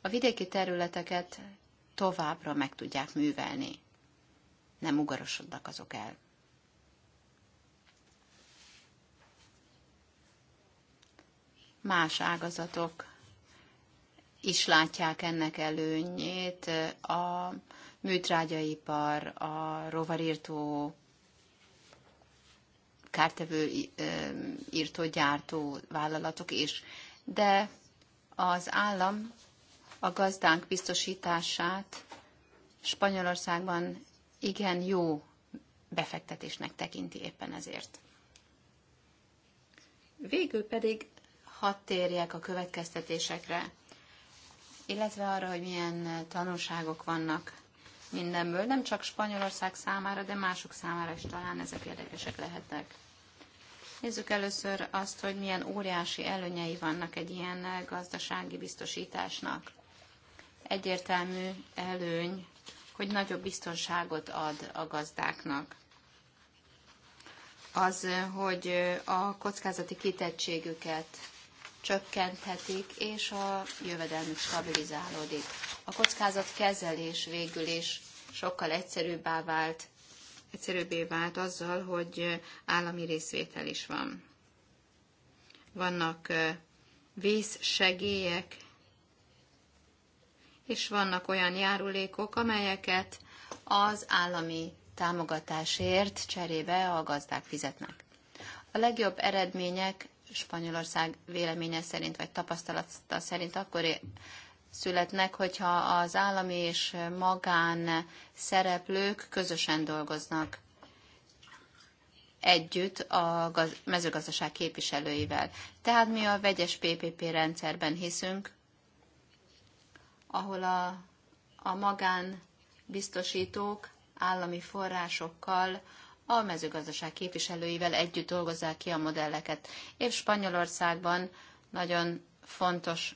A vidéki területeket továbbra meg tudják művelni. Nem ugarosodnak azok el. Más ágazatok is látják ennek előnyét. Eh, a műtrágyaipar, a rovarírtó, kártevő írtó, gyártó vállalatok is. De az állam a gazdánk biztosítását Spanyolországban igen jó befektetésnek tekinti éppen ezért. Végül pedig hadd térjek a következtetésekre, illetve arra, hogy milyen tanulságok vannak mindenből, nem csak Spanyolország számára, de mások számára is talán ezek érdekesek lehetnek. Nézzük először azt, hogy milyen óriási előnyei vannak egy ilyen gazdasági biztosításnak. Egyértelmű előny, hogy nagyobb biztonságot ad a gazdáknak. Az, hogy a kockázati kitettségüket csökkenthetik, és a jövedelmük stabilizálódik. A kockázat kezelés végül is sokkal egyszerűbbá vált, egyszerűbbé vált azzal, hogy állami részvétel is van. Vannak vészsegélyek, és vannak olyan járulékok, amelyeket az állami támogatásért cserébe a gazdák fizetnek. A legjobb eredmények Spanyolország véleménye szerint, vagy tapasztalata szerint akkor születnek, hogyha az állami és magán szereplők közösen dolgoznak együtt a mezőgazdaság képviselőivel. Tehát mi a vegyes PPP rendszerben hiszünk, ahol a, a magán biztosítók állami forrásokkal a mezőgazdaság képviselőivel együtt dolgozzák ki a modelleket. És Spanyolországban nagyon fontos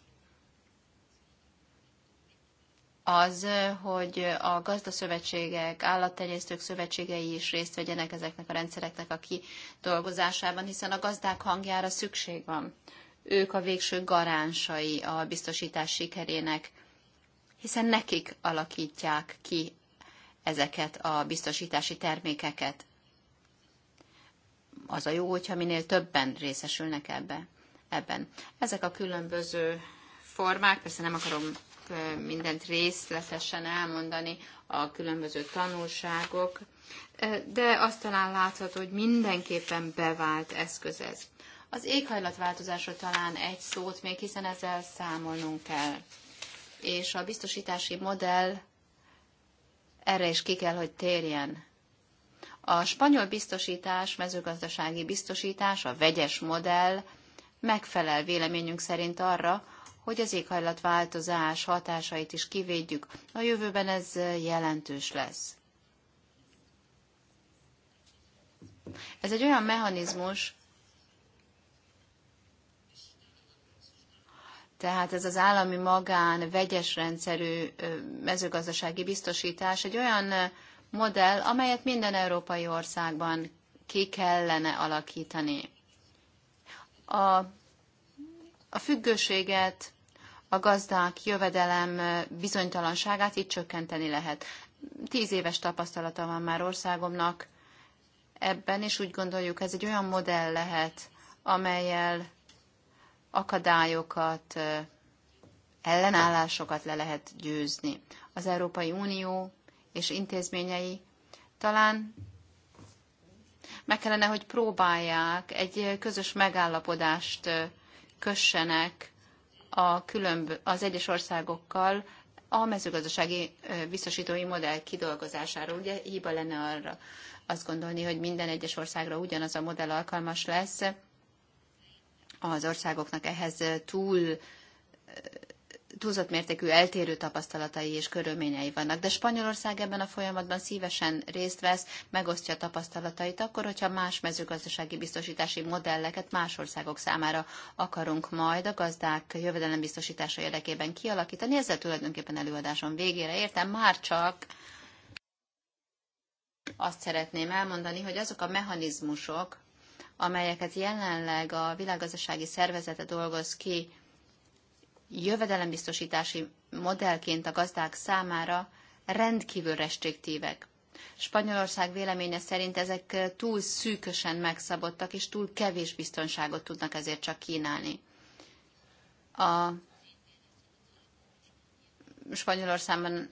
az, hogy a gazdaszövetségek, állattenyésztők szövetségei is részt vegyenek ezeknek a rendszereknek a kidolgozásában, hiszen a gazdák hangjára szükség van. Ők a végső garánsai a biztosítás sikerének, hiszen nekik alakítják ki ezeket a biztosítási termékeket az a jó, hogyha minél többen részesülnek ebbe, ebben. Ezek a különböző formák, persze nem akarom mindent részletesen elmondani, a különböző tanulságok, de azt talán látható, hogy mindenképpen bevált eszköz ez. Az éghajlatváltozásról talán egy szót még, hiszen ezzel számolnunk kell. És a biztosítási modell erre is ki kell, hogy térjen. A spanyol biztosítás, mezőgazdasági biztosítás, a vegyes modell megfelel véleményünk szerint arra, hogy az éghajlatváltozás hatásait is kivédjük. A jövőben ez jelentős lesz. Ez egy olyan mechanizmus, tehát ez az állami magán vegyes rendszerű mezőgazdasági biztosítás egy olyan modell, amelyet minden európai országban ki kellene alakítani. A, a függőséget, a gazdák jövedelem bizonytalanságát itt csökkenteni lehet. Tíz éves tapasztalata van már országomnak ebben, és úgy gondoljuk, ez egy olyan modell lehet, amelyel akadályokat, ellenállásokat le lehet győzni. Az Európai Unió és intézményei talán meg kellene, hogy próbálják egy közös megállapodást kössenek a különb- az egyes országokkal a mezőgazdasági biztosítói modell kidolgozására. Ugye hiba lenne arra azt gondolni, hogy minden egyes országra ugyanaz a modell alkalmas lesz. Az országoknak ehhez túl túlzott mértékű eltérő tapasztalatai és körülményei vannak, de Spanyolország ebben a folyamatban szívesen részt vesz, megosztja tapasztalatait akkor, hogyha más mezőgazdasági biztosítási modelleket más országok számára akarunk majd a gazdák jövedelembiztosítása érdekében kialakítani. Ezzel tulajdonképpen előadásom végére értem, már csak azt szeretném elmondani, hogy azok a mechanizmusok, amelyeket jelenleg a világgazdasági szervezete dolgoz ki, jövedelembiztosítási modellként a gazdák számára rendkívül restriktívek. Spanyolország véleménye szerint ezek túl szűkösen megszabottak, és túl kevés biztonságot tudnak ezért csak kínálni. A Spanyolországban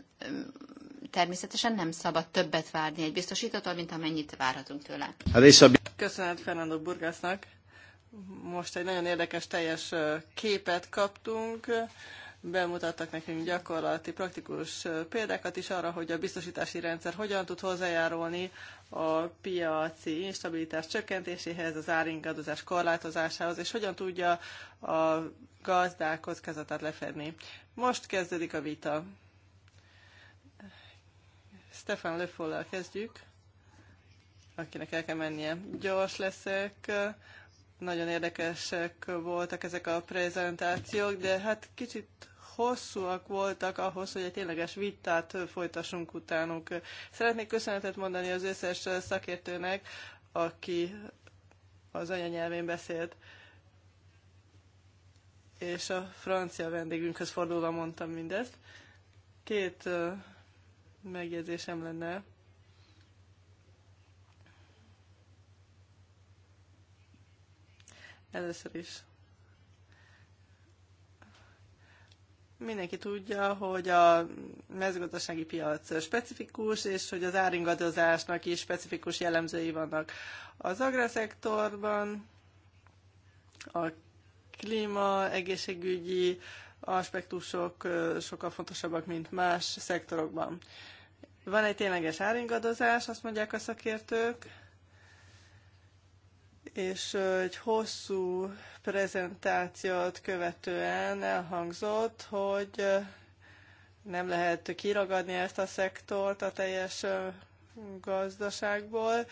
természetesen nem szabad többet várni egy biztosítótól, mint amennyit várhatunk tőle. Hát Köszönöm, Fernando Burgásznak. Most egy nagyon érdekes teljes képet kaptunk, bemutattak nekünk gyakorlati, praktikus példákat is arra, hogy a biztosítási rendszer hogyan tud hozzájárulni a piaci instabilitás csökkentéséhez, az áringadozás korlátozásához, és hogyan tudja a gazdák kockázatát lefedni. Most kezdődik a vita. Stefan Löfollal kezdjük, akinek el kell mennie. Gyors leszek nagyon érdekesek voltak ezek a prezentációk, de hát kicsit hosszúak voltak ahhoz, hogy egy tényleges vitát folytassunk utánuk. Szeretnék köszönetet mondani az összes szakértőnek, aki az anyanyelvén beszélt. És a francia vendégünkhöz fordulva mondtam mindezt. Két megjegyzésem lenne. Először is. Mindenki tudja, hogy a mezőgazdasági piac specifikus, és hogy az áringadozásnak is specifikus jellemzői vannak. Az agrárszektorban a klíma, egészségügyi aspektusok sokkal fontosabbak, mint más szektorokban. Van egy tényleges áringadozás, azt mondják a szakértők, és egy hosszú prezentációt követően elhangzott, hogy nem lehet kiragadni ezt a szektort a teljes gazdaságból.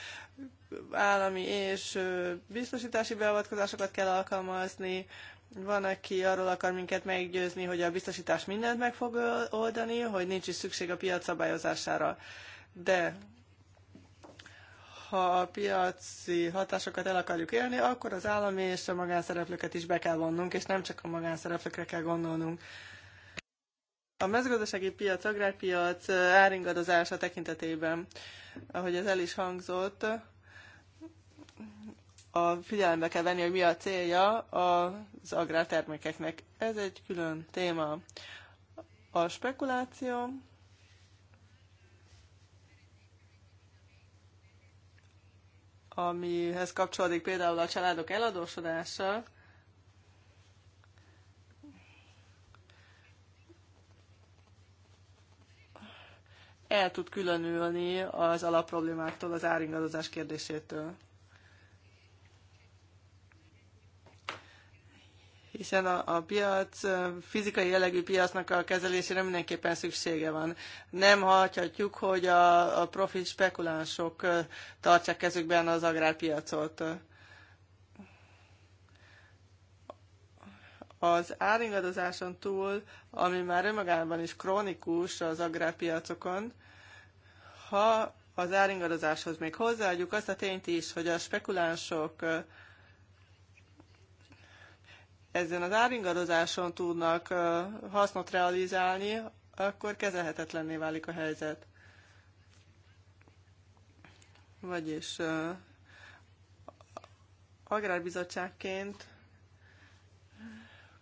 Állami és biztosítási beavatkozásokat kell alkalmazni. Van, aki arról akar minket meggyőzni, hogy a biztosítás mindent meg fog oldani, hogy nincs is szükség a piac szabályozására. De ha a piaci hatásokat el akarjuk élni, akkor az állami és a magánszereplőket is be kell vonnunk, és nem csak a magánszereplőkre kell gondolnunk. A mezőgazdasági piac, agrárpiac eh, áringadozása tekintetében, ahogy ez el is hangzott, a figyelembe kell venni, hogy mi a célja az agrártermékeknek. Ez egy külön téma. A spekuláció, amihez kapcsolódik például a családok eladósodása, el tud különülni az alapproblémáktól, az áringadozás kérdésétől. hiszen a, a piac, fizikai jellegű piacnak a kezelésére mindenképpen szüksége van. Nem hagyhatjuk, hogy a, a profi spekulánsok tartsák kezükben az agrárpiacot. Az áringadozáson túl, ami már önmagában is krónikus az agrárpiacokon, ha az áringadozáshoz még hozzáadjuk azt a tényt is, hogy a spekulánsok ezen az áringadozáson tudnak hasznot realizálni, akkor kezelhetetlenné válik a helyzet. Vagyis agrárbizottságként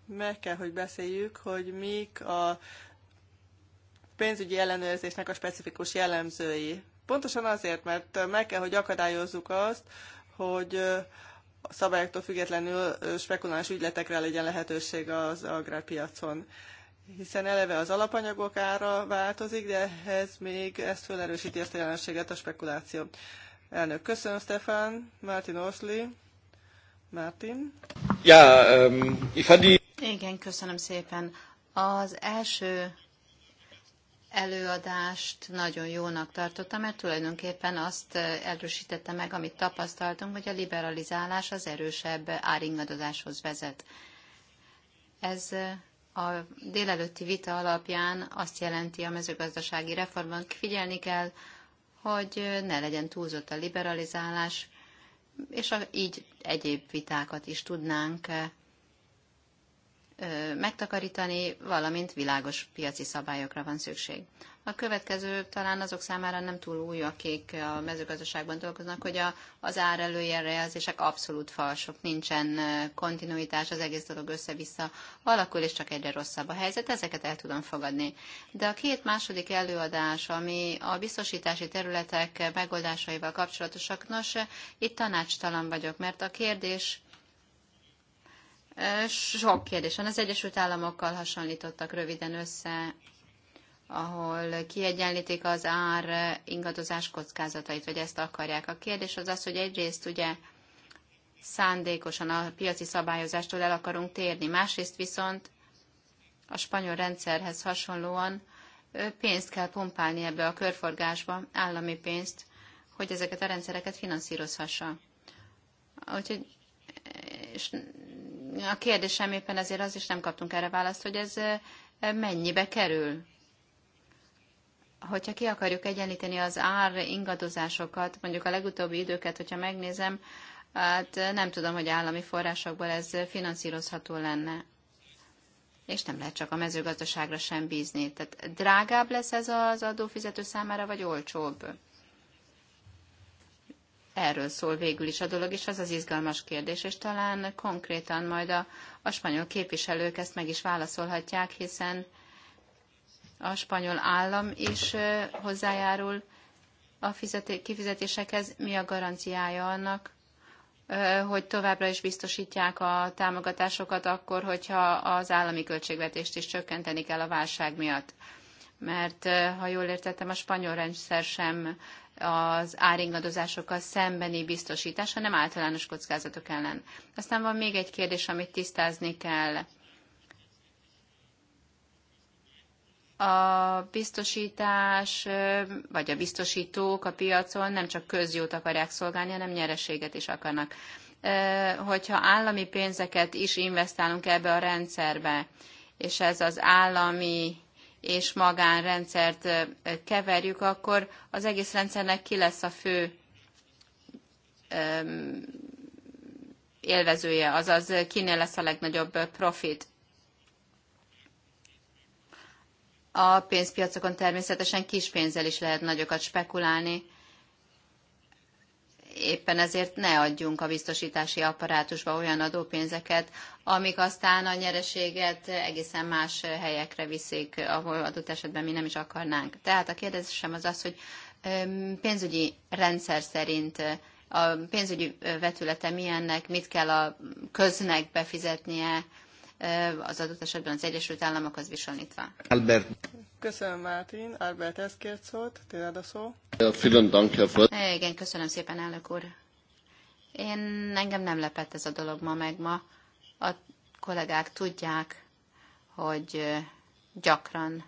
meg kell, hogy beszéljük, hogy mik a pénzügyi ellenőrzésnek a specifikus jellemzői. Pontosan azért, mert meg kell, hogy akadályozzuk azt, hogy szabályoktól függetlenül spekuláns ügyletekre legyen lehetőség az agrárpiacon. Hiszen eleve az alapanyagok ára változik, de ehhez még ezt felerősíti ezt a jelenséget a spekuláció. Elnök, köszönöm, Stefan. Martin Osli. Martin. Ja, um, ifadi... Igen, köszönöm szépen. Az első előadást nagyon jónak tartottam, mert tulajdonképpen azt erősítette meg, amit tapasztaltunk, hogy a liberalizálás az erősebb áringadozáshoz vezet. Ez a délelőtti vita alapján azt jelenti a mezőgazdasági reformban, figyelni kell, hogy ne legyen túlzott a liberalizálás, és így egyéb vitákat is tudnánk megtakarítani, valamint világos piaci szabályokra van szükség. A következő talán azok számára nem túl új, akik a mezőgazdaságban dolgoznak, hogy a, az árelőjelrejelzések abszolút falsok, nincsen kontinuitás, az egész dolog össze-vissza alakul, és csak egyre rosszabb a helyzet, ezeket el tudom fogadni. De a két második előadás, ami a biztosítási területek megoldásaival kapcsolatosak, nos, itt tanácstalan vagyok, mert a kérdés sok kérdés van. Az Egyesült Államokkal hasonlítottak röviden össze, ahol kiegyenlítik az ár ingadozás kockázatait, vagy ezt akarják. A kérdés az az, hogy egyrészt ugye szándékosan a piaci szabályozástól el akarunk térni, másrészt viszont a spanyol rendszerhez hasonlóan pénzt kell pumpálni ebbe a körforgásba, állami pénzt, hogy ezeket a rendszereket finanszírozhassa. Úgyhogy és a kérdésem éppen ezért az is nem kaptunk erre választ, hogy ez eh, mennyibe kerül. Hogyha ki akarjuk egyenlíteni az ár ingadozásokat, mondjuk a legutóbbi időket, hogyha megnézem, hát eh, nem tudom, hogy állami forrásokból ez finanszírozható lenne. És nem lehet csak a mezőgazdaságra sem bízni. Tehát drágább lesz ez az adófizető számára, vagy olcsóbb? Erről szól végül is a dolog, és az az izgalmas kérdés, és talán konkrétan majd a, a spanyol képviselők ezt meg is válaszolhatják, hiszen a spanyol állam is hozzájárul a kifizetésekhez. Mi a garanciája annak, hogy továbbra is biztosítják a támogatásokat akkor, hogyha az állami költségvetést is csökkenteni kell a válság miatt? Mert ha jól értettem, a spanyol rendszer sem az áringadozásokkal szembeni biztosítás, hanem általános kockázatok ellen. Aztán van még egy kérdés, amit tisztázni kell. A biztosítás, vagy a biztosítók a piacon nem csak közjót akarják szolgálni, hanem nyereséget is akarnak. Hogyha állami pénzeket is investálunk ebbe a rendszerbe, és ez az állami és magánrendszert keverjük, akkor az egész rendszernek ki lesz a fő élvezője, azaz kinél lesz a legnagyobb profit. A pénzpiacokon természetesen kis pénzzel is lehet nagyokat spekulálni, éppen ezért ne adjunk a biztosítási apparátusba olyan adópénzeket, amik aztán a nyereséget egészen más helyekre viszik, ahol adott esetben mi nem is akarnánk. Tehát a kérdésem az az, hogy pénzügyi rendszer szerint a pénzügyi vetülete milyennek, mit kell a köznek befizetnie, az adott esetben az Egyesült Államokhoz viszonyítva. Albert. Köszönöm, Mártin. Albert, ezt kért szót, tényleg a szó. Igen, köszönöm szépen, elnök úr. Én engem nem lepett ez a dolog ma meg ma. A kollégák tudják, hogy gyakran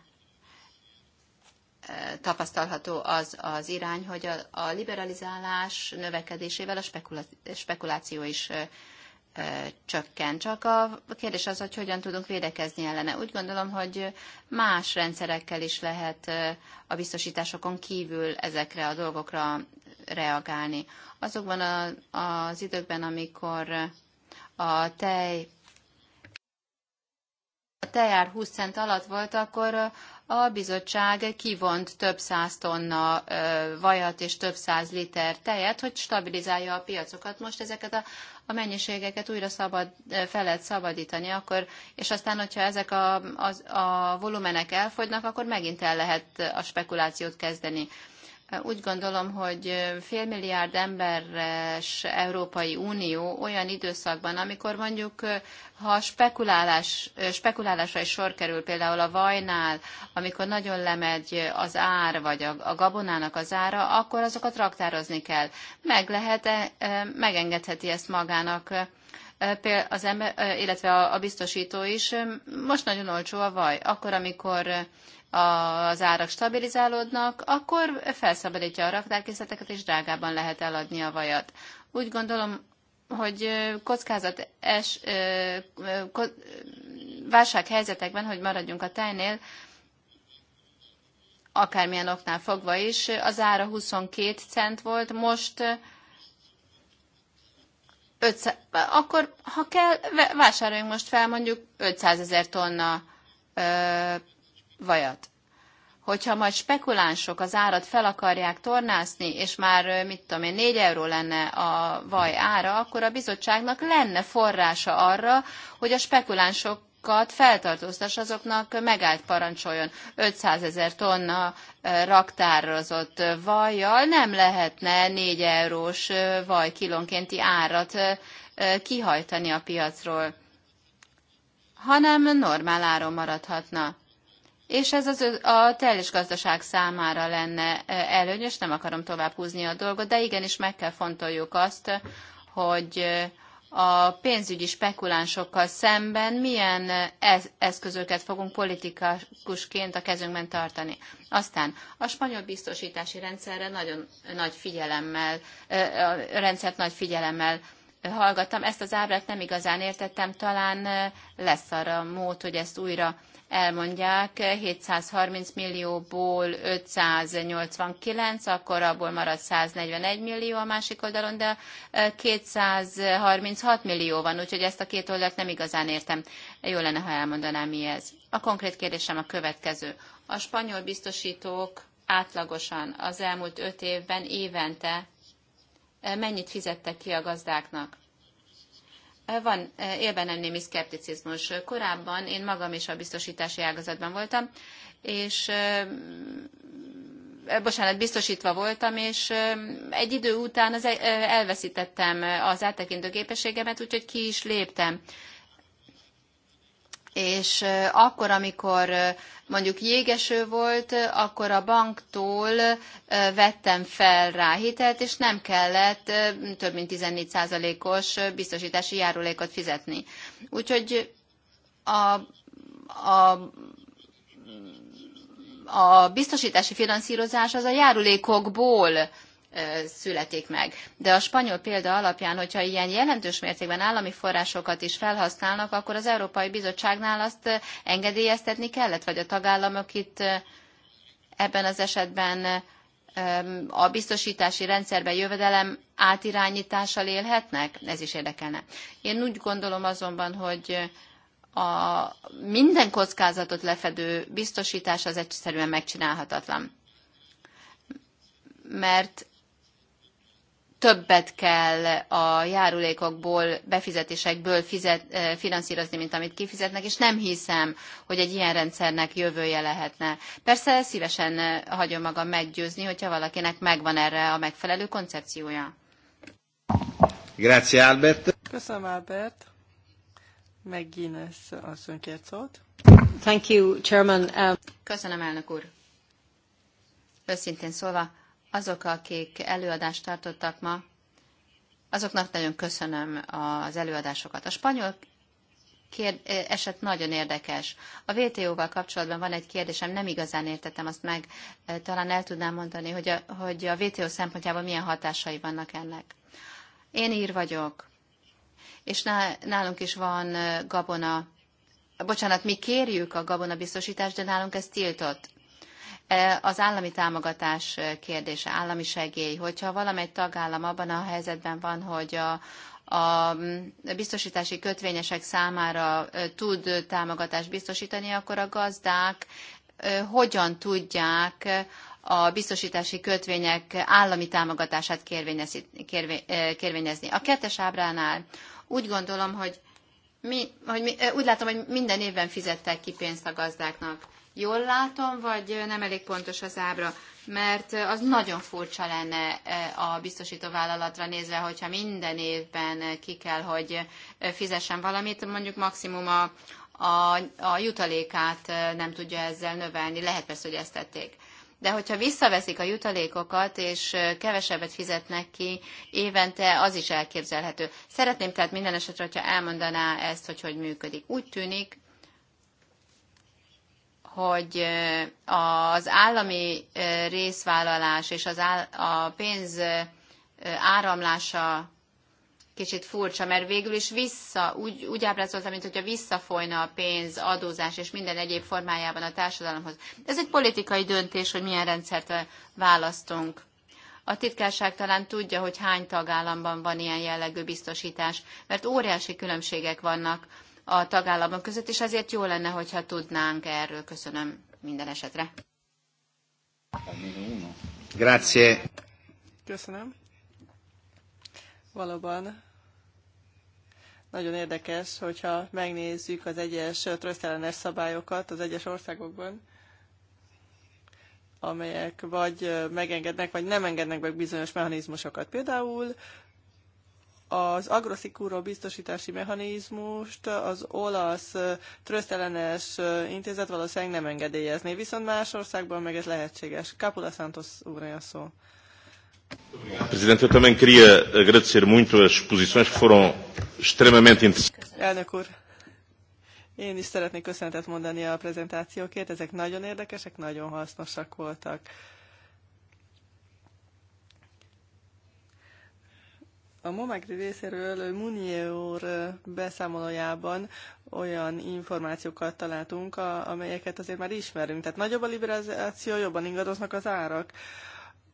tapasztalható az az irány, hogy a, a liberalizálás növekedésével a spekuláció is csökken. Csak a kérdés az, hogy hogyan tudunk védekezni ellene. Úgy gondolom, hogy más rendszerekkel is lehet a biztosításokon kívül ezekre a dolgokra reagálni. Azokban a, az időkben, amikor a tej a tejár 20 cent alatt volt, akkor a bizottság kivont több száz tonna vajat és több száz liter tejet, hogy stabilizálja a piacokat. Most ezeket a, a mennyiségeket újra szabad, fel lehet szabadítani, akkor, és aztán, hogyha ezek a, a, a volumenek elfogynak, akkor megint el lehet a spekulációt kezdeni. Úgy gondolom, hogy félmilliárd emberes Európai Unió olyan időszakban, amikor mondjuk, ha spekulálás, spekulálásra is sor kerül, például a vajnál, amikor nagyon lemegy az ár, vagy a, a gabonának az ára, akkor azokat raktározni kell. Meg lehet, megengedheti ezt magának az ember, illetve a biztosító is, most nagyon olcsó a vaj. Akkor, amikor az árak stabilizálódnak, akkor felszabadítja a raktárkészleteket, és drágában lehet eladni a vajat. Úgy gondolom, hogy kockázat es, ko, válsághelyzetekben, hogy maradjunk a tejnél, akármilyen oknál fogva is, az ára 22 cent volt, most 500, akkor ha kell, vásároljunk most fel mondjuk 500 ezer tonna ö, vajat. Hogyha majd spekulánsok az árat fel akarják tornászni, és már, mit tudom én, 4 euró lenne a vaj ára, akkor a bizottságnak lenne forrása arra, hogy a spekulánsok azokat feltartóztassa, azoknak megállt parancsoljon. 500 ezer tonna raktározott vajjal nem lehetne 4 eurós vaj kilonkénti árat kihajtani a piacról, hanem normál áron maradhatna. És ez az, a teljes gazdaság számára lenne előnyös, nem akarom tovább húzni a dolgot, de igenis meg kell fontoljuk azt, hogy a pénzügyi spekulánsokkal szemben milyen eszközöket fogunk politikusként a kezünkben tartani. Aztán a spanyol biztosítási rendszerre nagyon nagy figyelemmel, a rendszert nagy figyelemmel hallgattam. Ezt az ábrát nem igazán értettem, talán lesz arra mód, hogy ezt újra elmondják, 730 millióból 589, akkor abból marad 141 millió a másik oldalon, de 236 eh, millió van, úgyhogy ezt a két oldalt nem igazán értem. Jó lenne, ha elmondanám, mi ez. A konkrét kérdésem a következő. A spanyol biztosítók átlagosan az elmúlt öt évben évente eh, mennyit fizettek ki a gazdáknak? van él bennem némi szkepticizmus. Korábban én magam is a biztosítási ágazatban voltam, és eh, bocsánat, biztosítva voltam, és eh, egy idő után az eh, elveszítettem az áttekintő képességemet, úgyhogy ki is léptem és akkor, amikor mondjuk jégeső volt, akkor a banktól vettem fel rá hitelt, és nem kellett több mint 14%-os biztosítási járulékot fizetni. Úgyhogy a, a a biztosítási finanszírozás az a járulékokból születik meg. De a spanyol példa alapján, hogyha ilyen jelentős mértékben állami forrásokat is felhasználnak, akkor az Európai Bizottságnál azt engedélyeztetni kellett, vagy a tagállamok itt ebben az esetben a biztosítási rendszerben jövedelem átirányítással élhetnek? Ez is érdekelne. Én úgy gondolom azonban, hogy a minden kockázatot lefedő biztosítás az egyszerűen megcsinálhatatlan. Mert többet kell a járulékokból, befizetésekből fizet, eh, finanszírozni, mint amit kifizetnek, és nem hiszem, hogy egy ilyen rendszernek jövője lehetne. Persze szívesen eh, hagyom magam meggyőzni, hogyha valakinek megvan erre a megfelelő koncepciója. Grazie Albert. Köszönöm Albert. McGuinness asszony kért szót. Thank you, Chairman. Um, Köszönöm, elnök úr. Őszintén szólva, azok, akik előadást tartottak ma, azoknak nagyon köszönöm az előadásokat. A spanyol kérd, eset nagyon érdekes. A VTO-val kapcsolatban van egy kérdésem, nem igazán értettem azt meg, talán el tudnám mondani, hogy a, hogy a VTO szempontjából milyen hatásai vannak ennek. Én ír vagyok, és nálunk is van gabona, bocsánat, mi kérjük a gabona biztosítást, de nálunk ez tiltott. E, az állami támogatás kérdése, állami segély, hogyha valamely tagállam abban a helyzetben van, hogy a, a biztosítási kötvényesek számára e, tud támogatást biztosítani, akkor a gazdák e, hogyan tudják a biztosítási kötvények állami támogatását kérvényezni. A kettes ábránál úgy gondolom, hogy, mi, hogy mi, úgy látom, hogy minden évben fizettek ki pénzt a gazdáknak. Jól látom, vagy nem elég pontos az ábra? Mert eh, az nagyon furcsa lenne eh, a biztosító vállalatra nézve, hogyha minden évben eh, ki kell, hogy fizessen valamit, mondjuk maximum a, a, a jutalékát nem tudja ezzel növelni. Lehet persze, hogy ezt tették. De hogyha visszaveszik a jutalékokat, és kevesebbet fizetnek ki évente, az is elképzelhető. Szeretném tehát minden esetre, hogyha elmondaná ezt, hogy hogy működik. Úgy tűnik, hogy az állami részvállalás és az áll, a pénz áramlása kicsit furcsa, mert végül is vissza, úgy, úgy ábrázolta, mint hogyha visszafolyna a pénz, adózás és minden egyéb formájában a társadalomhoz. Ez egy politikai döntés, hogy milyen rendszert választunk. A titkárság talán tudja, hogy hány tagállamban van ilyen jellegű biztosítás, mert óriási különbségek vannak a tagállamok között, és ezért jó lenne, hogyha tudnánk erről. Köszönöm minden esetre. Grazie. Köszönöm. Valóban nagyon érdekes, hogyha megnézzük az egyes trösztelenes szabályokat az egyes országokban, amelyek vagy megengednek, vagy nem engednek meg bizonyos mechanizmusokat. Például az agroszikúró biztosítási mechanizmust az olasz trösztelenes intézet valószínűleg nem engedélyezné, viszont más országban meg ez lehetséges. Capula Santos úrja a szó. Presidente, eu também queria agradecer muito as que foram extremamente interessantes. Elnök úr, én is szeretnék köszönetet mondani a prezentációkért, ezek nagyon érdekesek, nagyon hasznosak voltak. A Momagri részéről Munier úr beszámolójában olyan információkat találtunk, amelyeket azért már ismerünk. Tehát nagyobb a liberalizáció, jobban ingadoznak az árak.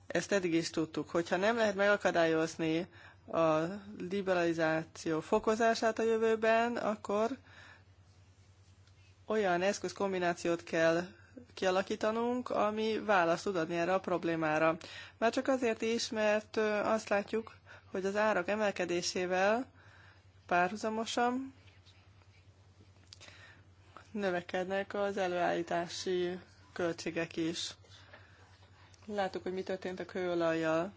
Ezt eddig is tudtuk. Hogyha nem lehet megakadályozni a liberalizáció fokozását a jövőben, akkor olyan eszközkombinációt kell kialakítanunk, ami választ tud adni erre a problémára. Már csak azért is, mert azt látjuk, hogy az árak emelkedésével párhuzamosan növekednek az előállítási költségek is. Láttuk, hogy mi történt a kőolajjal.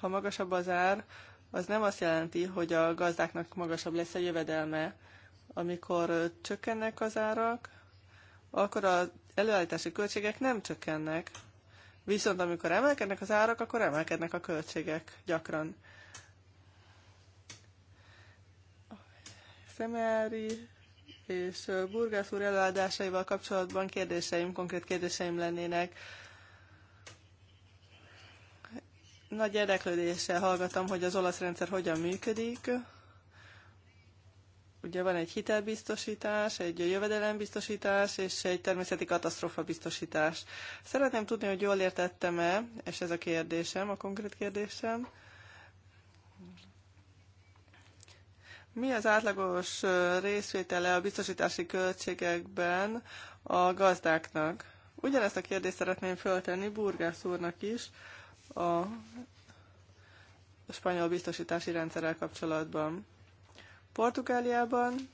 Ha magasabb az ár, az nem azt jelenti, hogy a gazdáknak magasabb lesz a jövedelme. Amikor csökkennek az árak, akkor az előállítási költségek nem csökkennek. Viszont amikor emelkednek az árak, akkor emelkednek a költségek gyakran. Szemeri és Burgász úr előadásaival kapcsolatban kérdéseim, konkrét kérdéseim lennének. Nagy érdeklődéssel hallgatom, hogy az olasz rendszer hogyan működik, ugye van egy hitelbiztosítás, egy jövedelembiztosítás és egy természeti katasztrófa biztosítás. Szeretném tudni, hogy jól értettem-e, és ez a kérdésem, a konkrét kérdésem. Mi az átlagos részvétele a biztosítási költségekben a gazdáknak? Ugyanezt a kérdést szeretném föltenni Burgász úrnak is a spanyol biztosítási rendszerrel kapcsolatban. Portugáliában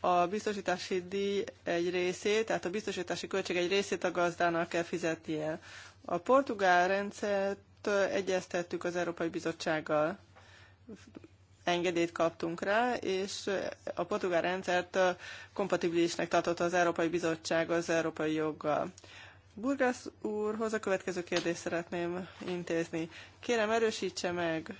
a biztosítási díj egy részét, tehát a biztosítási költség egy részét a gazdának kell fizetnie. A portugál rendszert egyeztettük az Európai Bizottsággal, engedélyt kaptunk rá, és a portugál rendszert kompatibilisnek tartotta az Európai Bizottság az európai joggal. Burgász úrhoz a következő kérdést szeretném intézni. Kérem, erősítse meg,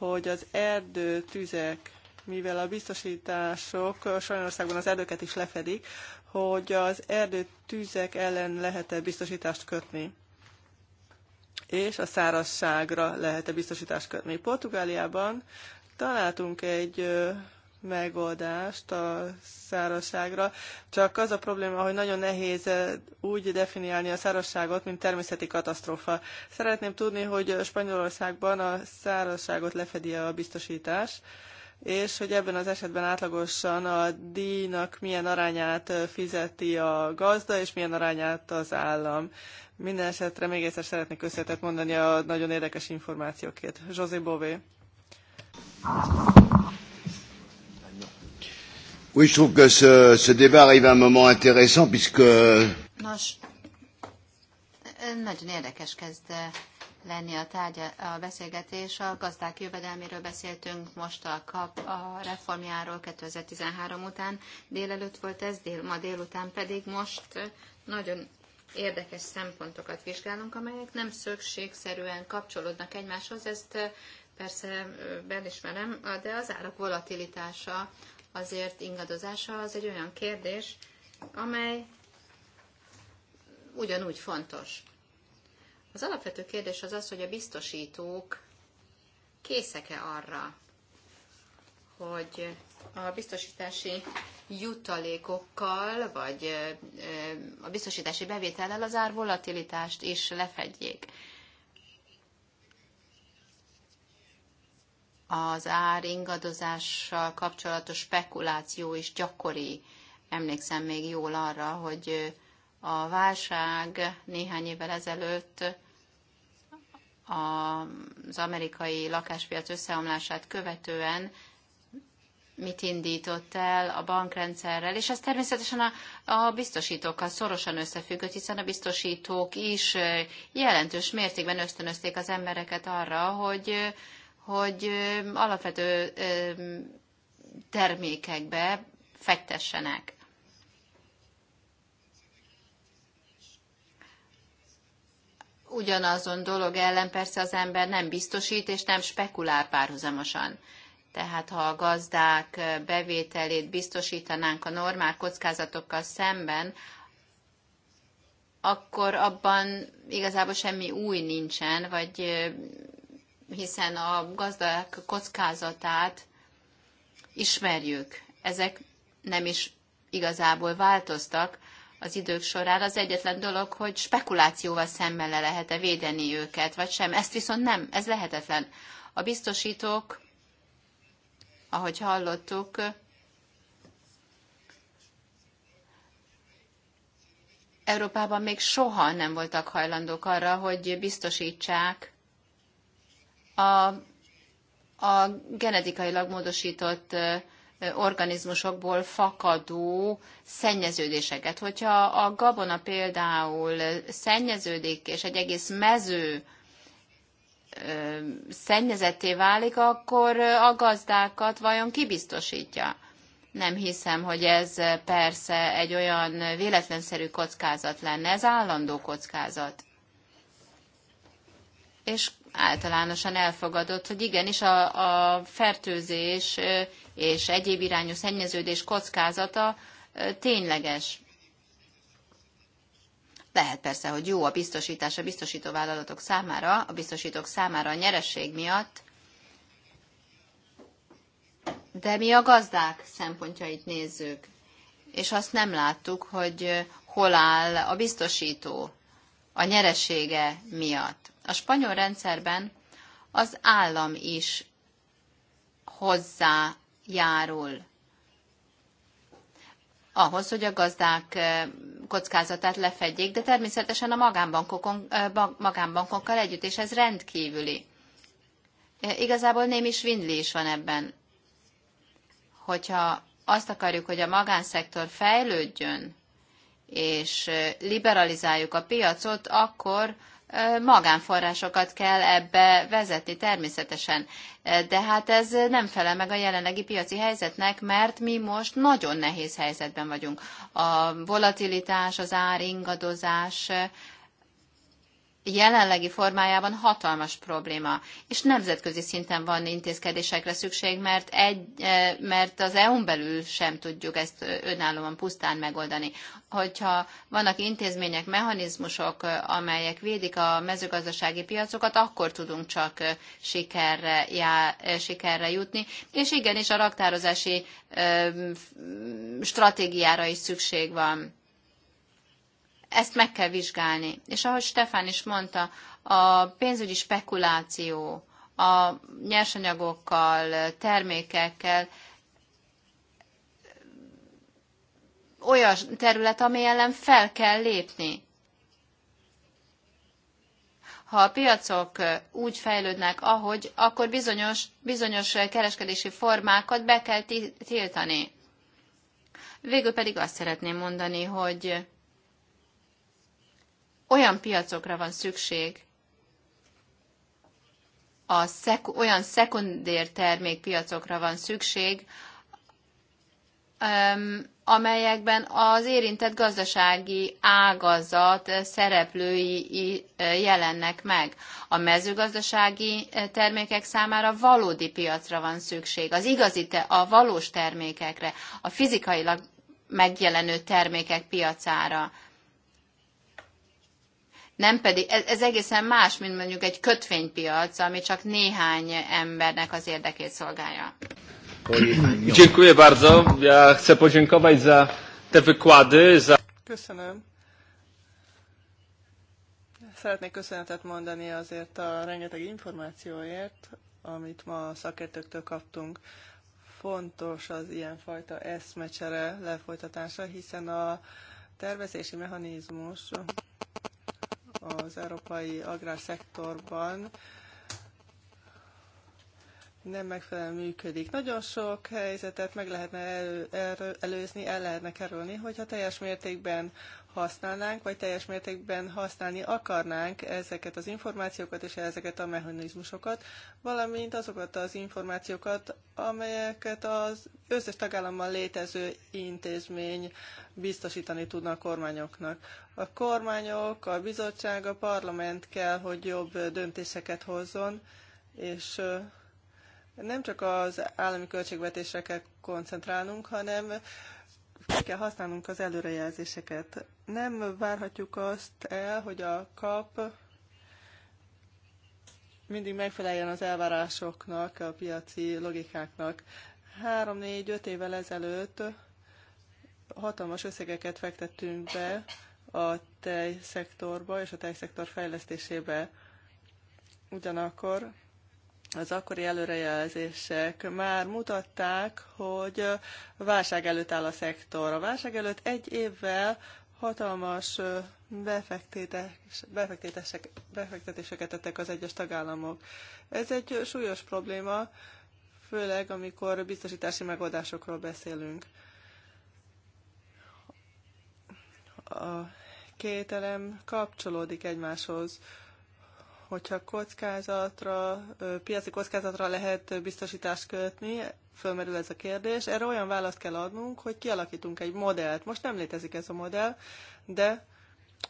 hogy az erdőtüzek, mivel a biztosítások Sajnországban az erdőket is lefedik, hogy az erdőtüzek ellen lehet-e biztosítást kötni és a szárazságra lehet-e biztosítást kötni. Portugáliában találtunk egy megoldást a szárazságra. Csak az a probléma, hogy nagyon nehéz eh, úgy definiálni a szárazságot, mint természeti katasztrófa. Szeretném tudni, hogy Spanyolországban a szárazságot lefedi a biztosítás, és hogy ebben az esetben átlagosan a díjnak milyen arányát eh, fizeti a gazda, és milyen arányát az állam. Minden esetre még egyszer szeretnék összetett mondani a nagyon érdekes információkért. José Bové. Oui, je trouve que ce, ce débat arrive à un moment intéressant puisque. Nos, nagyon érdekes kezd eh, lenni a tárgya, a beszélgetés. A gazdák jövedelméről beszéltünk, most a kap a reformjáról 2013 után. Délelőtt volt ez, dél, ma délután pedig most eh, nagyon érdekes szempontokat vizsgálunk, amelyek nem szükségszerűen kapcsolódnak egymáshoz. Ezt eh, persze belismerem, de az árak volatilitása azért ingadozása az egy olyan kérdés, amely ugyanúgy fontos. Az alapvető kérdés az az, hogy a biztosítók készek-e arra, hogy a biztosítási jutalékokkal, vagy a biztosítási bevétellel az árvolatilitást is lefedjék. az ár ingadozással kapcsolatos spekuláció is gyakori. Emlékszem még jól arra, hogy a válság néhány évvel ezelőtt az amerikai lakáspiac összeomlását követően mit indított el a bankrendszerrel, és ez természetesen a, a biztosítókkal szorosan összefüggött, hiszen a biztosítók is jelentős mértékben ösztönözték az embereket arra, hogy hogy alapvető termékekbe fektessenek. Ugyanazon dolog ellen persze az ember nem biztosít és nem spekulál párhuzamosan. Tehát ha a gazdák bevételét biztosítanánk a normál kockázatokkal szemben, akkor abban igazából semmi új nincsen, vagy hiszen a gazdák kockázatát ismerjük. Ezek nem is igazából változtak az idők során. Az egyetlen dolog, hogy spekulációval szemmel le lehet-e védeni őket, vagy sem. Ezt viszont nem, ez lehetetlen. A biztosítók, ahogy hallottuk, Európában még soha nem voltak hajlandók arra, hogy biztosítsák a, a genetikailag módosított organizmusokból fakadó szennyeződéseket. Hogyha a gabona például szennyeződik, és egy egész mező szennyezetté válik, akkor a gazdákat vajon kibiztosítja? Nem hiszem, hogy ez persze egy olyan véletlenszerű kockázat lenne, ez állandó kockázat. És általánosan elfogadott, hogy igenis a, a fertőzés és egyéb irányú szennyeződés kockázata tényleges. Lehet persze, hogy jó a biztosítás a biztosító vállalatok számára, a biztosítók számára a nyeresség miatt, de mi a gazdák szempontjait nézzük, és azt nem láttuk, hogy hol áll a biztosító a nyeresége miatt. A spanyol rendszerben az állam is hozzájárul ahhoz, hogy a gazdák kockázatát lefedjék, de természetesen a magánbankokon, magánbankokkal együtt, és ez rendkívüli. Igazából némi svindli is van ebben. Hogyha azt akarjuk, hogy a magánszektor fejlődjön, és liberalizáljuk a piacot, akkor magánforrásokat kell ebbe vezetni természetesen. De hát ez nem felel meg a jelenlegi piaci helyzetnek, mert mi most nagyon nehéz helyzetben vagyunk. A volatilitás, az áringadozás jelenlegi formájában hatalmas probléma, és nemzetközi szinten van intézkedésekre szükség, mert, egy, e, mert az EU-n belül sem tudjuk ezt önállóan pusztán megoldani. Hogyha vannak intézmények, mechanizmusok, amelyek védik a mezőgazdasági piacokat, akkor tudunk csak sikerre, já, sikerre jutni, és igenis a raktározási e, stratégiára is szükség van ezt meg kell vizsgálni. És ahogy Stefán is mondta, a pénzügyi spekuláció a nyersanyagokkal, termékekkel olyan terület, amely ellen fel kell lépni. Ha a piacok úgy fejlődnek, ahogy, akkor bizonyos, bizonyos kereskedési formákat be kell tiltani. Végül pedig azt szeretném mondani, hogy olyan piacokra van szükség, a szek, olyan szekundér termékpiacokra van szükség, amelyekben az érintett gazdasági ágazat szereplői jelennek meg. A mezőgazdasági termékek számára valódi piacra van szükség, az igazi, a valós termékekre, a fizikailag megjelenő termékek piacára nem pedig, ez, ez egészen más, mint mondjuk egy kötvénypiac, ami csak néhány embernek az érdekét szolgálja. Dziękuję bardzo. Ja chcę podziękować za te wykłady. Za... Köszönöm. Szeretnék köszönetet mondani azért a rengeteg információért, amit ma a szakértőktől kaptunk. Fontos az ilyenfajta eszmecsere lefolytatása, hiszen a tervezési mechanizmus az európai agrárszektorban nem megfelelően működik. Nagyon sok helyzetet meg lehetne elő, elő, előzni, el lehetne kerülni, hogyha teljes mértékben használnánk, vagy teljes mértékben használni akarnánk ezeket az információkat és ezeket a mechanizmusokat, valamint azokat az információkat, amelyeket az összes tagállamban létező intézmény biztosítani tudna a kormányoknak. A kormányok, a bizottság, a parlament kell, hogy jobb döntéseket hozzon, és nem csak az állami költségvetésre kell koncentrálnunk, hanem ki kell használnunk az előrejelzéseket. Nem várhatjuk azt el, hogy a kap mindig megfeleljen az elvárásoknak, a piaci logikáknak. Három, négy, öt évvel ezelőtt hatalmas összegeket fektettünk be a tejszektorba és a tejszektor fejlesztésébe. Ugyanakkor az akkori előrejelzések már mutatták, hogy válság előtt áll a szektor. A válság előtt egy évvel hatalmas befektetések, befektetéseket tettek az egyes tagállamok. Ez egy súlyos probléma, főleg amikor biztosítási megoldásokról beszélünk. A két elem kapcsolódik egymáshoz hogyha kockázatra, piaci kockázatra lehet biztosítást kötni, fölmerül ez a kérdés, erre olyan választ kell adnunk, hogy kialakítunk egy modellt. Most nem létezik ez a modell, de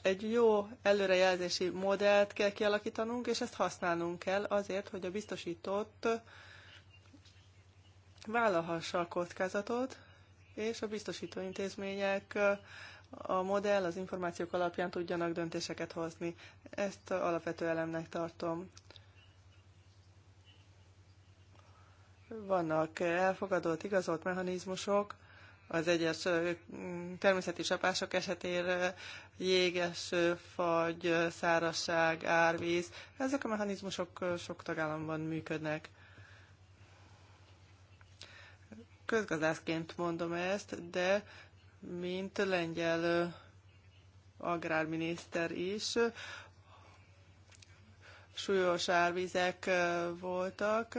egy jó előrejelzési modellt kell kialakítanunk, és ezt használnunk kell azért, hogy a biztosított vállalhassa a kockázatot, és a biztosító intézmények a modell, az információk alapján tudjanak döntéseket hozni. Ezt alapvető elemnek tartom. Vannak elfogadott, igazolt mechanizmusok, az egyes természeti csapások esetére jéges, fagy, szárazság, árvíz. Ezek a mechanizmusok sok tagállamban működnek. Közgazdászként mondom ezt, de mint lengyel agrárminiszter is. Súlyos árvizek voltak,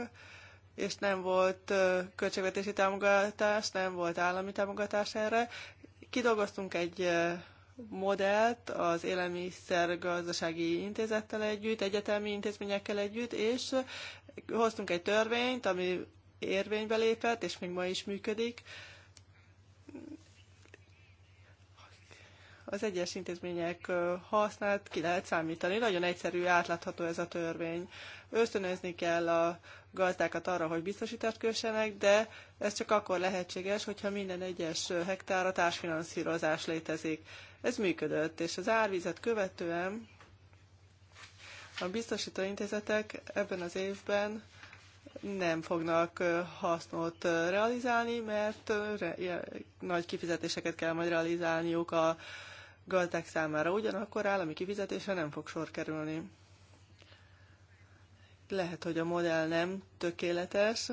és nem volt költségvetési támogatás, nem volt állami támogatás erre. Kidolgoztunk egy modellt az Élelmiszer Gazdasági Intézettel együtt, egyetemi intézményekkel együtt, és hoztunk egy törvényt, ami érvénybe lépett, és még ma is működik, az egyes intézmények használt ki lehet számítani. Nagyon egyszerű, átlátható ez a törvény. Ösztönözni kell a gazdákat arra, hogy biztosítást kössenek, de ez csak akkor lehetséges, hogyha minden egyes hektára társfinanszírozás létezik. Ez működött, és az árvizet követően a biztosító intézetek ebben az évben nem fognak hasznot realizálni, mert nagy kifizetéseket kell majd realizálniuk a göltek számára. Ugyanakkor állami kifizetése nem fog sor kerülni. Lehet, hogy a modell nem tökéletes,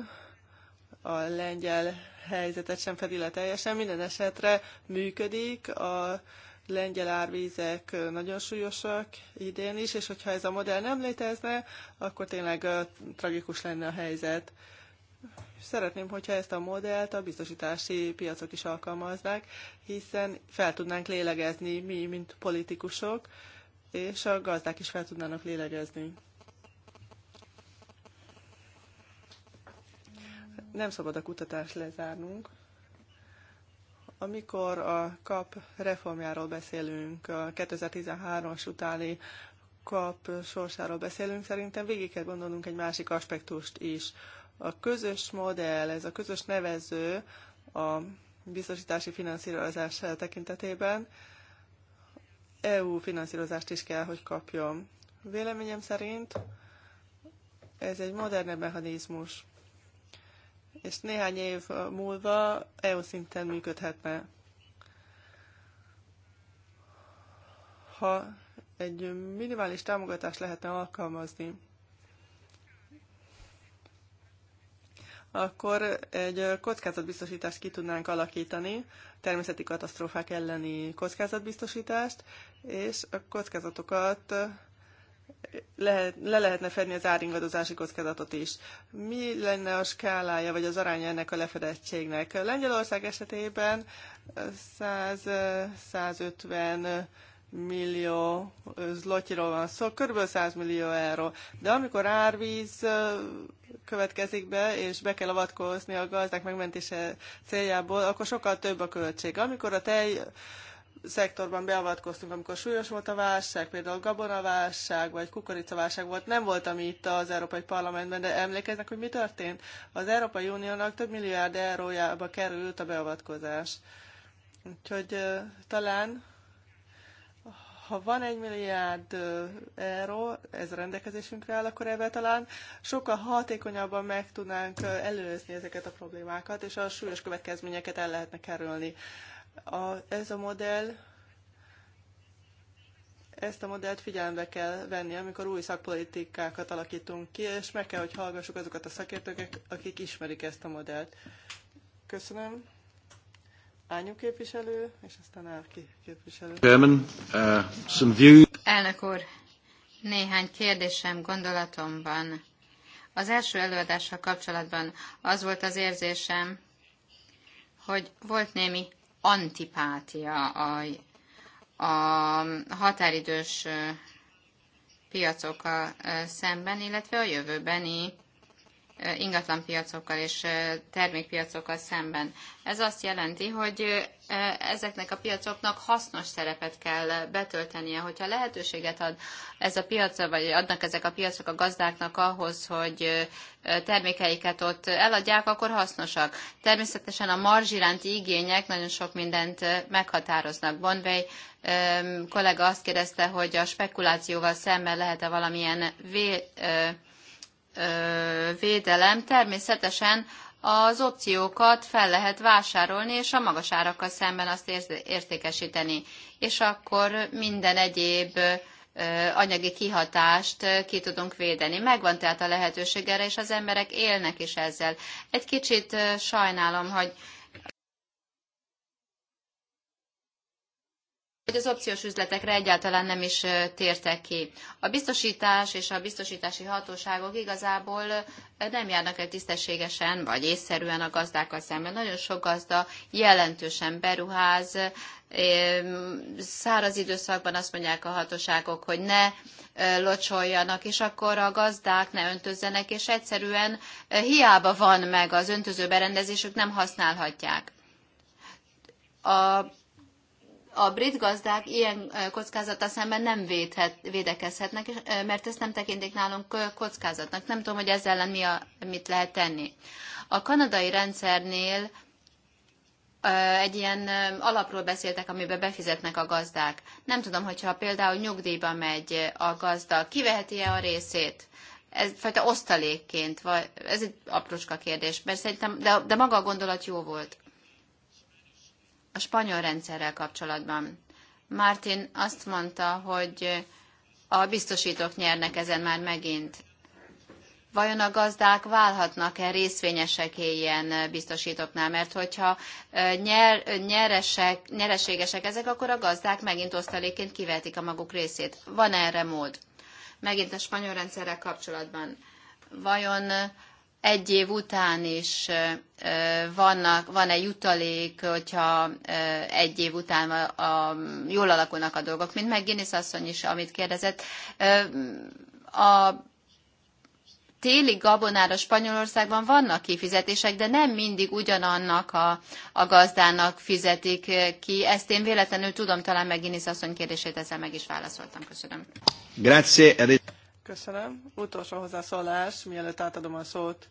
a lengyel helyzetet sem fedi le teljesen, minden esetre működik, a lengyel árvízek nagyon súlyosak idén is, és hogyha ez a modell nem létezne, akkor tényleg tragikus lenne a helyzet. Szeretném, hogyha ezt a modellt a biztosítási piacok is alkalmaznák, hiszen fel tudnánk lélegezni mi, mint politikusok, és a gazdák is fel tudnának lélegezni. Nem szabad a kutatást lezárnunk. Amikor a KAP reformjáról beszélünk, a 2013-as utáni kap sorsáról beszélünk, szerintem végig kell gondolnunk egy másik aspektust is. A közös modell, ez a közös nevező a biztosítási finanszírozás tekintetében EU finanszírozást is kell, hogy kapjon. Véleményem szerint ez egy modernebb mechanizmus, és néhány év múlva EU szinten működhetne. Ha egy minimális támogatást lehetne alkalmazni, akkor egy kockázatbiztosítást ki tudnánk alakítani, természeti katasztrófák elleni kockázatbiztosítást, és a kockázatokat lehet, le lehetne fedni az áringadozási kockázatot is. Mi lenne a skálája, vagy az aránya ennek a lefedettségnek? Lengyelország esetében 100-150 millió zlotyról van szó, körülbelül 100 millió euró. De amikor árvíz következik be, és be kell avatkozni a gazdák megmentése céljából, akkor sokkal több a költség. Amikor a tej szektorban beavatkoztunk, amikor súlyos volt a válság, például gabonaválság vagy kukoricaválság volt, nem voltam itt az Európai Parlamentben, de emlékeznek, hogy mi történt? Az Európai Uniónak több milliárd eurójába került a beavatkozás. Úgyhogy talán ha van egy milliárd euró, ez a rendelkezésünkre áll, akkor ebben talán sokkal hatékonyabban meg tudnánk előzni ezeket a problémákat, és a súlyos következményeket el lehetne kerülni. A, ez a modell, ezt a modellt figyelembe kell venni, amikor új szakpolitikákat alakítunk ki, és meg kell, hogy hallgassuk azokat a szakértőket, akik ismerik ezt a modellt. Köszönöm. Ányú és aztán Árki képviselő. German, uh, some view. Elnök úr, néhány kérdésem, gondolatom van. Az első előadással kapcsolatban az volt az érzésem, hogy volt némi antipátia a, a határidős piacokkal szemben, illetve a jövőbeni ingatlanpiacokkal és termékpiacokkal szemben. Ez azt jelenti, hogy ezeknek a piacoknak hasznos szerepet kell betöltenie, hogyha lehetőséget ad ez a piac, vagy adnak ezek a piacok a gazdáknak ahhoz, hogy termékeiket ott eladják, akkor hasznosak. Természetesen a marzs iránti igények nagyon sok mindent meghatároznak. Bonvey kollega azt kérdezte, hogy a spekulációval szemben lehet-e valamilyen vé- védelem természetesen az opciókat fel lehet vásárolni, és a magas árakkal szemben azt értékesíteni. És akkor minden egyéb anyagi kihatást ki tudunk védeni. Megvan tehát a lehetőség erre, és az emberek élnek is ezzel. Egy kicsit sajnálom, hogy hogy az opciós üzletekre egyáltalán nem is tértek ki. A biztosítás és a biztosítási hatóságok igazából nem járnak el tisztességesen vagy észszerűen a gazdákkal szemben. Nagyon sok gazda jelentősen beruház, száraz időszakban azt mondják a hatóságok, hogy ne locsoljanak, és akkor a gazdák ne öntözzenek, és egyszerűen hiába van meg az öntöző berendezésük, nem használhatják. A a brit gazdák ilyen kockázata szemben nem védhet, védekezhetnek, mert ezt nem tekintik nálunk kockázatnak. Nem tudom, hogy ezzel ellen mi a, mit lehet tenni. A kanadai rendszernél egy ilyen alapról beszéltek, amiben befizetnek a gazdák. Nem tudom, hogyha például nyugdíjba megy a gazda, kiveheti-e a részét? Ez fajta osztalékként, vagy ez egy aprócska kérdés, mert szerintem, de, de maga a gondolat jó volt a spanyol rendszerrel kapcsolatban. Martin azt mondta, hogy a biztosítók nyernek ezen már megint. Vajon a gazdák válhatnak-e részvényesek ilyen biztosítóknál? Mert hogyha nyer, nyeresek, nyereségesek ezek, akkor a gazdák megint osztaléként kivetik a maguk részét. Van erre mód? Megint a spanyol rendszerrel kapcsolatban. Vajon egy év után is vannak, van-e jutalék, hogyha egy év után a, a, jól alakulnak a dolgok, mint meg Guinness asszony is, amit kérdezett. A téli gabonára Spanyolországban vannak kifizetések, de nem mindig ugyanannak a, a gazdának fizetik ki. Ezt én véletlenül tudom, talán meg Guinness asszony kérdését ezzel meg is válaszoltam. Köszönöm. Grazie. Köszönöm. Utolsó hozzászólás, mielőtt átadom a szót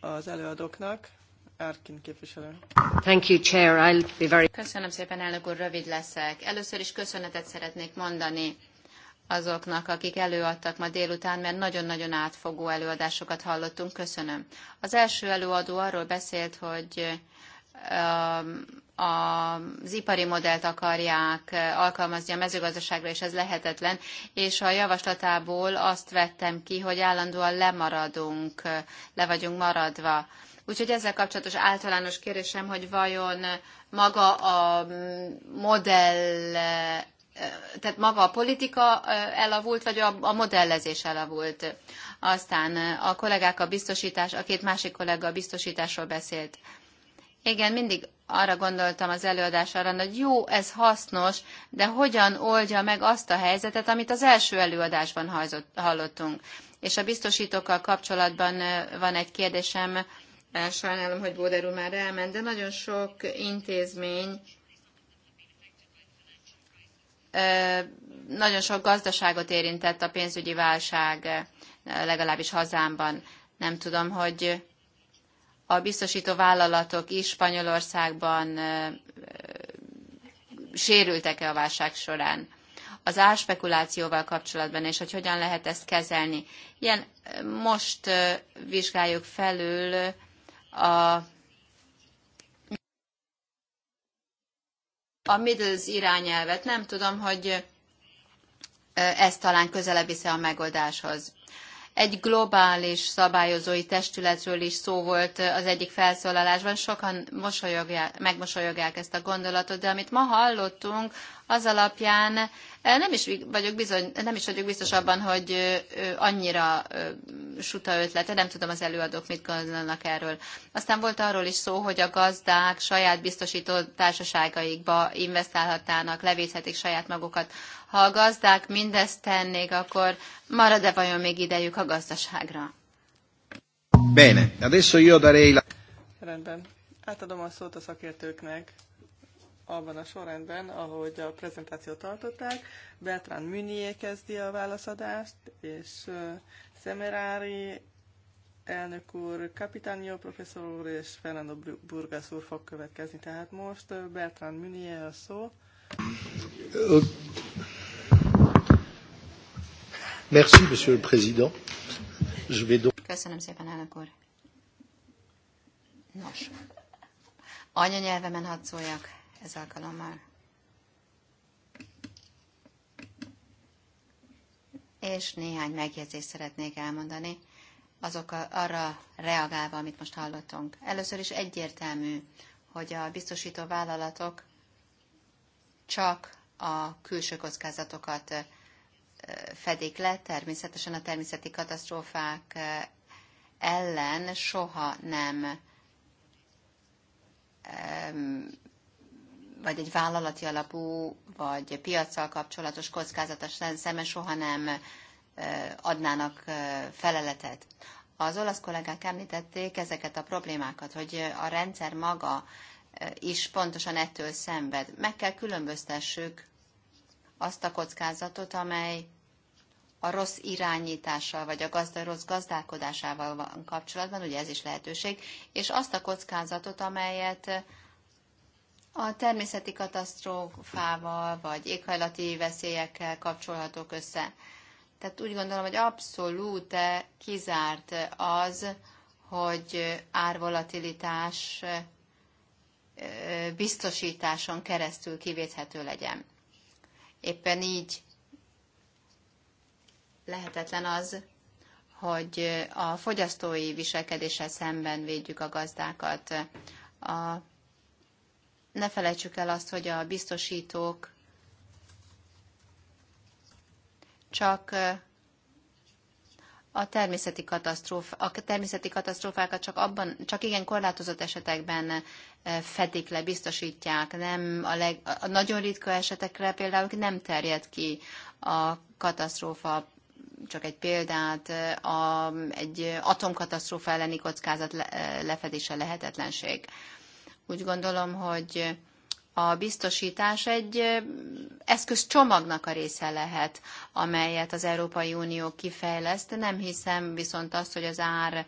az előadóknak. Erkin képviselő. Thank you, Chair. I'll be very... Köszönöm szépen, elnök úr, rövid leszek. Először is köszönetet szeretnék mondani azoknak, akik előadtak ma délután, mert nagyon-nagyon átfogó előadásokat hallottunk. Köszönöm. Az első előadó arról beszélt, hogy az ipari modellt akarják eh, alkalmazni a mezőgazdaságra, és ez lehetetlen, és a javaslatából azt vettem ki, hogy állandóan lemaradunk, eh, le vagyunk maradva. Úgyhogy ezzel kapcsolatos általános kérésem, hogy vajon maga a mm, modell, eh, tehát maga a politika elavult, vagy a, a modellezés elavult. Aztán a kollégák a biztosítás, a két másik kollega a biztosításról beszélt. Igen, mindig arra gondoltam az előadás arra, hogy jó, ez hasznos, de hogyan oldja meg azt a helyzetet, amit az első előadásban hallottunk. És a biztosítókkal kapcsolatban van egy kérdésem, sajnálom, hogy Bóder úr már elment, de nagyon sok intézmény nagyon sok gazdaságot érintett a pénzügyi válság, legalábbis hazámban. Nem tudom, hogy a biztosító vállalatok is Spanyolországban sérültek-e a válság során. Az árspekulációval kapcsolatban, és hogy hogyan lehet ezt kezelni. Ilyen most vizsgáljuk felül a a Middles irányelvet. Nem tudom, hogy ez talán közelebb visze a megoldáshoz. Egy globális szabályozói testületről is szó volt az egyik felszólalásban, sokan mosolyogják, megmosolyogják ezt a gondolatot, de amit ma hallottunk, az alapján eh, nem is vagyok, bizony, nem is vagyok biztos abban, hogy eh, annyira suta ötlete, nem tudom az előadók mit gondolnak erről. Aztán volt arról is szó, hogy a gazdák saját biztosító társaságaikba investálhatnának, levéthetik saját magukat. Ha a gazdák mindezt tennék, akkor marad-e vajon még idejük a gazdaságra? Bene, adesso io darei la... Rendben. Átadom a szót a szakértőknek abban a sorrendben, ahogy a prezentációt tartották. Bertrand Münié kezdi a válaszadást, és Szemerári elnök úr, kapitányó professzor úr és Fernando Burgas úr fog következni. Tehát most Bertrand Münié a szó. Merci, monsieur le président. Je vais donc... Köszönöm szépen, elnök úr. Nos, anyanyelvemen hadd szóljak ez alkalommal. És néhány megjegyzést szeretnék elmondani, azok a, arra reagálva, amit most hallottunk. Először is egyértelmű, hogy a biztosító vállalatok csak a külső kockázatokat fedik le, természetesen a természeti katasztrófák ellen soha nem vagy egy vállalati alapú, vagy piaccal kapcsolatos kockázatos szemben soha nem adnának feleletet. Az olasz kollégák említették ezeket a problémákat, hogy a rendszer maga is pontosan ettől szenved. Meg kell különböztessük azt a kockázatot, amely a rossz irányítással, vagy a gazda rossz gazdálkodásával van kapcsolatban, ugye ez is lehetőség, és azt a kockázatot, amelyet a természeti katasztrófával vagy éghajlati veszélyekkel kapcsolhatók össze. Tehát úgy gondolom, hogy abszolút kizárt az, hogy árvolatilitás biztosításon keresztül kivéthető legyen. Éppen így lehetetlen az, hogy a fogyasztói viselkedéssel szemben védjük a gazdákat. A ne felejtsük el azt, hogy a biztosítók csak a természeti, katasztróf, a természeti katasztrófákat csak, abban, csak igen korlátozott esetekben fedik le, biztosítják. Nem a, leg, a nagyon ritka esetekre például nem terjed ki a katasztrófa, csak egy példát, a, egy atomkatasztrófa elleni kockázat lefedése lehetetlenség. Úgy gondolom, hogy a biztosítás egy eszközcsomagnak a része lehet, amelyet az Európai Unió kifejleszt. Nem hiszem viszont azt, hogy az ár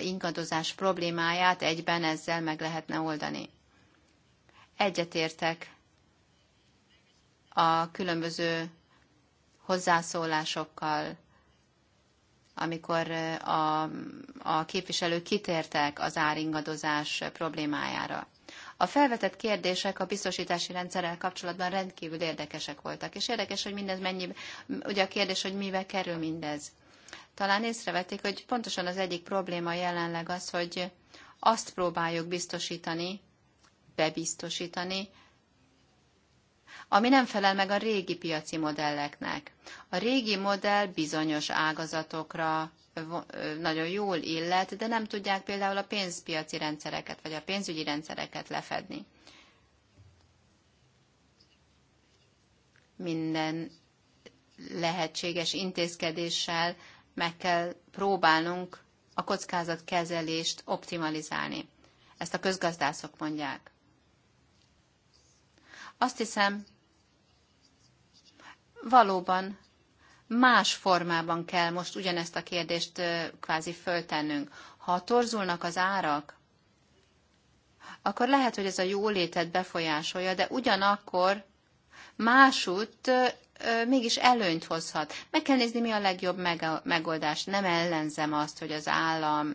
ingadozás problémáját egyben ezzel meg lehetne oldani. Egyetértek a különböző hozzászólásokkal, amikor a, a képviselők kitértek az áringadozás problémájára. A felvetett kérdések a biztosítási rendszerrel kapcsolatban rendkívül érdekesek voltak, és érdekes, hogy mindez mennyi, ugye a kérdés, hogy mivel kerül mindez. Talán észrevették, hogy pontosan az egyik probléma jelenleg az, hogy azt próbáljuk biztosítani, bebiztosítani, ami nem felel meg a régi piaci modelleknek. A régi modell bizonyos ágazatokra, nagyon jól illet, de nem tudják például a pénzpiaci rendszereket, vagy a pénzügyi rendszereket lefedni. Minden lehetséges intézkedéssel meg kell próbálnunk a kockázatkezelést optimalizálni. Ezt a közgazdászok mondják. Azt hiszem, valóban más formában kell most ugyanezt a kérdést kvázi föltennünk. Ha torzulnak az árak, akkor lehet, hogy ez a jólétet befolyásolja, de ugyanakkor másút mégis előnyt hozhat. Meg kell nézni, mi a legjobb megoldás. Nem ellenzem azt, hogy az állam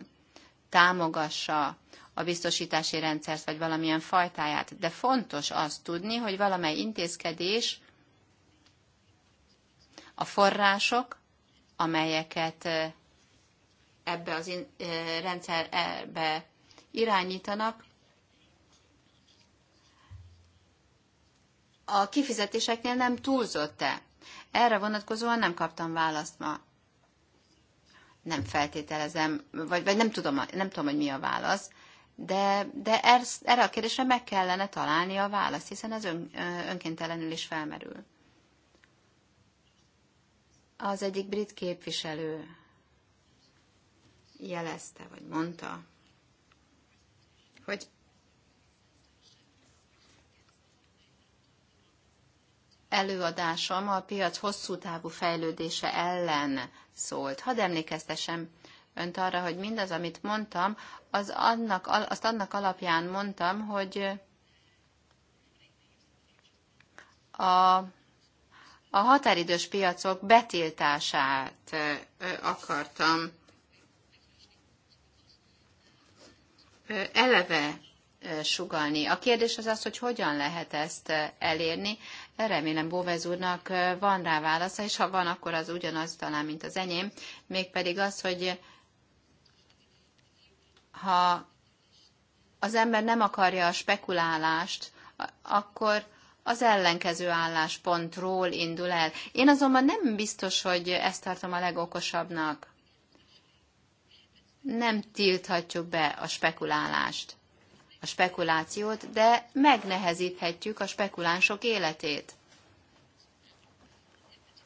támogassa a biztosítási rendszert, vagy valamilyen fajtáját, de fontos azt tudni, hogy valamely intézkedés a források, amelyeket ebbe az rendszerbe irányítanak, a kifizetéseknél nem túlzott-e? Erre vonatkozóan nem kaptam választ ma. Nem feltételezem, vagy, vagy nem, tudom, nem tudom, hogy mi a válasz, de, de erre a kérdésre meg kellene találni a választ, hiszen ez ön, önkéntelenül is felmerül. Az egyik brit képviselő jelezte, vagy mondta, hogy előadásom a piac hosszú távú fejlődése ellen szólt. Hadd emlékeztessem önt arra, hogy mindaz, amit mondtam, az annak, azt annak alapján mondtam, hogy a a határidős piacok betiltását akartam eleve sugalni. A kérdés az az, hogy hogyan lehet ezt elérni. Remélem Bóvez úrnak van rá válasza, és ha van, akkor az ugyanaz talán, mint az enyém. Mégpedig az, hogy ha az ember nem akarja a spekulálást, akkor az ellenkező álláspontról indul el. Én azonban nem biztos, hogy ezt tartom a legokosabbnak. Nem tilthatjuk be a spekulálást, a spekulációt, de megnehezíthetjük a spekulánsok életét.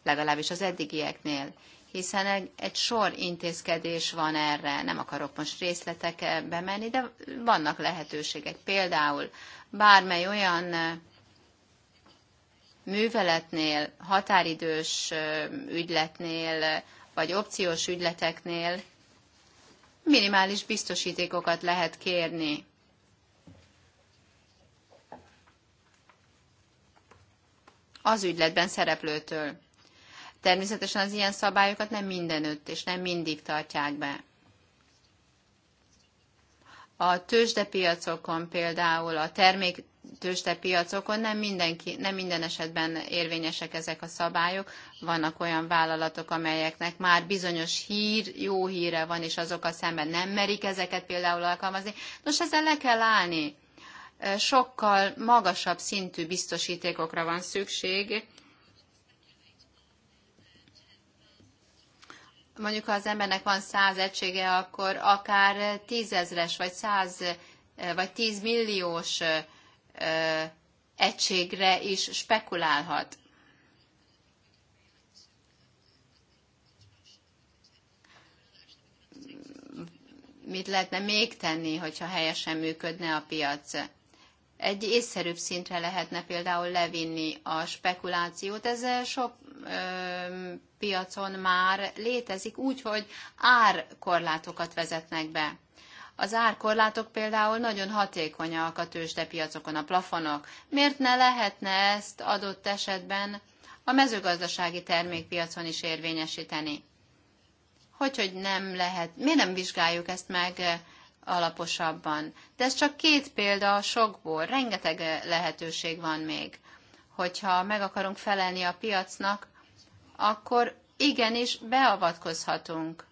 Legalábbis az eddigieknél hiszen egy, egy sor intézkedés van erre, nem akarok most részletekbe menni, de vannak lehetőségek. Például bármely olyan műveletnél, határidős ügyletnél, vagy opciós ügyleteknél minimális biztosítékokat lehet kérni. Az ügyletben szereplőtől. Természetesen az ilyen szabályokat nem mindenütt és nem mindig tartják be. A tőzsdepiacokon például a termék tőzsdepiacokon nem, mindenki, nem minden esetben érvényesek ezek a szabályok. Vannak olyan vállalatok, amelyeknek már bizonyos hír, jó híre van, és azokkal szemben nem merik ezeket például alkalmazni. Nos, ezzel le kell állni. Sokkal magasabb szintű biztosítékokra van szükség, mondjuk ha az embernek van száz egysége, akkor akár tízezres, vagy száz, vagy tízmilliós milliós egységre is spekulálhat. Mit lehetne még tenni, hogyha helyesen működne a piac? Egy észszerűbb szintre lehetne például levinni a spekulációt. Ez sok ö, piacon már létezik úgy, hogy árkorlátokat vezetnek be az árkorlátok például nagyon hatékonyak a tőzsdepiacokon, a plafonok. Miért ne lehetne ezt adott esetben a mezőgazdasági termékpiacon is érvényesíteni? Hogy, hogy nem lehet, miért nem vizsgáljuk ezt meg eh, alaposabban? De ez csak két példa a sokból, rengeteg eh, lehetőség van még. Hogyha meg akarunk felelni a piacnak, akkor igenis beavatkozhatunk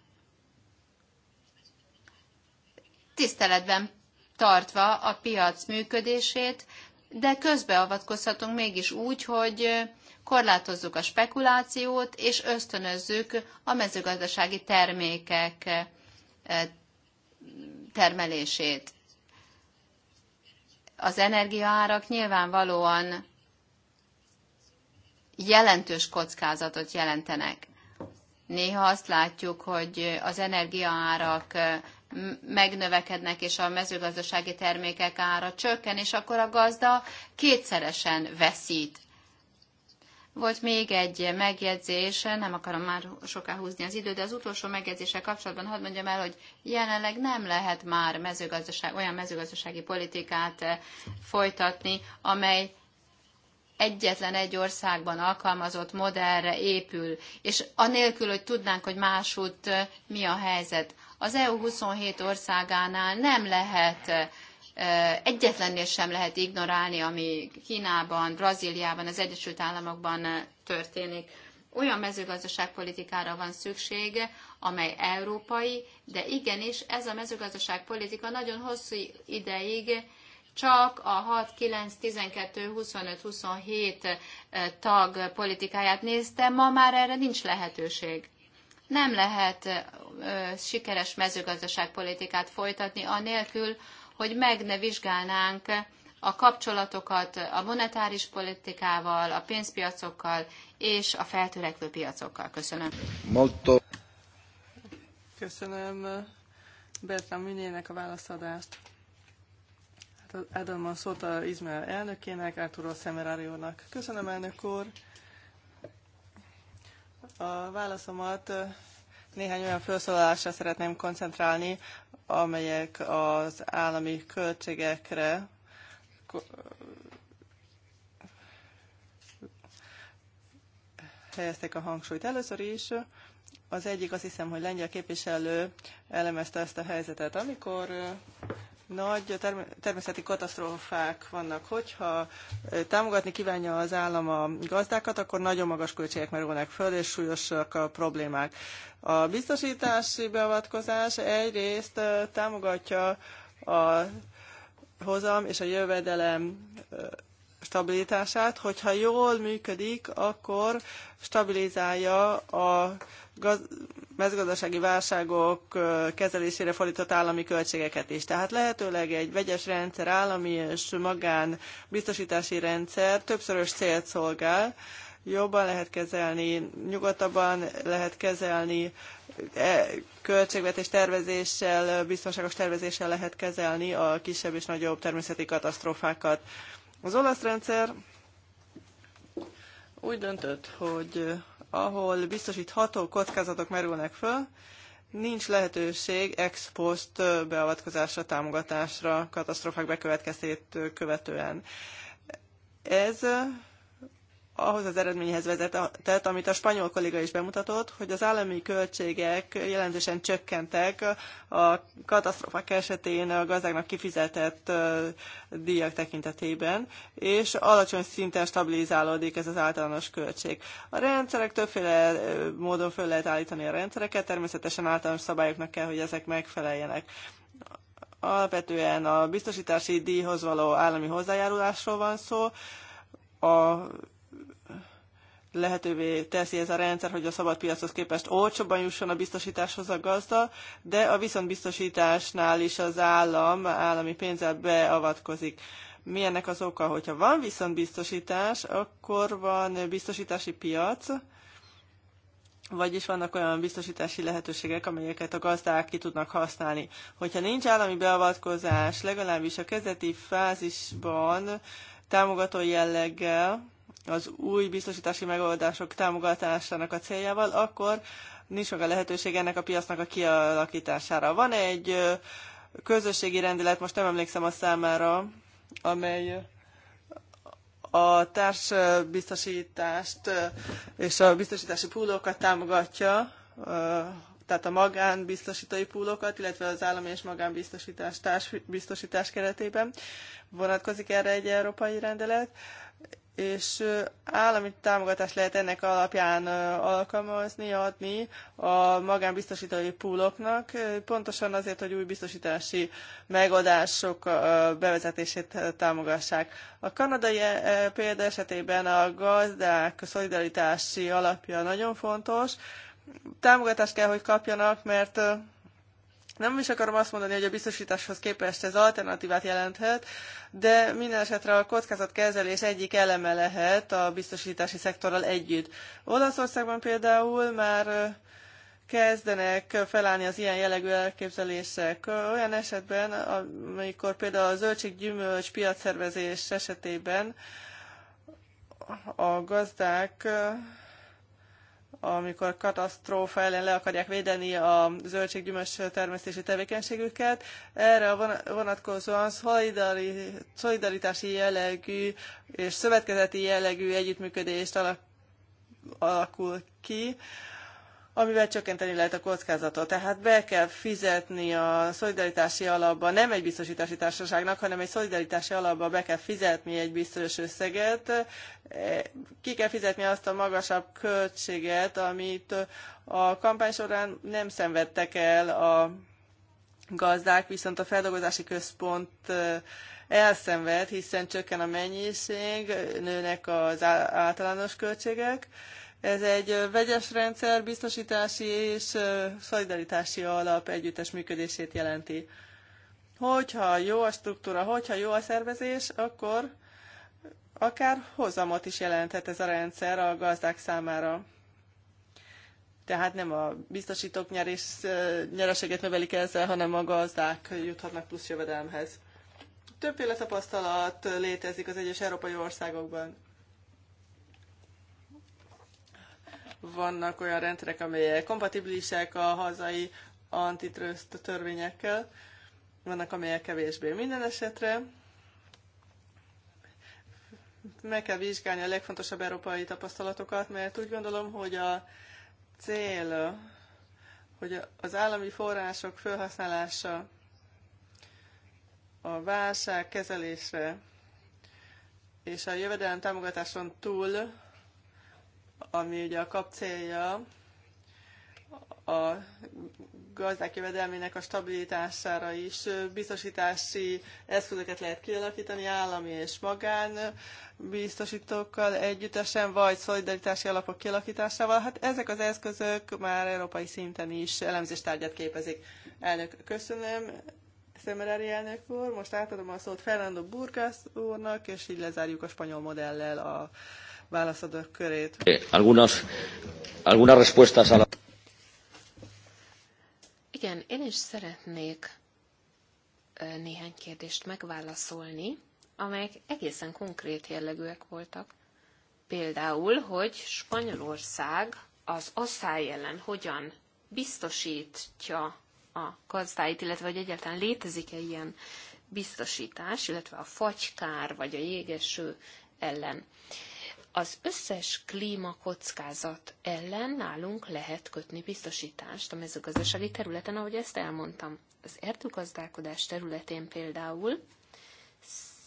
tiszteletben tartva a piac működését, de közbeavatkozhatunk mégis úgy, hogy korlátozzuk a spekulációt, és ösztönözzük a mezőgazdasági termékek termelését. Az energiaárak nyilvánvalóan jelentős kockázatot jelentenek. Néha azt látjuk, hogy az energiaárak megnövekednek, és a mezőgazdasági termékek ára csökken, és akkor a gazda kétszeresen veszít. Volt még egy megjegyzés, nem akarom már soká húzni az időt, de az utolsó megjegyzéssel kapcsolatban hadd mondjam el, hogy jelenleg nem lehet már mezőgazdaság, olyan mezőgazdasági politikát eh, folytatni, amely egyetlen egy országban alkalmazott modellre épül, és anélkül, hogy tudnánk, hogy másút eh, mi a helyzet. Az EU 27 országánál nem lehet egyetlennél sem lehet ignorálni, ami Kínában, Brazíliában, az Egyesült Államokban történik. Olyan mezőgazdaságpolitikára van szükség, amely európai, de igenis ez a mezőgazdaságpolitika nagyon hosszú ideig csak a 6, 9, 12, 25, 27 tag politikáját nézte, ma már erre nincs lehetőség. Nem lehet sikeres mezőgazdaságpolitikát folytatni anélkül, hogy meg ne vizsgálnánk a kapcsolatokat a monetáris politikával, a pénzpiacokkal és a feltörekvő piacokkal. Köszönöm. Molto. Köszönöm Bertram Minének a válaszadást. Hát Adam a szót a Izmael elnökének, Arturo Szemeráriónak. Köszönöm elnök úr. A válaszomat néhány olyan felszólalásra szeretném koncentrálni, amelyek az állami költségekre helyezték a hangsúlyt. Először is az egyik azt hiszem, hogy lengyel képviselő elemezte ezt a helyzetet. Amikor nagy természeti katasztrófák vannak. Hogyha támogatni kívánja az állam a gazdákat, akkor nagyon magas költségek merülnek föl, és súlyosak a problémák. A biztosítási beavatkozás egyrészt támogatja a hozam és a jövedelem stabilitását, hogyha jól működik, akkor stabilizálja a gaz- mezőgazdasági válságok kezelésére fordított állami költségeket is. Tehát lehetőleg egy vegyes rendszer, állami és magán biztosítási rendszer többszörös célt szolgál, jobban lehet kezelni, nyugodtabban lehet kezelni, e, költségvetés tervezéssel, biztonságos tervezéssel lehet kezelni a kisebb és nagyobb természeti katasztrófákat. Az olasz rendszer úgy döntött, hogy eh, ahol biztosítható kockázatok merülnek föl, nincs lehetőség ex post eh, beavatkozásra, támogatásra, katasztrofák bekövetkeztét eh, követően. Ez ahhoz az eredményhez vezetett, amit a spanyol kolléga is bemutatott, hogy az állami költségek jelentősen csökkentek a katasztrofák esetén a gazdáknak kifizetett díjak tekintetében, és alacsony szinten stabilizálódik ez az általános költség. A rendszerek többféle módon föl lehet állítani a rendszereket, természetesen általános szabályoknak kell, hogy ezek megfeleljenek alapvetően a biztosítási díjhoz való állami hozzájárulásról van szó, a lehetővé teszi ez a rendszer, hogy a szabad piachoz képest olcsóban jusson a biztosításhoz a gazda, de a viszontbiztosításnál is az állam állami pénzzel beavatkozik. Mi ennek az oka, hogyha van viszontbiztosítás, akkor van biztosítási piac, vagyis vannak olyan biztosítási lehetőségek, amelyeket a gazdák ki tudnak használni. Hogyha nincs állami beavatkozás, legalábbis a kezdeti fázisban támogató jelleggel, az új biztosítási megoldások támogatásának a céljával, akkor nincs meg a lehetőség ennek a piacnak a kialakítására. Van egy közösségi rendelet, most nem emlékszem a számára, amely a társbiztosítást és a biztosítási púlókat támogatja, tehát a magánbiztosítói púlókat illetve az állami és magánbiztosítás társbiztosítás keretében vonatkozik erre egy európai rendelet és állami támogatást lehet ennek alapján alkalmazni, adni a magánbiztosítói púloknak, pontosan azért, hogy új biztosítási megoldások bevezetését támogassák. A kanadai e, e, példa esetében a gazdák szolidaritási alapja nagyon fontos, támogatást kell, hogy kapjanak, mert nem is akarom azt mondani, hogy a biztosításhoz képest ez alternatívát jelenthet, de minden esetre a kockázatkezelés egyik eleme lehet a biztosítási szektorral együtt. Olaszországban például már kezdenek felállni az ilyen jellegű elképzelések. Olyan esetben, amikor például a zöldséggyümölcs piacszervezés esetében a gazdák amikor katasztrófa ellen le akarják védeni a zöldséggyümölcs termesztési tevékenységüket. Erre vonatkozóan szolidaritási jellegű és szövetkezeti jellegű együttműködést alakul ki amivel csökkenteni lehet a kockázatot. Tehát be kell fizetni a szolidaritási alapba, nem egy biztosítási társaságnak, hanem egy szolidaritási alapba be kell fizetni egy biztos összeget, e, ki kell fizetni azt a magasabb költséget, amit a kampány során nem szenvedtek el a gazdák, viszont a feldolgozási központ e, elszenved, hiszen csökken a mennyiség, nőnek az általános költségek, ez egy vegyes rendszer, biztosítási és szolidaritási alap együttes működését jelenti. Hogyha jó a struktúra, hogyha jó a szervezés, akkor akár hozamot is jelenthet ez a rendszer a gazdák számára. Tehát nem a biztosítók nyerés, nyereséget növelik ezzel, hanem a gazdák juthatnak plusz jövedelmhez. Többféle tapasztalat létezik az egyes európai országokban. Vannak olyan rendszerek, amelyek kompatibilisek a hazai antitrust törvényekkel, vannak, amelyek kevésbé. Minden esetre meg kell vizsgálni a legfontosabb európai tapasztalatokat, mert úgy gondolom, hogy a cél, hogy az állami források felhasználása a válság kezelésre és a jövedelem támogatáson túl ami ugye a kap célja a gazdák jövedelmének a stabilitására is biztosítási eszközöket lehet kialakítani állami és magán biztosítókkal együttesen, vagy szolidaritási alapok kialakításával. Hát ezek az eszközök már európai szinten is elemzéstárgyat képezik. Elnök, köszönöm. Szemerári elnök úr, most átadom a szót Fernando Burgas úrnak, és így lezárjuk a spanyol modellel a válaszadók körét. Eh, algunas, algunas respuestas a la... Igen, én is szeretnék eh, néhány kérdést megválaszolni, amelyek egészen konkrét jellegűek voltak. Például, hogy Spanyolország az asszály ellen hogyan biztosítja a gazdáit, illetve hogy egyáltalán létezik-e ilyen biztosítás, illetve a fagykár vagy a jégeső ellen az összes klímakockázat ellen nálunk lehet kötni biztosítást a mezőgazdasági területen, ahogy ezt elmondtam. Az erdőgazdálkodás területén például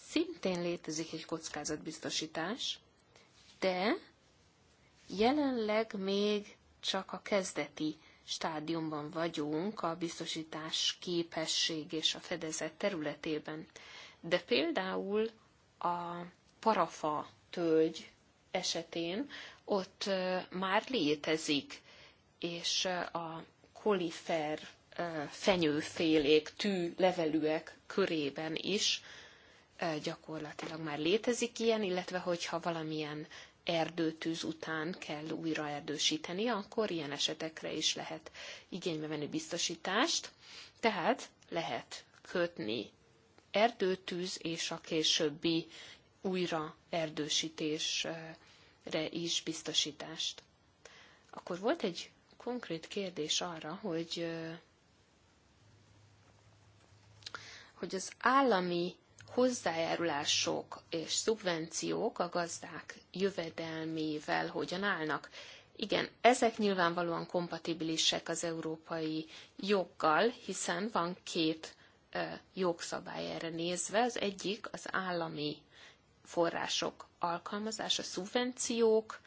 szintén létezik egy kockázatbiztosítás, de jelenleg még csak a kezdeti stádiumban vagyunk a biztosítás képesség és a fedezet területében. De például a parafa tölgy esetén ott már létezik, és a kolifer fenyőfélék, tű levelűek körében is gyakorlatilag már létezik ilyen, illetve hogyha valamilyen erdőtűz után kell újra erdősíteni, akkor ilyen esetekre is lehet igénybe venni biztosítást. Tehát lehet kötni erdőtűz és a későbbi újra erdősítésre is biztosítást. Akkor volt egy konkrét kérdés arra, hogy hogy az állami hozzájárulások és szubvenciók a gazdák jövedelmével hogyan állnak. Igen, ezek nyilvánvalóan kompatibilisek az európai joggal, hiszen van két jogszabály erre nézve. Az egyik az állami források alkalmazása, szubvenciók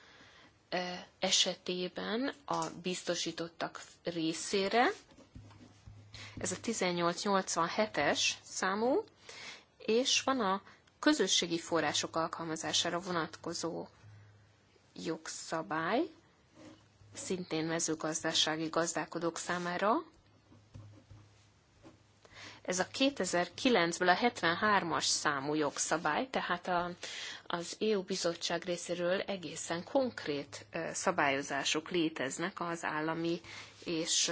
esetében a biztosítottak részére. Ez a 1887-es számú, és van a közösségi források alkalmazására vonatkozó jogszabály, szintén mezőgazdasági gazdálkodók számára, ez a 2009-ből a 73-as számú jogszabály, tehát a, az EU bizottság részéről egészen konkrét szabályozások léteznek az állami és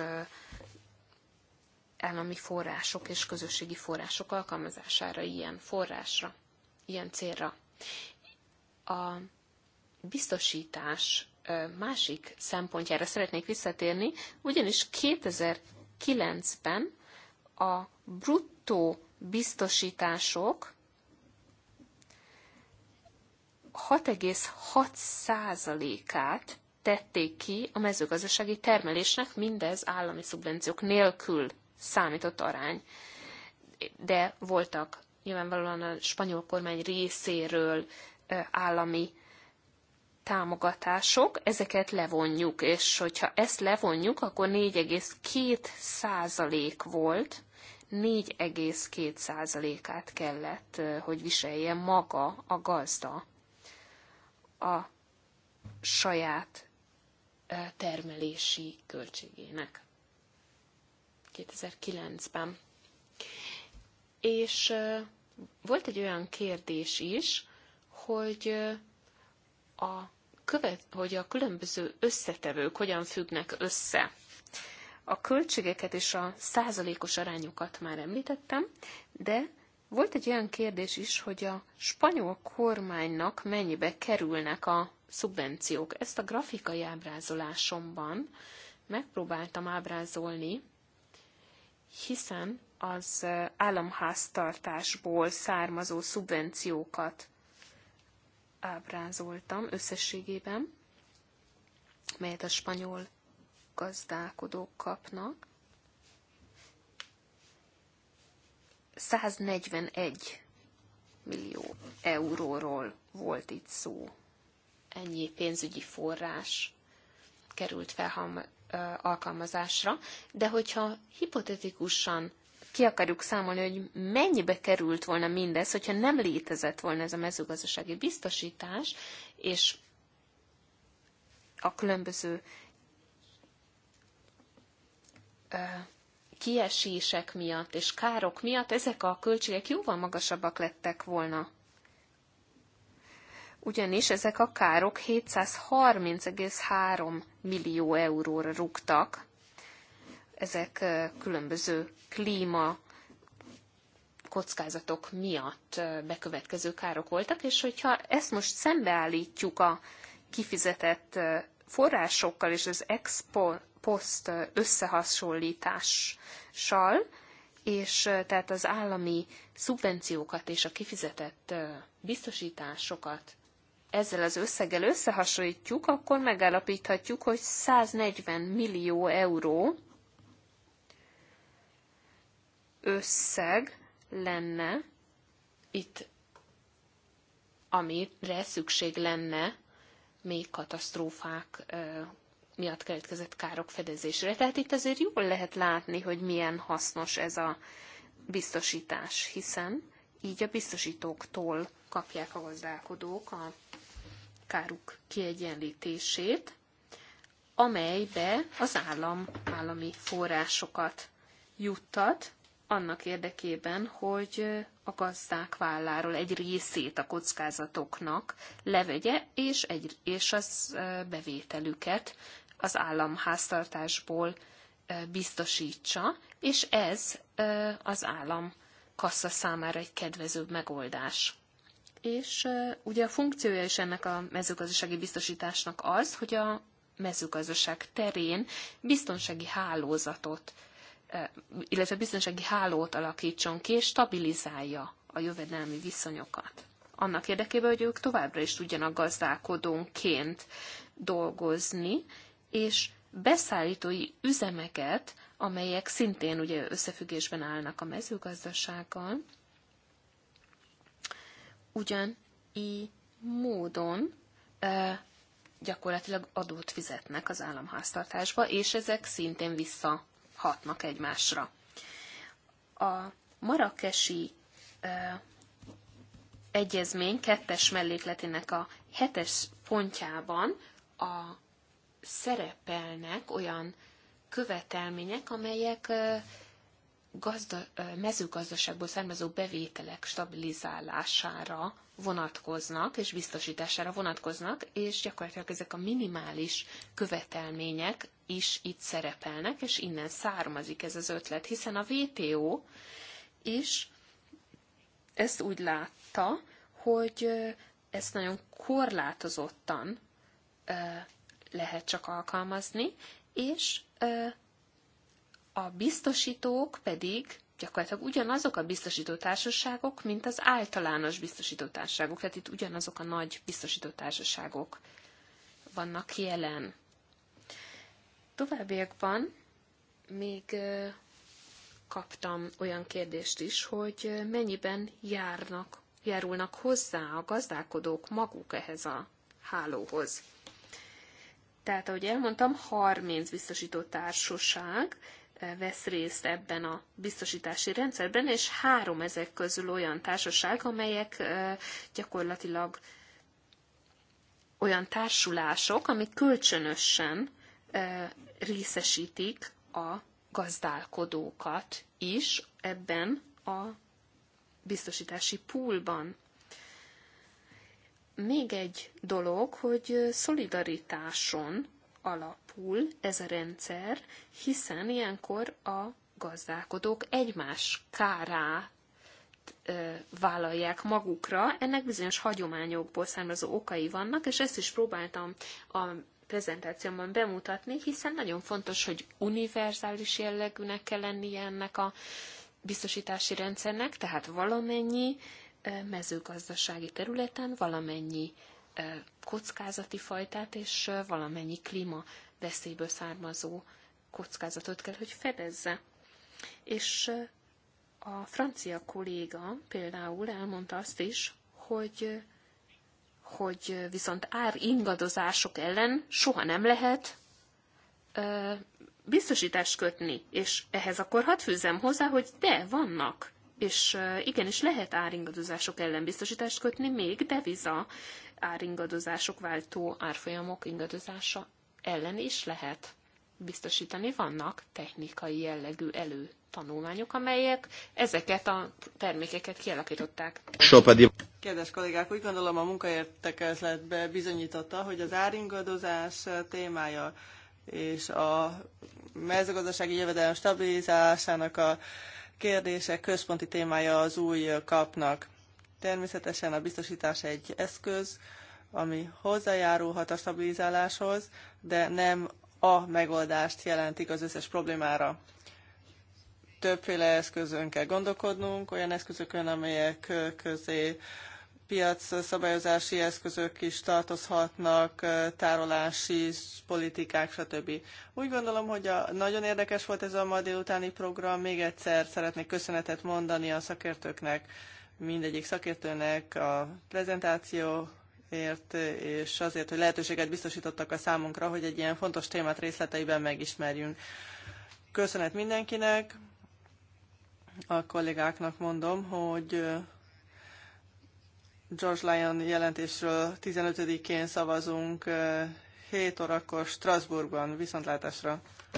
állami források és közösségi források alkalmazására, ilyen forrásra, ilyen célra. A biztosítás másik szempontjára szeretnék visszatérni, ugyanis 2009-ben a bruttó biztosítások 6,6%-át tették ki a mezőgazdasági termelésnek, mindez állami szubvenciók nélkül számított arány. De voltak nyilvánvalóan a spanyol kormány részéről állami támogatások, ezeket levonjuk, és hogyha ezt levonjuk, akkor 4,2 százalék volt 4,2%-át kellett, hogy viselje maga a gazda a saját termelési költségének 2009-ben. És volt egy olyan kérdés is, hogy a követ, hogy a különböző összetevők hogyan függnek össze a költségeket és a százalékos arányokat már említettem, de volt egy olyan kérdés is, hogy a spanyol kormánynak mennyibe kerülnek a szubvenciók. Ezt a grafikai ábrázolásomban megpróbáltam ábrázolni, hiszen az államháztartásból származó szubvenciókat ábrázoltam összességében, melyet a spanyol gazdálkodók kapnak. 141 millió euróról volt itt szó. Ennyi pénzügyi forrás került fel alkalmazásra, de hogyha hipotetikusan ki akarjuk számolni, hogy mennyibe került volna mindez, hogyha nem létezett volna ez a mezőgazdasági biztosítás, és a különböző kiesések miatt és károk miatt ezek a költségek jóval magasabbak lettek volna. Ugyanis ezek a károk 730,3 millió euróra rúgtak. Ezek különböző klíma kockázatok miatt bekövetkező károk voltak, és hogyha ezt most szembeállítjuk a kifizetett forrásokkal és az expo poszt összehasonlítással, és tehát az állami szubvenciókat és a kifizetett biztosításokat ezzel az összeggel összehasonlítjuk, akkor megállapíthatjuk, hogy 140 millió euró összeg lenne itt, amire szükség lenne még katasztrófák miatt keletkezett károk fedezésére. Tehát itt azért jól lehet látni, hogy milyen hasznos ez a biztosítás, hiszen így a biztosítóktól kapják a gazdálkodók a káruk kiegyenlítését, amelybe az állam állami forrásokat juttat, annak érdekében, hogy a gazdák válláról egy részét a kockázatoknak levegye, és, egy, és az bevételüket az államháztartásból biztosítsa, és ez az állam kassa számára egy kedvezőbb megoldás. És ugye a funkciója is ennek a mezőgazdasági biztosításnak az, hogy a mezőgazdaság terén biztonsági hálózatot, illetve biztonsági hálót alakítson ki, és stabilizálja a jövedelmi viszonyokat. Annak érdekében, hogy ők továbbra is tudjanak gazdálkodónként dolgozni, és beszállítói üzemeket, amelyek szintén ugye összefüggésben állnak a mezőgazdasággal, ugyan így módon gyakorlatilag adót fizetnek az államháztartásba, és ezek szintén visszahatnak egymásra. A marakesi egyezmény kettes mellékletének a hetes pontjában a szerepelnek olyan követelmények, amelyek gazda, mezőgazdaságból származó bevételek stabilizálására vonatkoznak, és biztosítására vonatkoznak, és gyakorlatilag ezek a minimális követelmények is itt szerepelnek, és innen származik ez az ötlet, hiszen a WTO is ezt úgy látta, hogy ezt nagyon korlátozottan lehet csak alkalmazni, és a biztosítók pedig gyakorlatilag ugyanazok a biztosítótársaságok, mint az általános biztosítótársaságok, tehát itt ugyanazok a nagy biztosítótársaságok vannak jelen. Továbbiakban még kaptam olyan kérdést is, hogy mennyiben járnak, járulnak hozzá a gazdálkodók maguk ehhez a hálóhoz. Tehát, ahogy elmondtam, 30 biztosító társaság eh, vesz részt ebben a biztosítási rendszerben, és három ezek közül olyan társaság, amelyek eh, gyakorlatilag olyan társulások, amik kölcsönösen eh, részesítik a gazdálkodókat is ebben a biztosítási poolban még egy dolog, hogy szolidaritáson alapul ez a rendszer, hiszen ilyenkor a gazdálkodók egymás kárá vállalják magukra. Ennek bizonyos hagyományokból származó okai vannak, és ezt is próbáltam a prezentációmban bemutatni, hiszen nagyon fontos, hogy univerzális jellegűnek kell lennie ennek a biztosítási rendszernek, tehát valamennyi mezőgazdasági területen valamennyi kockázati fajtát és valamennyi klíma veszélyből származó kockázatot kell, hogy fedezze. És a francia kolléga például elmondta azt is, hogy hogy viszont ár ingadozások ellen soha nem lehet biztosítást kötni. És ehhez akkor hadd fűzzem hozzá, hogy de, vannak és igenis lehet áringadozások ellen biztosítást kötni, még deviza áringadozások váltó árfolyamok ingadozása ellen is lehet biztosítani. Vannak technikai jellegű elő tanulmányok, amelyek ezeket a termékeket kialakították. Kedves kollégák, úgy gondolom a munkaértekezletbe bizonyította, hogy az áringadozás témája és a mezőgazdasági jövedelem stabilizálásának a kérdések központi témája az új kapnak. Természetesen a biztosítás egy eszköz, ami hozzájárulhat a stabilizáláshoz, de nem a megoldást jelentik az összes problémára. Többféle eszközön kell gondolkodnunk, olyan eszközökön, amelyek közé piac szabályozási eszközök is tartozhatnak, tárolási politikák, stb. Úgy gondolom, hogy a, nagyon érdekes volt ez a ma délutáni program. Még egyszer szeretnék köszönetet mondani a szakértőknek, mindegyik szakértőnek a prezentációért, és azért, hogy lehetőséget biztosítottak a számunkra, hogy egy ilyen fontos témát részleteiben megismerjünk. Köszönet mindenkinek, a kollégáknak mondom, hogy George Lyon jelentésről 15-én szavazunk 7 órakor Strasbourgban. Viszontlátásra!